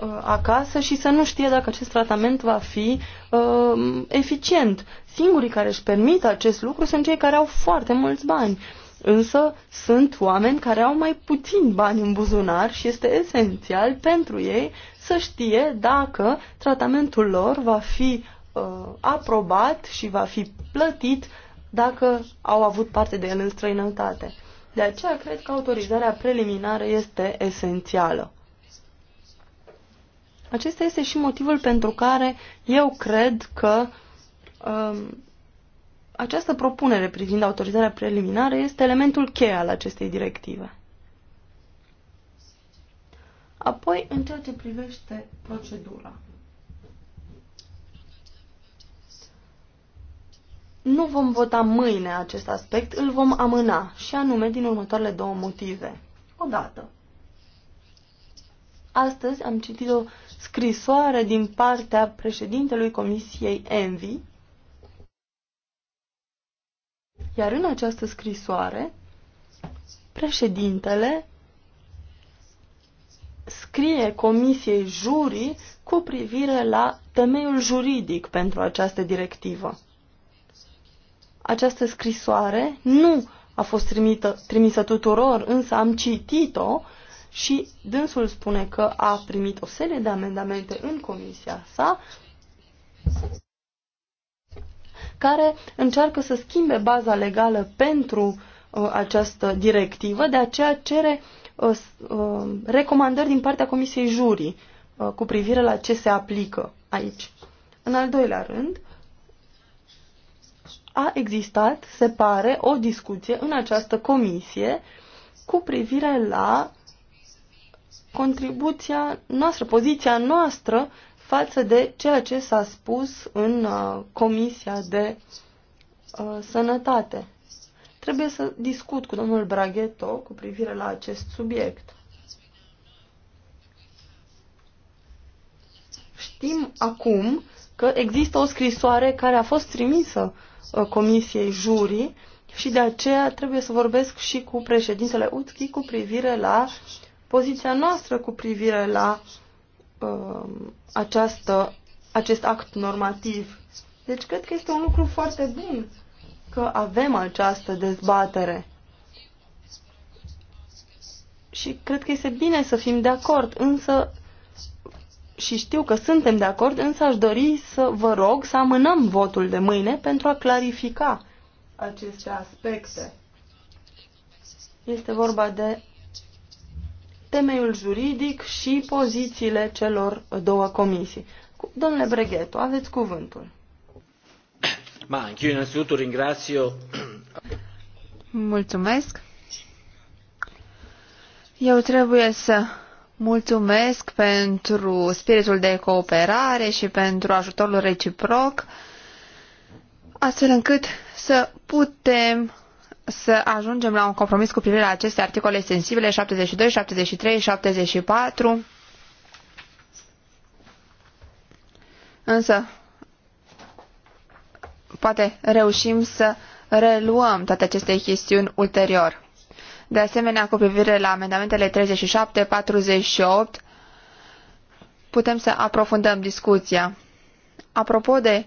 uh, acasă și să nu știe dacă acest tratament va fi uh, eficient. Singurii care își permit acest lucru sunt cei care au foarte mulți bani. Însă sunt oameni care au mai puțin bani în buzunar și este esențial pentru ei să știe dacă tratamentul lor va fi uh, aprobat și va fi plătit dacă au avut parte de el în străinătate. De aceea cred că autorizarea preliminară este esențială. Acesta este și motivul pentru care eu cred că um, această propunere privind autorizarea preliminară este elementul cheie al acestei directive. Apoi, în ceea ce privește procedura. Nu vom vota mâine acest aspect, îl vom amâna, și anume din următoarele două motive. Odată. Astăzi am citit o scrisoare din partea președintelui Comisiei Envi, iar în această scrisoare președintele scrie Comisiei Jurii cu privire la temeiul juridic pentru această directivă. Această scrisoare nu a fost trimită, trimisă tuturor, însă am citit-o și dânsul spune că a primit o serie de amendamente în comisia sa care încearcă să schimbe baza legală pentru uh, această directivă, de aceea cere uh, uh, recomandări din partea Comisiei Jurii uh, cu privire la ce se aplică aici. În al doilea rând, a existat, se pare, o discuție în această comisie cu privire la contribuția noastră, poziția noastră față de ceea ce s-a spus în uh, Comisia de uh, Sănătate. Trebuie să discut cu domnul Braghetto cu privire la acest subiect. Știm acum că există o scrisoare care a fost trimisă uh, Uh, Comisiei Jurii și de aceea trebuie să vorbesc și cu președintele UTSCHI cu privire la poziția noastră cu privire la uh, această, acest act normativ. Deci cred că este un lucru foarte bun că avem această dezbatere. Și cred că este bine să fim de acord, însă și știu că suntem de acord, însă aș dori să vă rog să amânăm votul de mâine pentru a clarifica aceste aspecte. Este vorba de temeiul juridic și pozițiile celor două comisii. Domnule Breghetu, aveți cuvântul. Ma, anch'io innanzitutto ringrazio... Mulțumesc. Eu trebuie să Mulțumesc pentru spiritul de cooperare și pentru ajutorul reciproc, astfel încât să putem să ajungem la un compromis cu privire la aceste articole sensibile 72, 73, 74. Însă, poate reușim să reluăm toate aceste chestiuni ulterior de asemenea cu privire la amendamentele 37-48, putem să aprofundăm discuția. Apropo de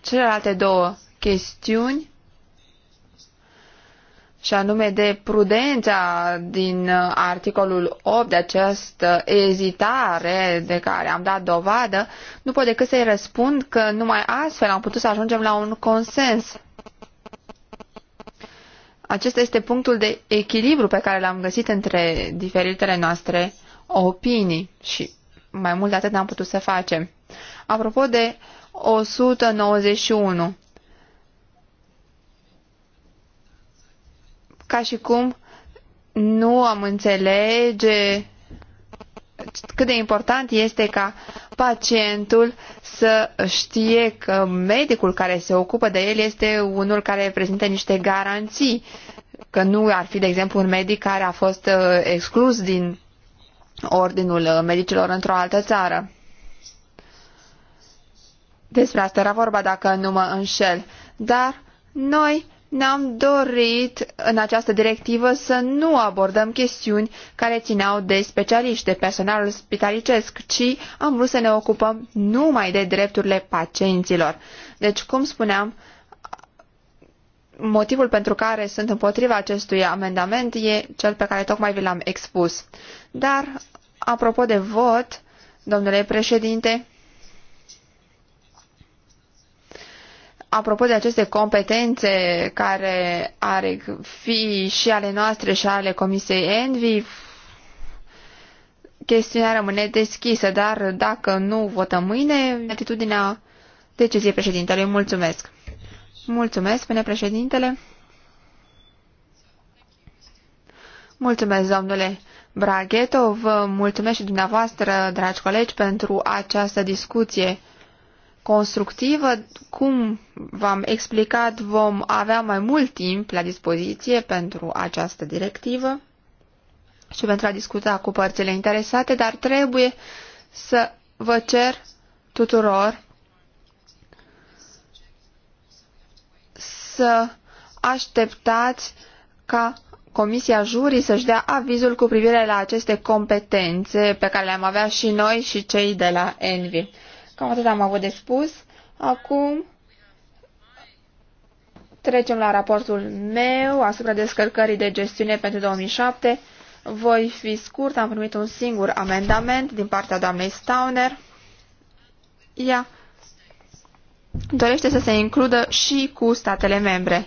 celelalte două chestiuni, și anume de prudența din uh, articolul 8, de această ezitare de care am dat dovadă, nu pot decât să-i răspund că numai astfel am putut să ajungem la un consens. Acesta este punctul de echilibru pe care l-am găsit între diferitele noastre opinii și mai mult de atât n-am putut să facem. Apropo de 191, ca și cum nu am înțelege cât de important este ca pacientul să știe că medicul care se ocupă de el este unul care prezintă niște garanții, că nu ar fi, de exemplu, un medic care a fost uh, exclus din ordinul uh, medicilor într-o altă țară. Despre asta era vorba, dacă nu mă înșel. Dar noi ne-am dorit în această directivă să nu abordăm chestiuni care țineau de specialiști, de personalul spitalicesc, ci am vrut să ne ocupăm numai de drepturile pacienților. Deci, cum spuneam, motivul pentru care sunt împotriva acestui amendament e cel pe care tocmai vi l-am expus. Dar, apropo de vot, domnule președinte, apropo de aceste competențe care ar fi și ale noastre și ale Comisiei Envi, chestiunea rămâne deschisă, dar dacă nu votăm mâine, atitudinea deciziei președintelui. Mulțumesc! Mulțumesc, spune președintele. Mulțumesc, domnule Braghetov. mulțumesc și dumneavoastră, dragi colegi, pentru această discuție constructivă. Cum v-am explicat, vom avea mai mult timp la dispoziție pentru această directivă și pentru a discuta cu părțile interesate, dar trebuie să vă cer tuturor să așteptați ca Comisia Jurii să-și dea avizul cu privire la aceste competențe pe care le-am avea și noi și cei de la Envi. Cam atât am avut de spus. Acum trecem la raportul meu asupra descărcării de gestiune pentru 2007. Voi fi scurt, am primit un singur amendament din partea doamnei Stauner. Ea dorește să se includă și cu statele membre.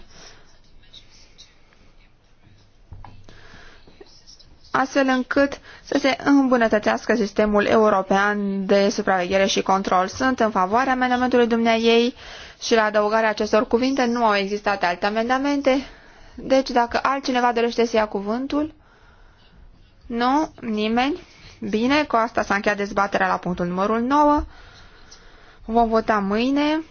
astfel încât să se îmbunătățească sistemul european de supraveghere și control. Sunt în favoarea amendamentului dumneaei și la adăugarea acestor cuvinte nu au existat alte amendamente, deci dacă altcineva dorește să ia cuvântul, nu, nimeni. Bine, cu asta s-a încheiat dezbaterea la punctul numărul 9. Vom vota mâine.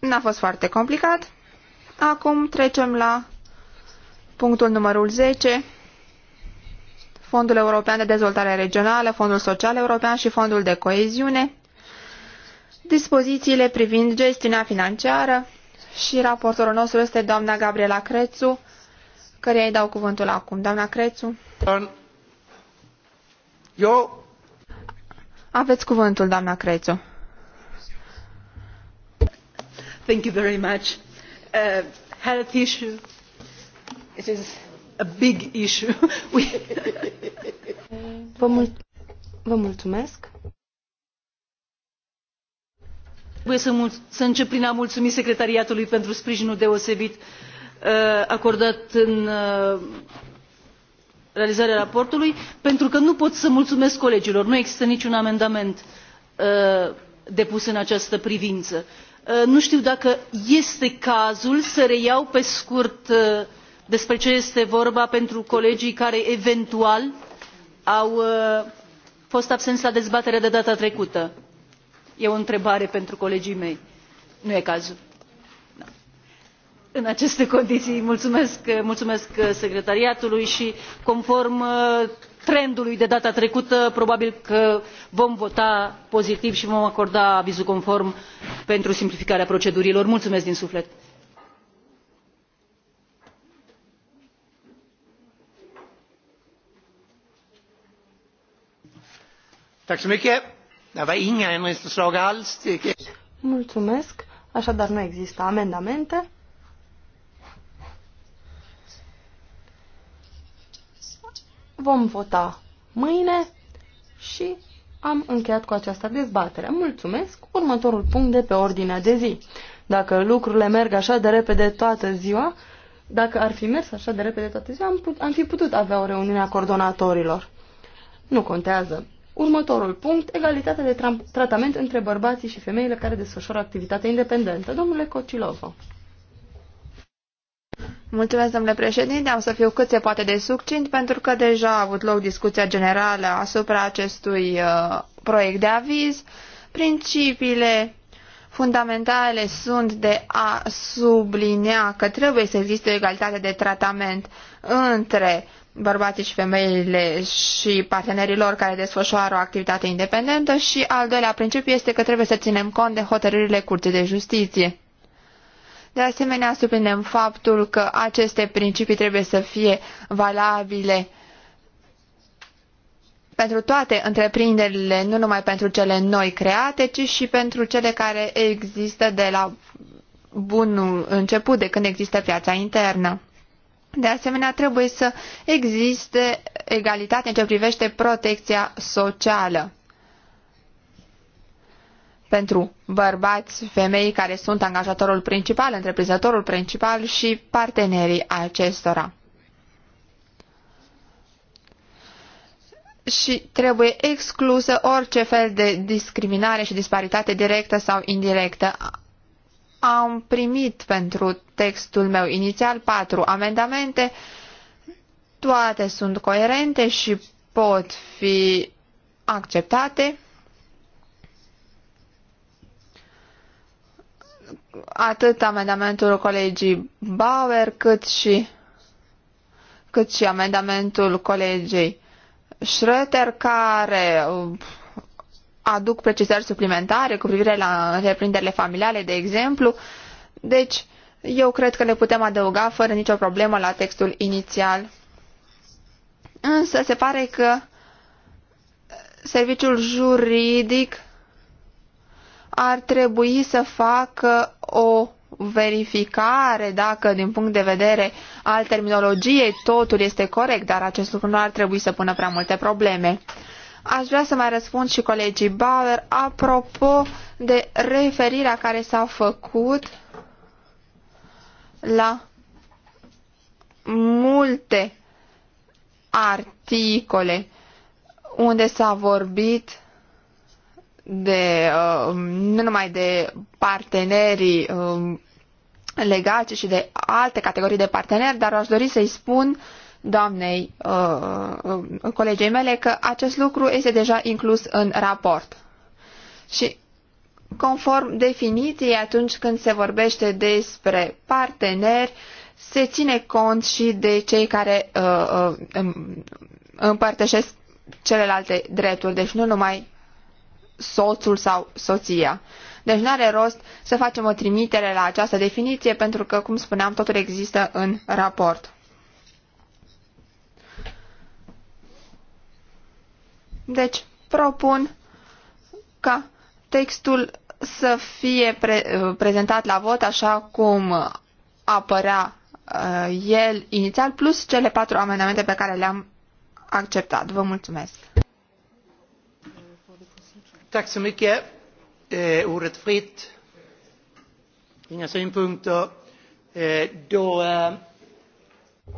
N-a fost foarte complicat. Acum trecem la punctul numărul 10. Fondul European de Dezvoltare Regională, Fondul Social European și Fondul de Coeziune, dispozițiile privind gestiunea financiară și raportorul nostru este doamna Gabriela Crețu, care îi dau cuvântul acum. Doamna Crețu. Eu. Aveți cuvântul, doamna Crețu. Thank you very much. Uh, health issue. It is a big issue. vă, vă mulțumesc. Trebuie să, mul- să încep prin a mulțumi secretariatului pentru sprijinul deosebit uh, acordat în uh, realizarea raportului pentru că nu pot să mulțumesc colegilor nu există niciun amendament uh, depus în această privință. Eh, nu știu dacă este cazul să reiau pe scurt eh, despre ce este vorba pentru colegii care eventual au eh, fost absenți la dezbaterea de data trecută. e o întrebare pentru colegii mei. nu e cazul. Da. în aceste condiții mulțumesc, mulțumesc secretariatului și conform trendului de data trecută probabil că vom vota pozitiv și vom acorda avizul conform pentru simplificarea procedurilor. mulțumesc din suflet. Mulțumesc. Așadar, nu există amendamente. Vom vota mâine și am încheiat cu această dezbatere. Mulțumesc! Următorul punct de pe ordinea de zi. Dacă lucrurile merg așa de repede toată ziua, dacă ar fi mers așa de repede toată ziua, am, put, am fi putut avea o reuniune a coordonatorilor. Nu contează. Următorul punct, egalitatea de tratament între bărbații și femeile care desfășoară activitate independentă. Domnule Cocilovo. Mulțumesc, domnule președinte. Am să fiu cât se poate de succint, pentru că deja a avut loc discuția generală asupra acestui uh, proiect de aviz. Principiile fundamentale sunt de a sublinea că trebuie să existe o egalitate de tratament între bărbații și femeile și partenerii lor care desfășoară o activitate independentă și al doilea principiu este că trebuie să ținem cont de hotărârile Curții de Justiție. De asemenea, subliniem faptul că aceste principii trebuie să fie valabile pentru toate întreprinderile, nu numai pentru cele noi create, ci și pentru cele care există de la bunul început, de când există piața internă. De asemenea, trebuie să existe egalitate în ce privește protecția socială pentru bărbați, femei care sunt angajatorul principal, întreprinzătorul principal și partenerii acestora. Și trebuie exclusă orice fel de discriminare și disparitate directă sau indirectă. Am primit pentru textul meu inițial patru amendamente, toate sunt coerente și pot fi acceptate. atât amendamentul colegii Bauer, cât și, cât și amendamentul colegii Schröter, care uh, aduc precizări suplimentare cu privire la reprinderile familiale, de exemplu. Deci, eu cred că le putem adăuga fără nicio problemă la textul inițial. Însă se pare că serviciul juridic ar trebui să facă o verificare dacă din punct de vedere al terminologiei totul este corect, dar acest lucru nu ar trebui să pună prea multe probleme. Aș vrea să mai răspund și colegii Bauer apropo de referirea care s-a făcut la multe articole unde s-a vorbit de, uh, nu numai de partenerii um, ci și de alte categorii de parteneri, dar aș dori să-i spun doamnei, uh, uh, colegei mele, că acest lucru este deja inclus în raport. Și conform definiției, atunci când se vorbește despre parteneri, se ține cont și de cei care uh, împărtășesc celelalte drepturi, deci nu numai soțul sau soția. Deci nu are rost să facem o trimitere la această definiție pentru că, cum spuneam, totul există în raport. Deci, propun ca textul să fie pre uh, prezentat la vot așa cum apărea uh, el inițial, plus cele patru amendamente pe care le-am acceptat. Vă mulțumesc! Tack så mycket. Eh, ordet fritt. Inga synpunkter. Eh, då... Eh...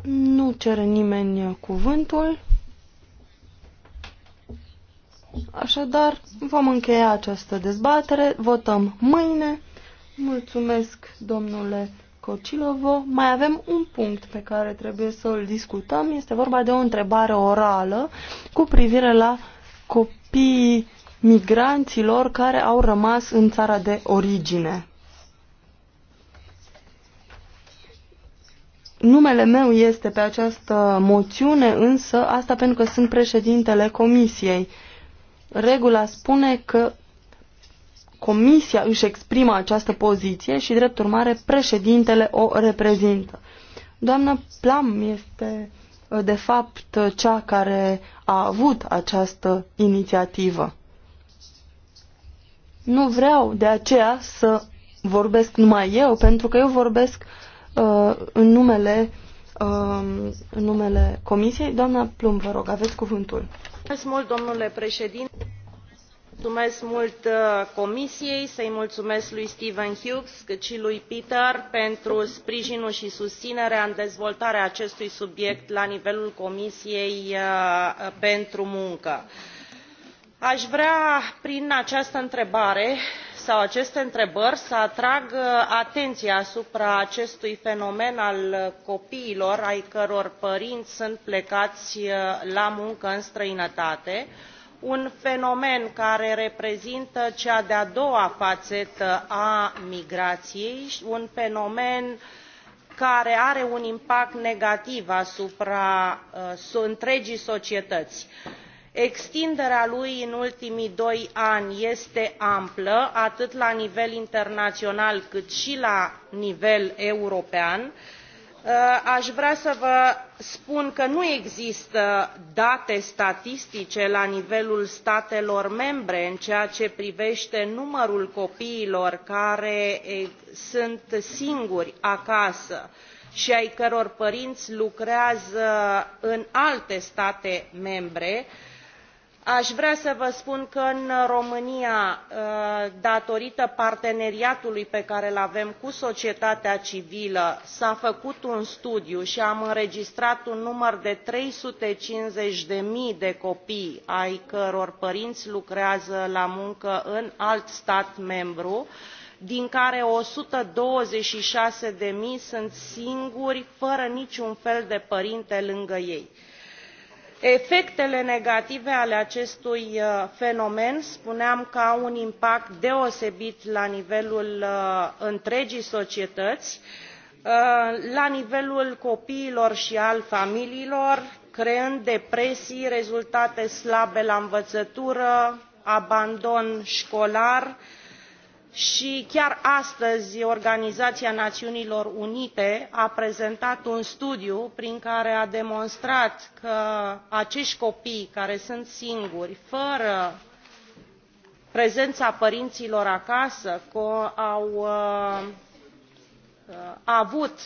Nu cere nimeni cuvântul. Așadar, vom încheia această dezbatere. Votăm mâine. Mulțumesc, domnule Cocilovo. Mai avem un punct pe care trebuie să îl discutăm. Este vorba de o întrebare orală cu privire la copiii migranților care au rămas în țara de origine. Numele meu este pe această moțiune, însă asta pentru că sunt președintele comisiei. Regula spune că comisia își exprimă această poziție și, drept urmare, președintele o reprezintă. Doamna Plam este, de fapt, cea care a avut această inițiativă. Nu vreau de aceea să vorbesc numai eu, pentru că eu vorbesc uh, în numele uh, în numele Comisiei. Doamna Plumb, vă rog, aveți cuvântul. Mulțumesc mult, domnule președinte. Mulțumesc mult uh, Comisiei, să-i mulțumesc lui Stephen Hughes, cât și lui Peter pentru sprijinul și susținerea în dezvoltarea acestui subiect la nivelul Comisiei uh, pentru Muncă. Uh, a vrea prin această întrebare sau aceste întrebări să atrag uh, atenia asupra acestui fenomen al copiilor ai căror părini sunt plecai uh, la muncă în străinătate un fenomen care reprezintă cea de a doua faetă a migraiei un fenomen care are un impact negativ asupra uh, întregii societăi extinderea lui în ultimii doi ani este amplă atât la nivel internaional cât i la nivel european uh, a vrea să vă spun că nu există date statistice la nivelul statelor membre în ceea ce privete numărul copiilor care sunt singuri acasă i ai căror părinți lucrează în alte state membre i aș vrea să vă spun că în românia ă, datorită parteneriatului pe care îl avem cu societatea civilă s a făcut un studiu și am înregistrat un număr de trei sute cincizeci de copii ai căror părinți lucrează la muncă în alt stat membru din care o sută douăzeci și șase sunt singuri fără niciun fel de părinte lângă ei efectele negative ale acestui uh, fenomen spuneam că au un impact deosebit la nivelul uh, întregii societăți uh, la nivelul copiilor și al familiilor creând depresii rezultate slabe la învățătură abandon școlar etc și chiar astăzi organizația națiunilor unite a prezentat un studiu prin care a demonstrat că acești copii care sunt singuri fără prezența părinților acasă au uh, uh, avut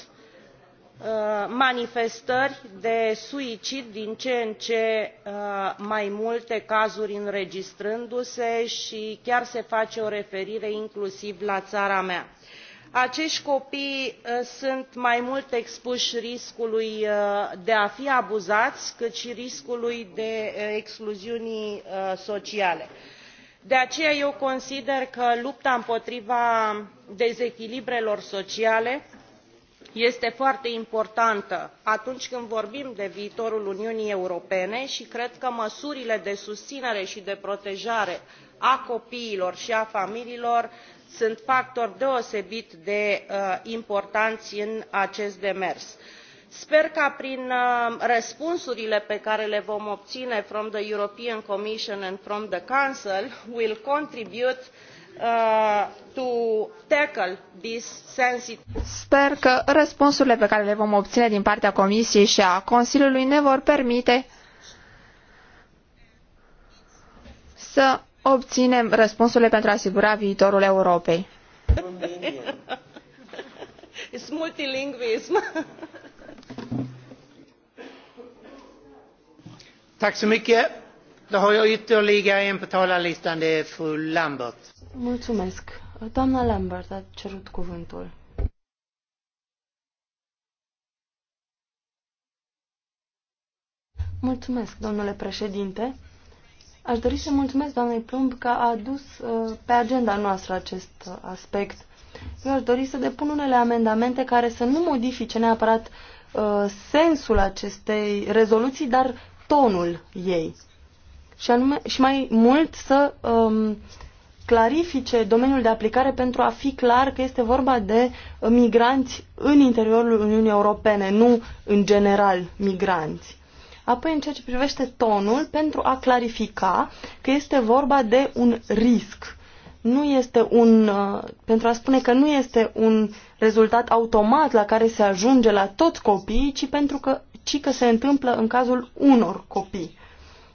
Uh, manifestări de suicid din ce în ce uh, mai multe cazuri înregistrându se și chiar se face o referire inclusiv la țara mea. Acești copii uh, sunt mai mult expuși riscului de a fi abuzați, cât și riscului excluziunii sociale. de aceea eu consider că lupta împotriva dezechilibrelor sociale este foarte importantă atunci când vorbim de viitorul uniunii europene și cred că măsurile de susținere și de protejare a copiilor și a familiilor sunt factori deosebit de uh, importanți în acest demers. sper ca prin uh, răspunsurile pe care le vom obține from the european commission and from the council will contribute Uh, Sper că răspunsurile pe care le vom obține din partea Comisiei și a Consiliului ne vor permite să obținem răspunsurile pentru a asigura viitorul Europei. It's multilingvism. Tack Då har ytterligare en på talarlistan, det är fru Lambert. Mulțumesc. Doamna Lambert a cerut cuvântul. Mulțumesc, domnule președinte. Aș dori să mulțumesc doamnei Plumb că a adus uh, pe agenda noastră acest aspect. Eu aș dori să depun unele amendamente care să nu modifice neapărat uh, sensul acestei rezoluții, dar tonul ei și, anume, și mai mult să um, clarifice domeniul de aplicare pentru a fi clar că este vorba de uh, migranți în interiorul Uniunii Europene, nu în general migranți. Apoi, în ceea ce privește tonul, pentru a clarifica că este vorba de un risc. Nu este un, uh, pentru a spune că nu este un rezultat automat la care se ajunge la toți copiii, ci pentru că, ci că se întâmplă în cazul unor copii.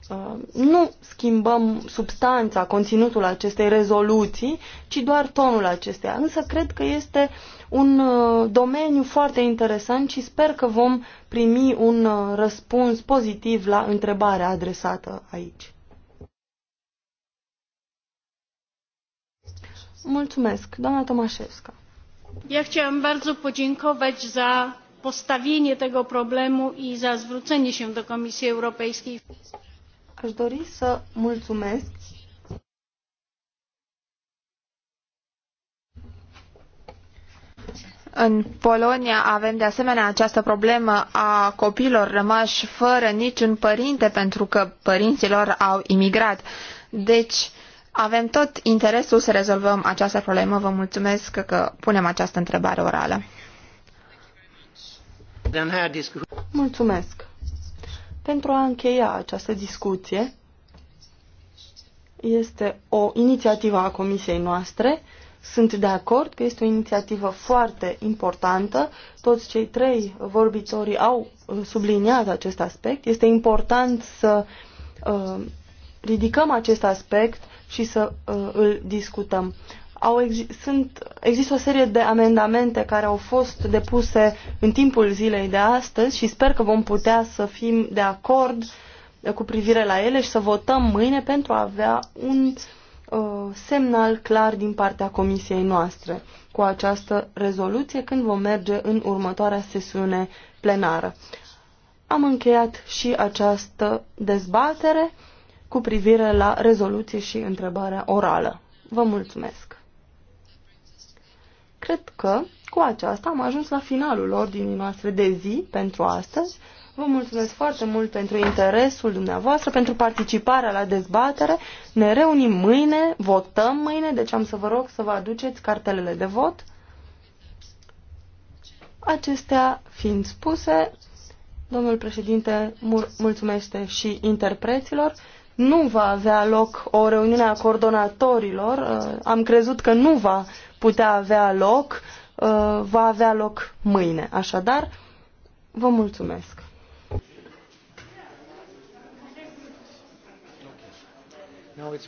Uh, nu schimbăm substanța, conținutul acestei rezoluții, ci doar tonul acesteia. Însă cred că este un uh, domeniu foarte interesant și sper că vom primi un uh, răspuns pozitiv la întrebarea adresată aici. Mulțumesc, doamna Tomașevska. Ja chciałam bardzo podziękować za postawienie tego problemu i za zwrócenie się do Komisji Europejskiej w tej sprawie. Aș dori să mulțumesc În Polonia avem de asemenea această problemă a copiilor rămași fără niciun părinte pentru că părinților au imigrat. Deci avem tot interesul să rezolvăm această problemă. Vă mulțumesc că punem această întrebare orală. Mulțumesc. Pentru a încheia această discuție, este o inițiativă a comisiei noastre. Sunt de acord că este o inițiativă foarte importantă. Toți cei trei vorbitori au uh, subliniat acest aspect. Este important să uh, ridicăm acest aspect și să uh, îl discutăm au ex- sunt, există o serie de amendamente care au fost depuse în timpul zilei de astăzi și sper că vom putea să fim de acord cu privire la ele și să votăm mâine pentru a avea un uh, semnal clar din partea comisiei noastre cu această rezoluție când vom merge în următoarea sesiune plenară. Am încheiat și această dezbatere cu privire la rezoluție și întrebarea orală. Vă mulțumesc! Cred că cu aceasta am ajuns la finalul ordinii noastre de zi pentru astăzi. Vă mulțumesc foarte mult pentru interesul dumneavoastră, pentru participarea la dezbatere. Ne reunim mâine, votăm mâine, deci am să vă rog să vă aduceți cartelele de vot. Acestea fiind spuse, domnul președinte mulțumește și interpreților. Nu va avea loc o reuniune a coordonatorilor. Uh, am crezut că nu va putea avea loc uh, va avea loc mâine. Așadar, vă mulțumesc! Now it's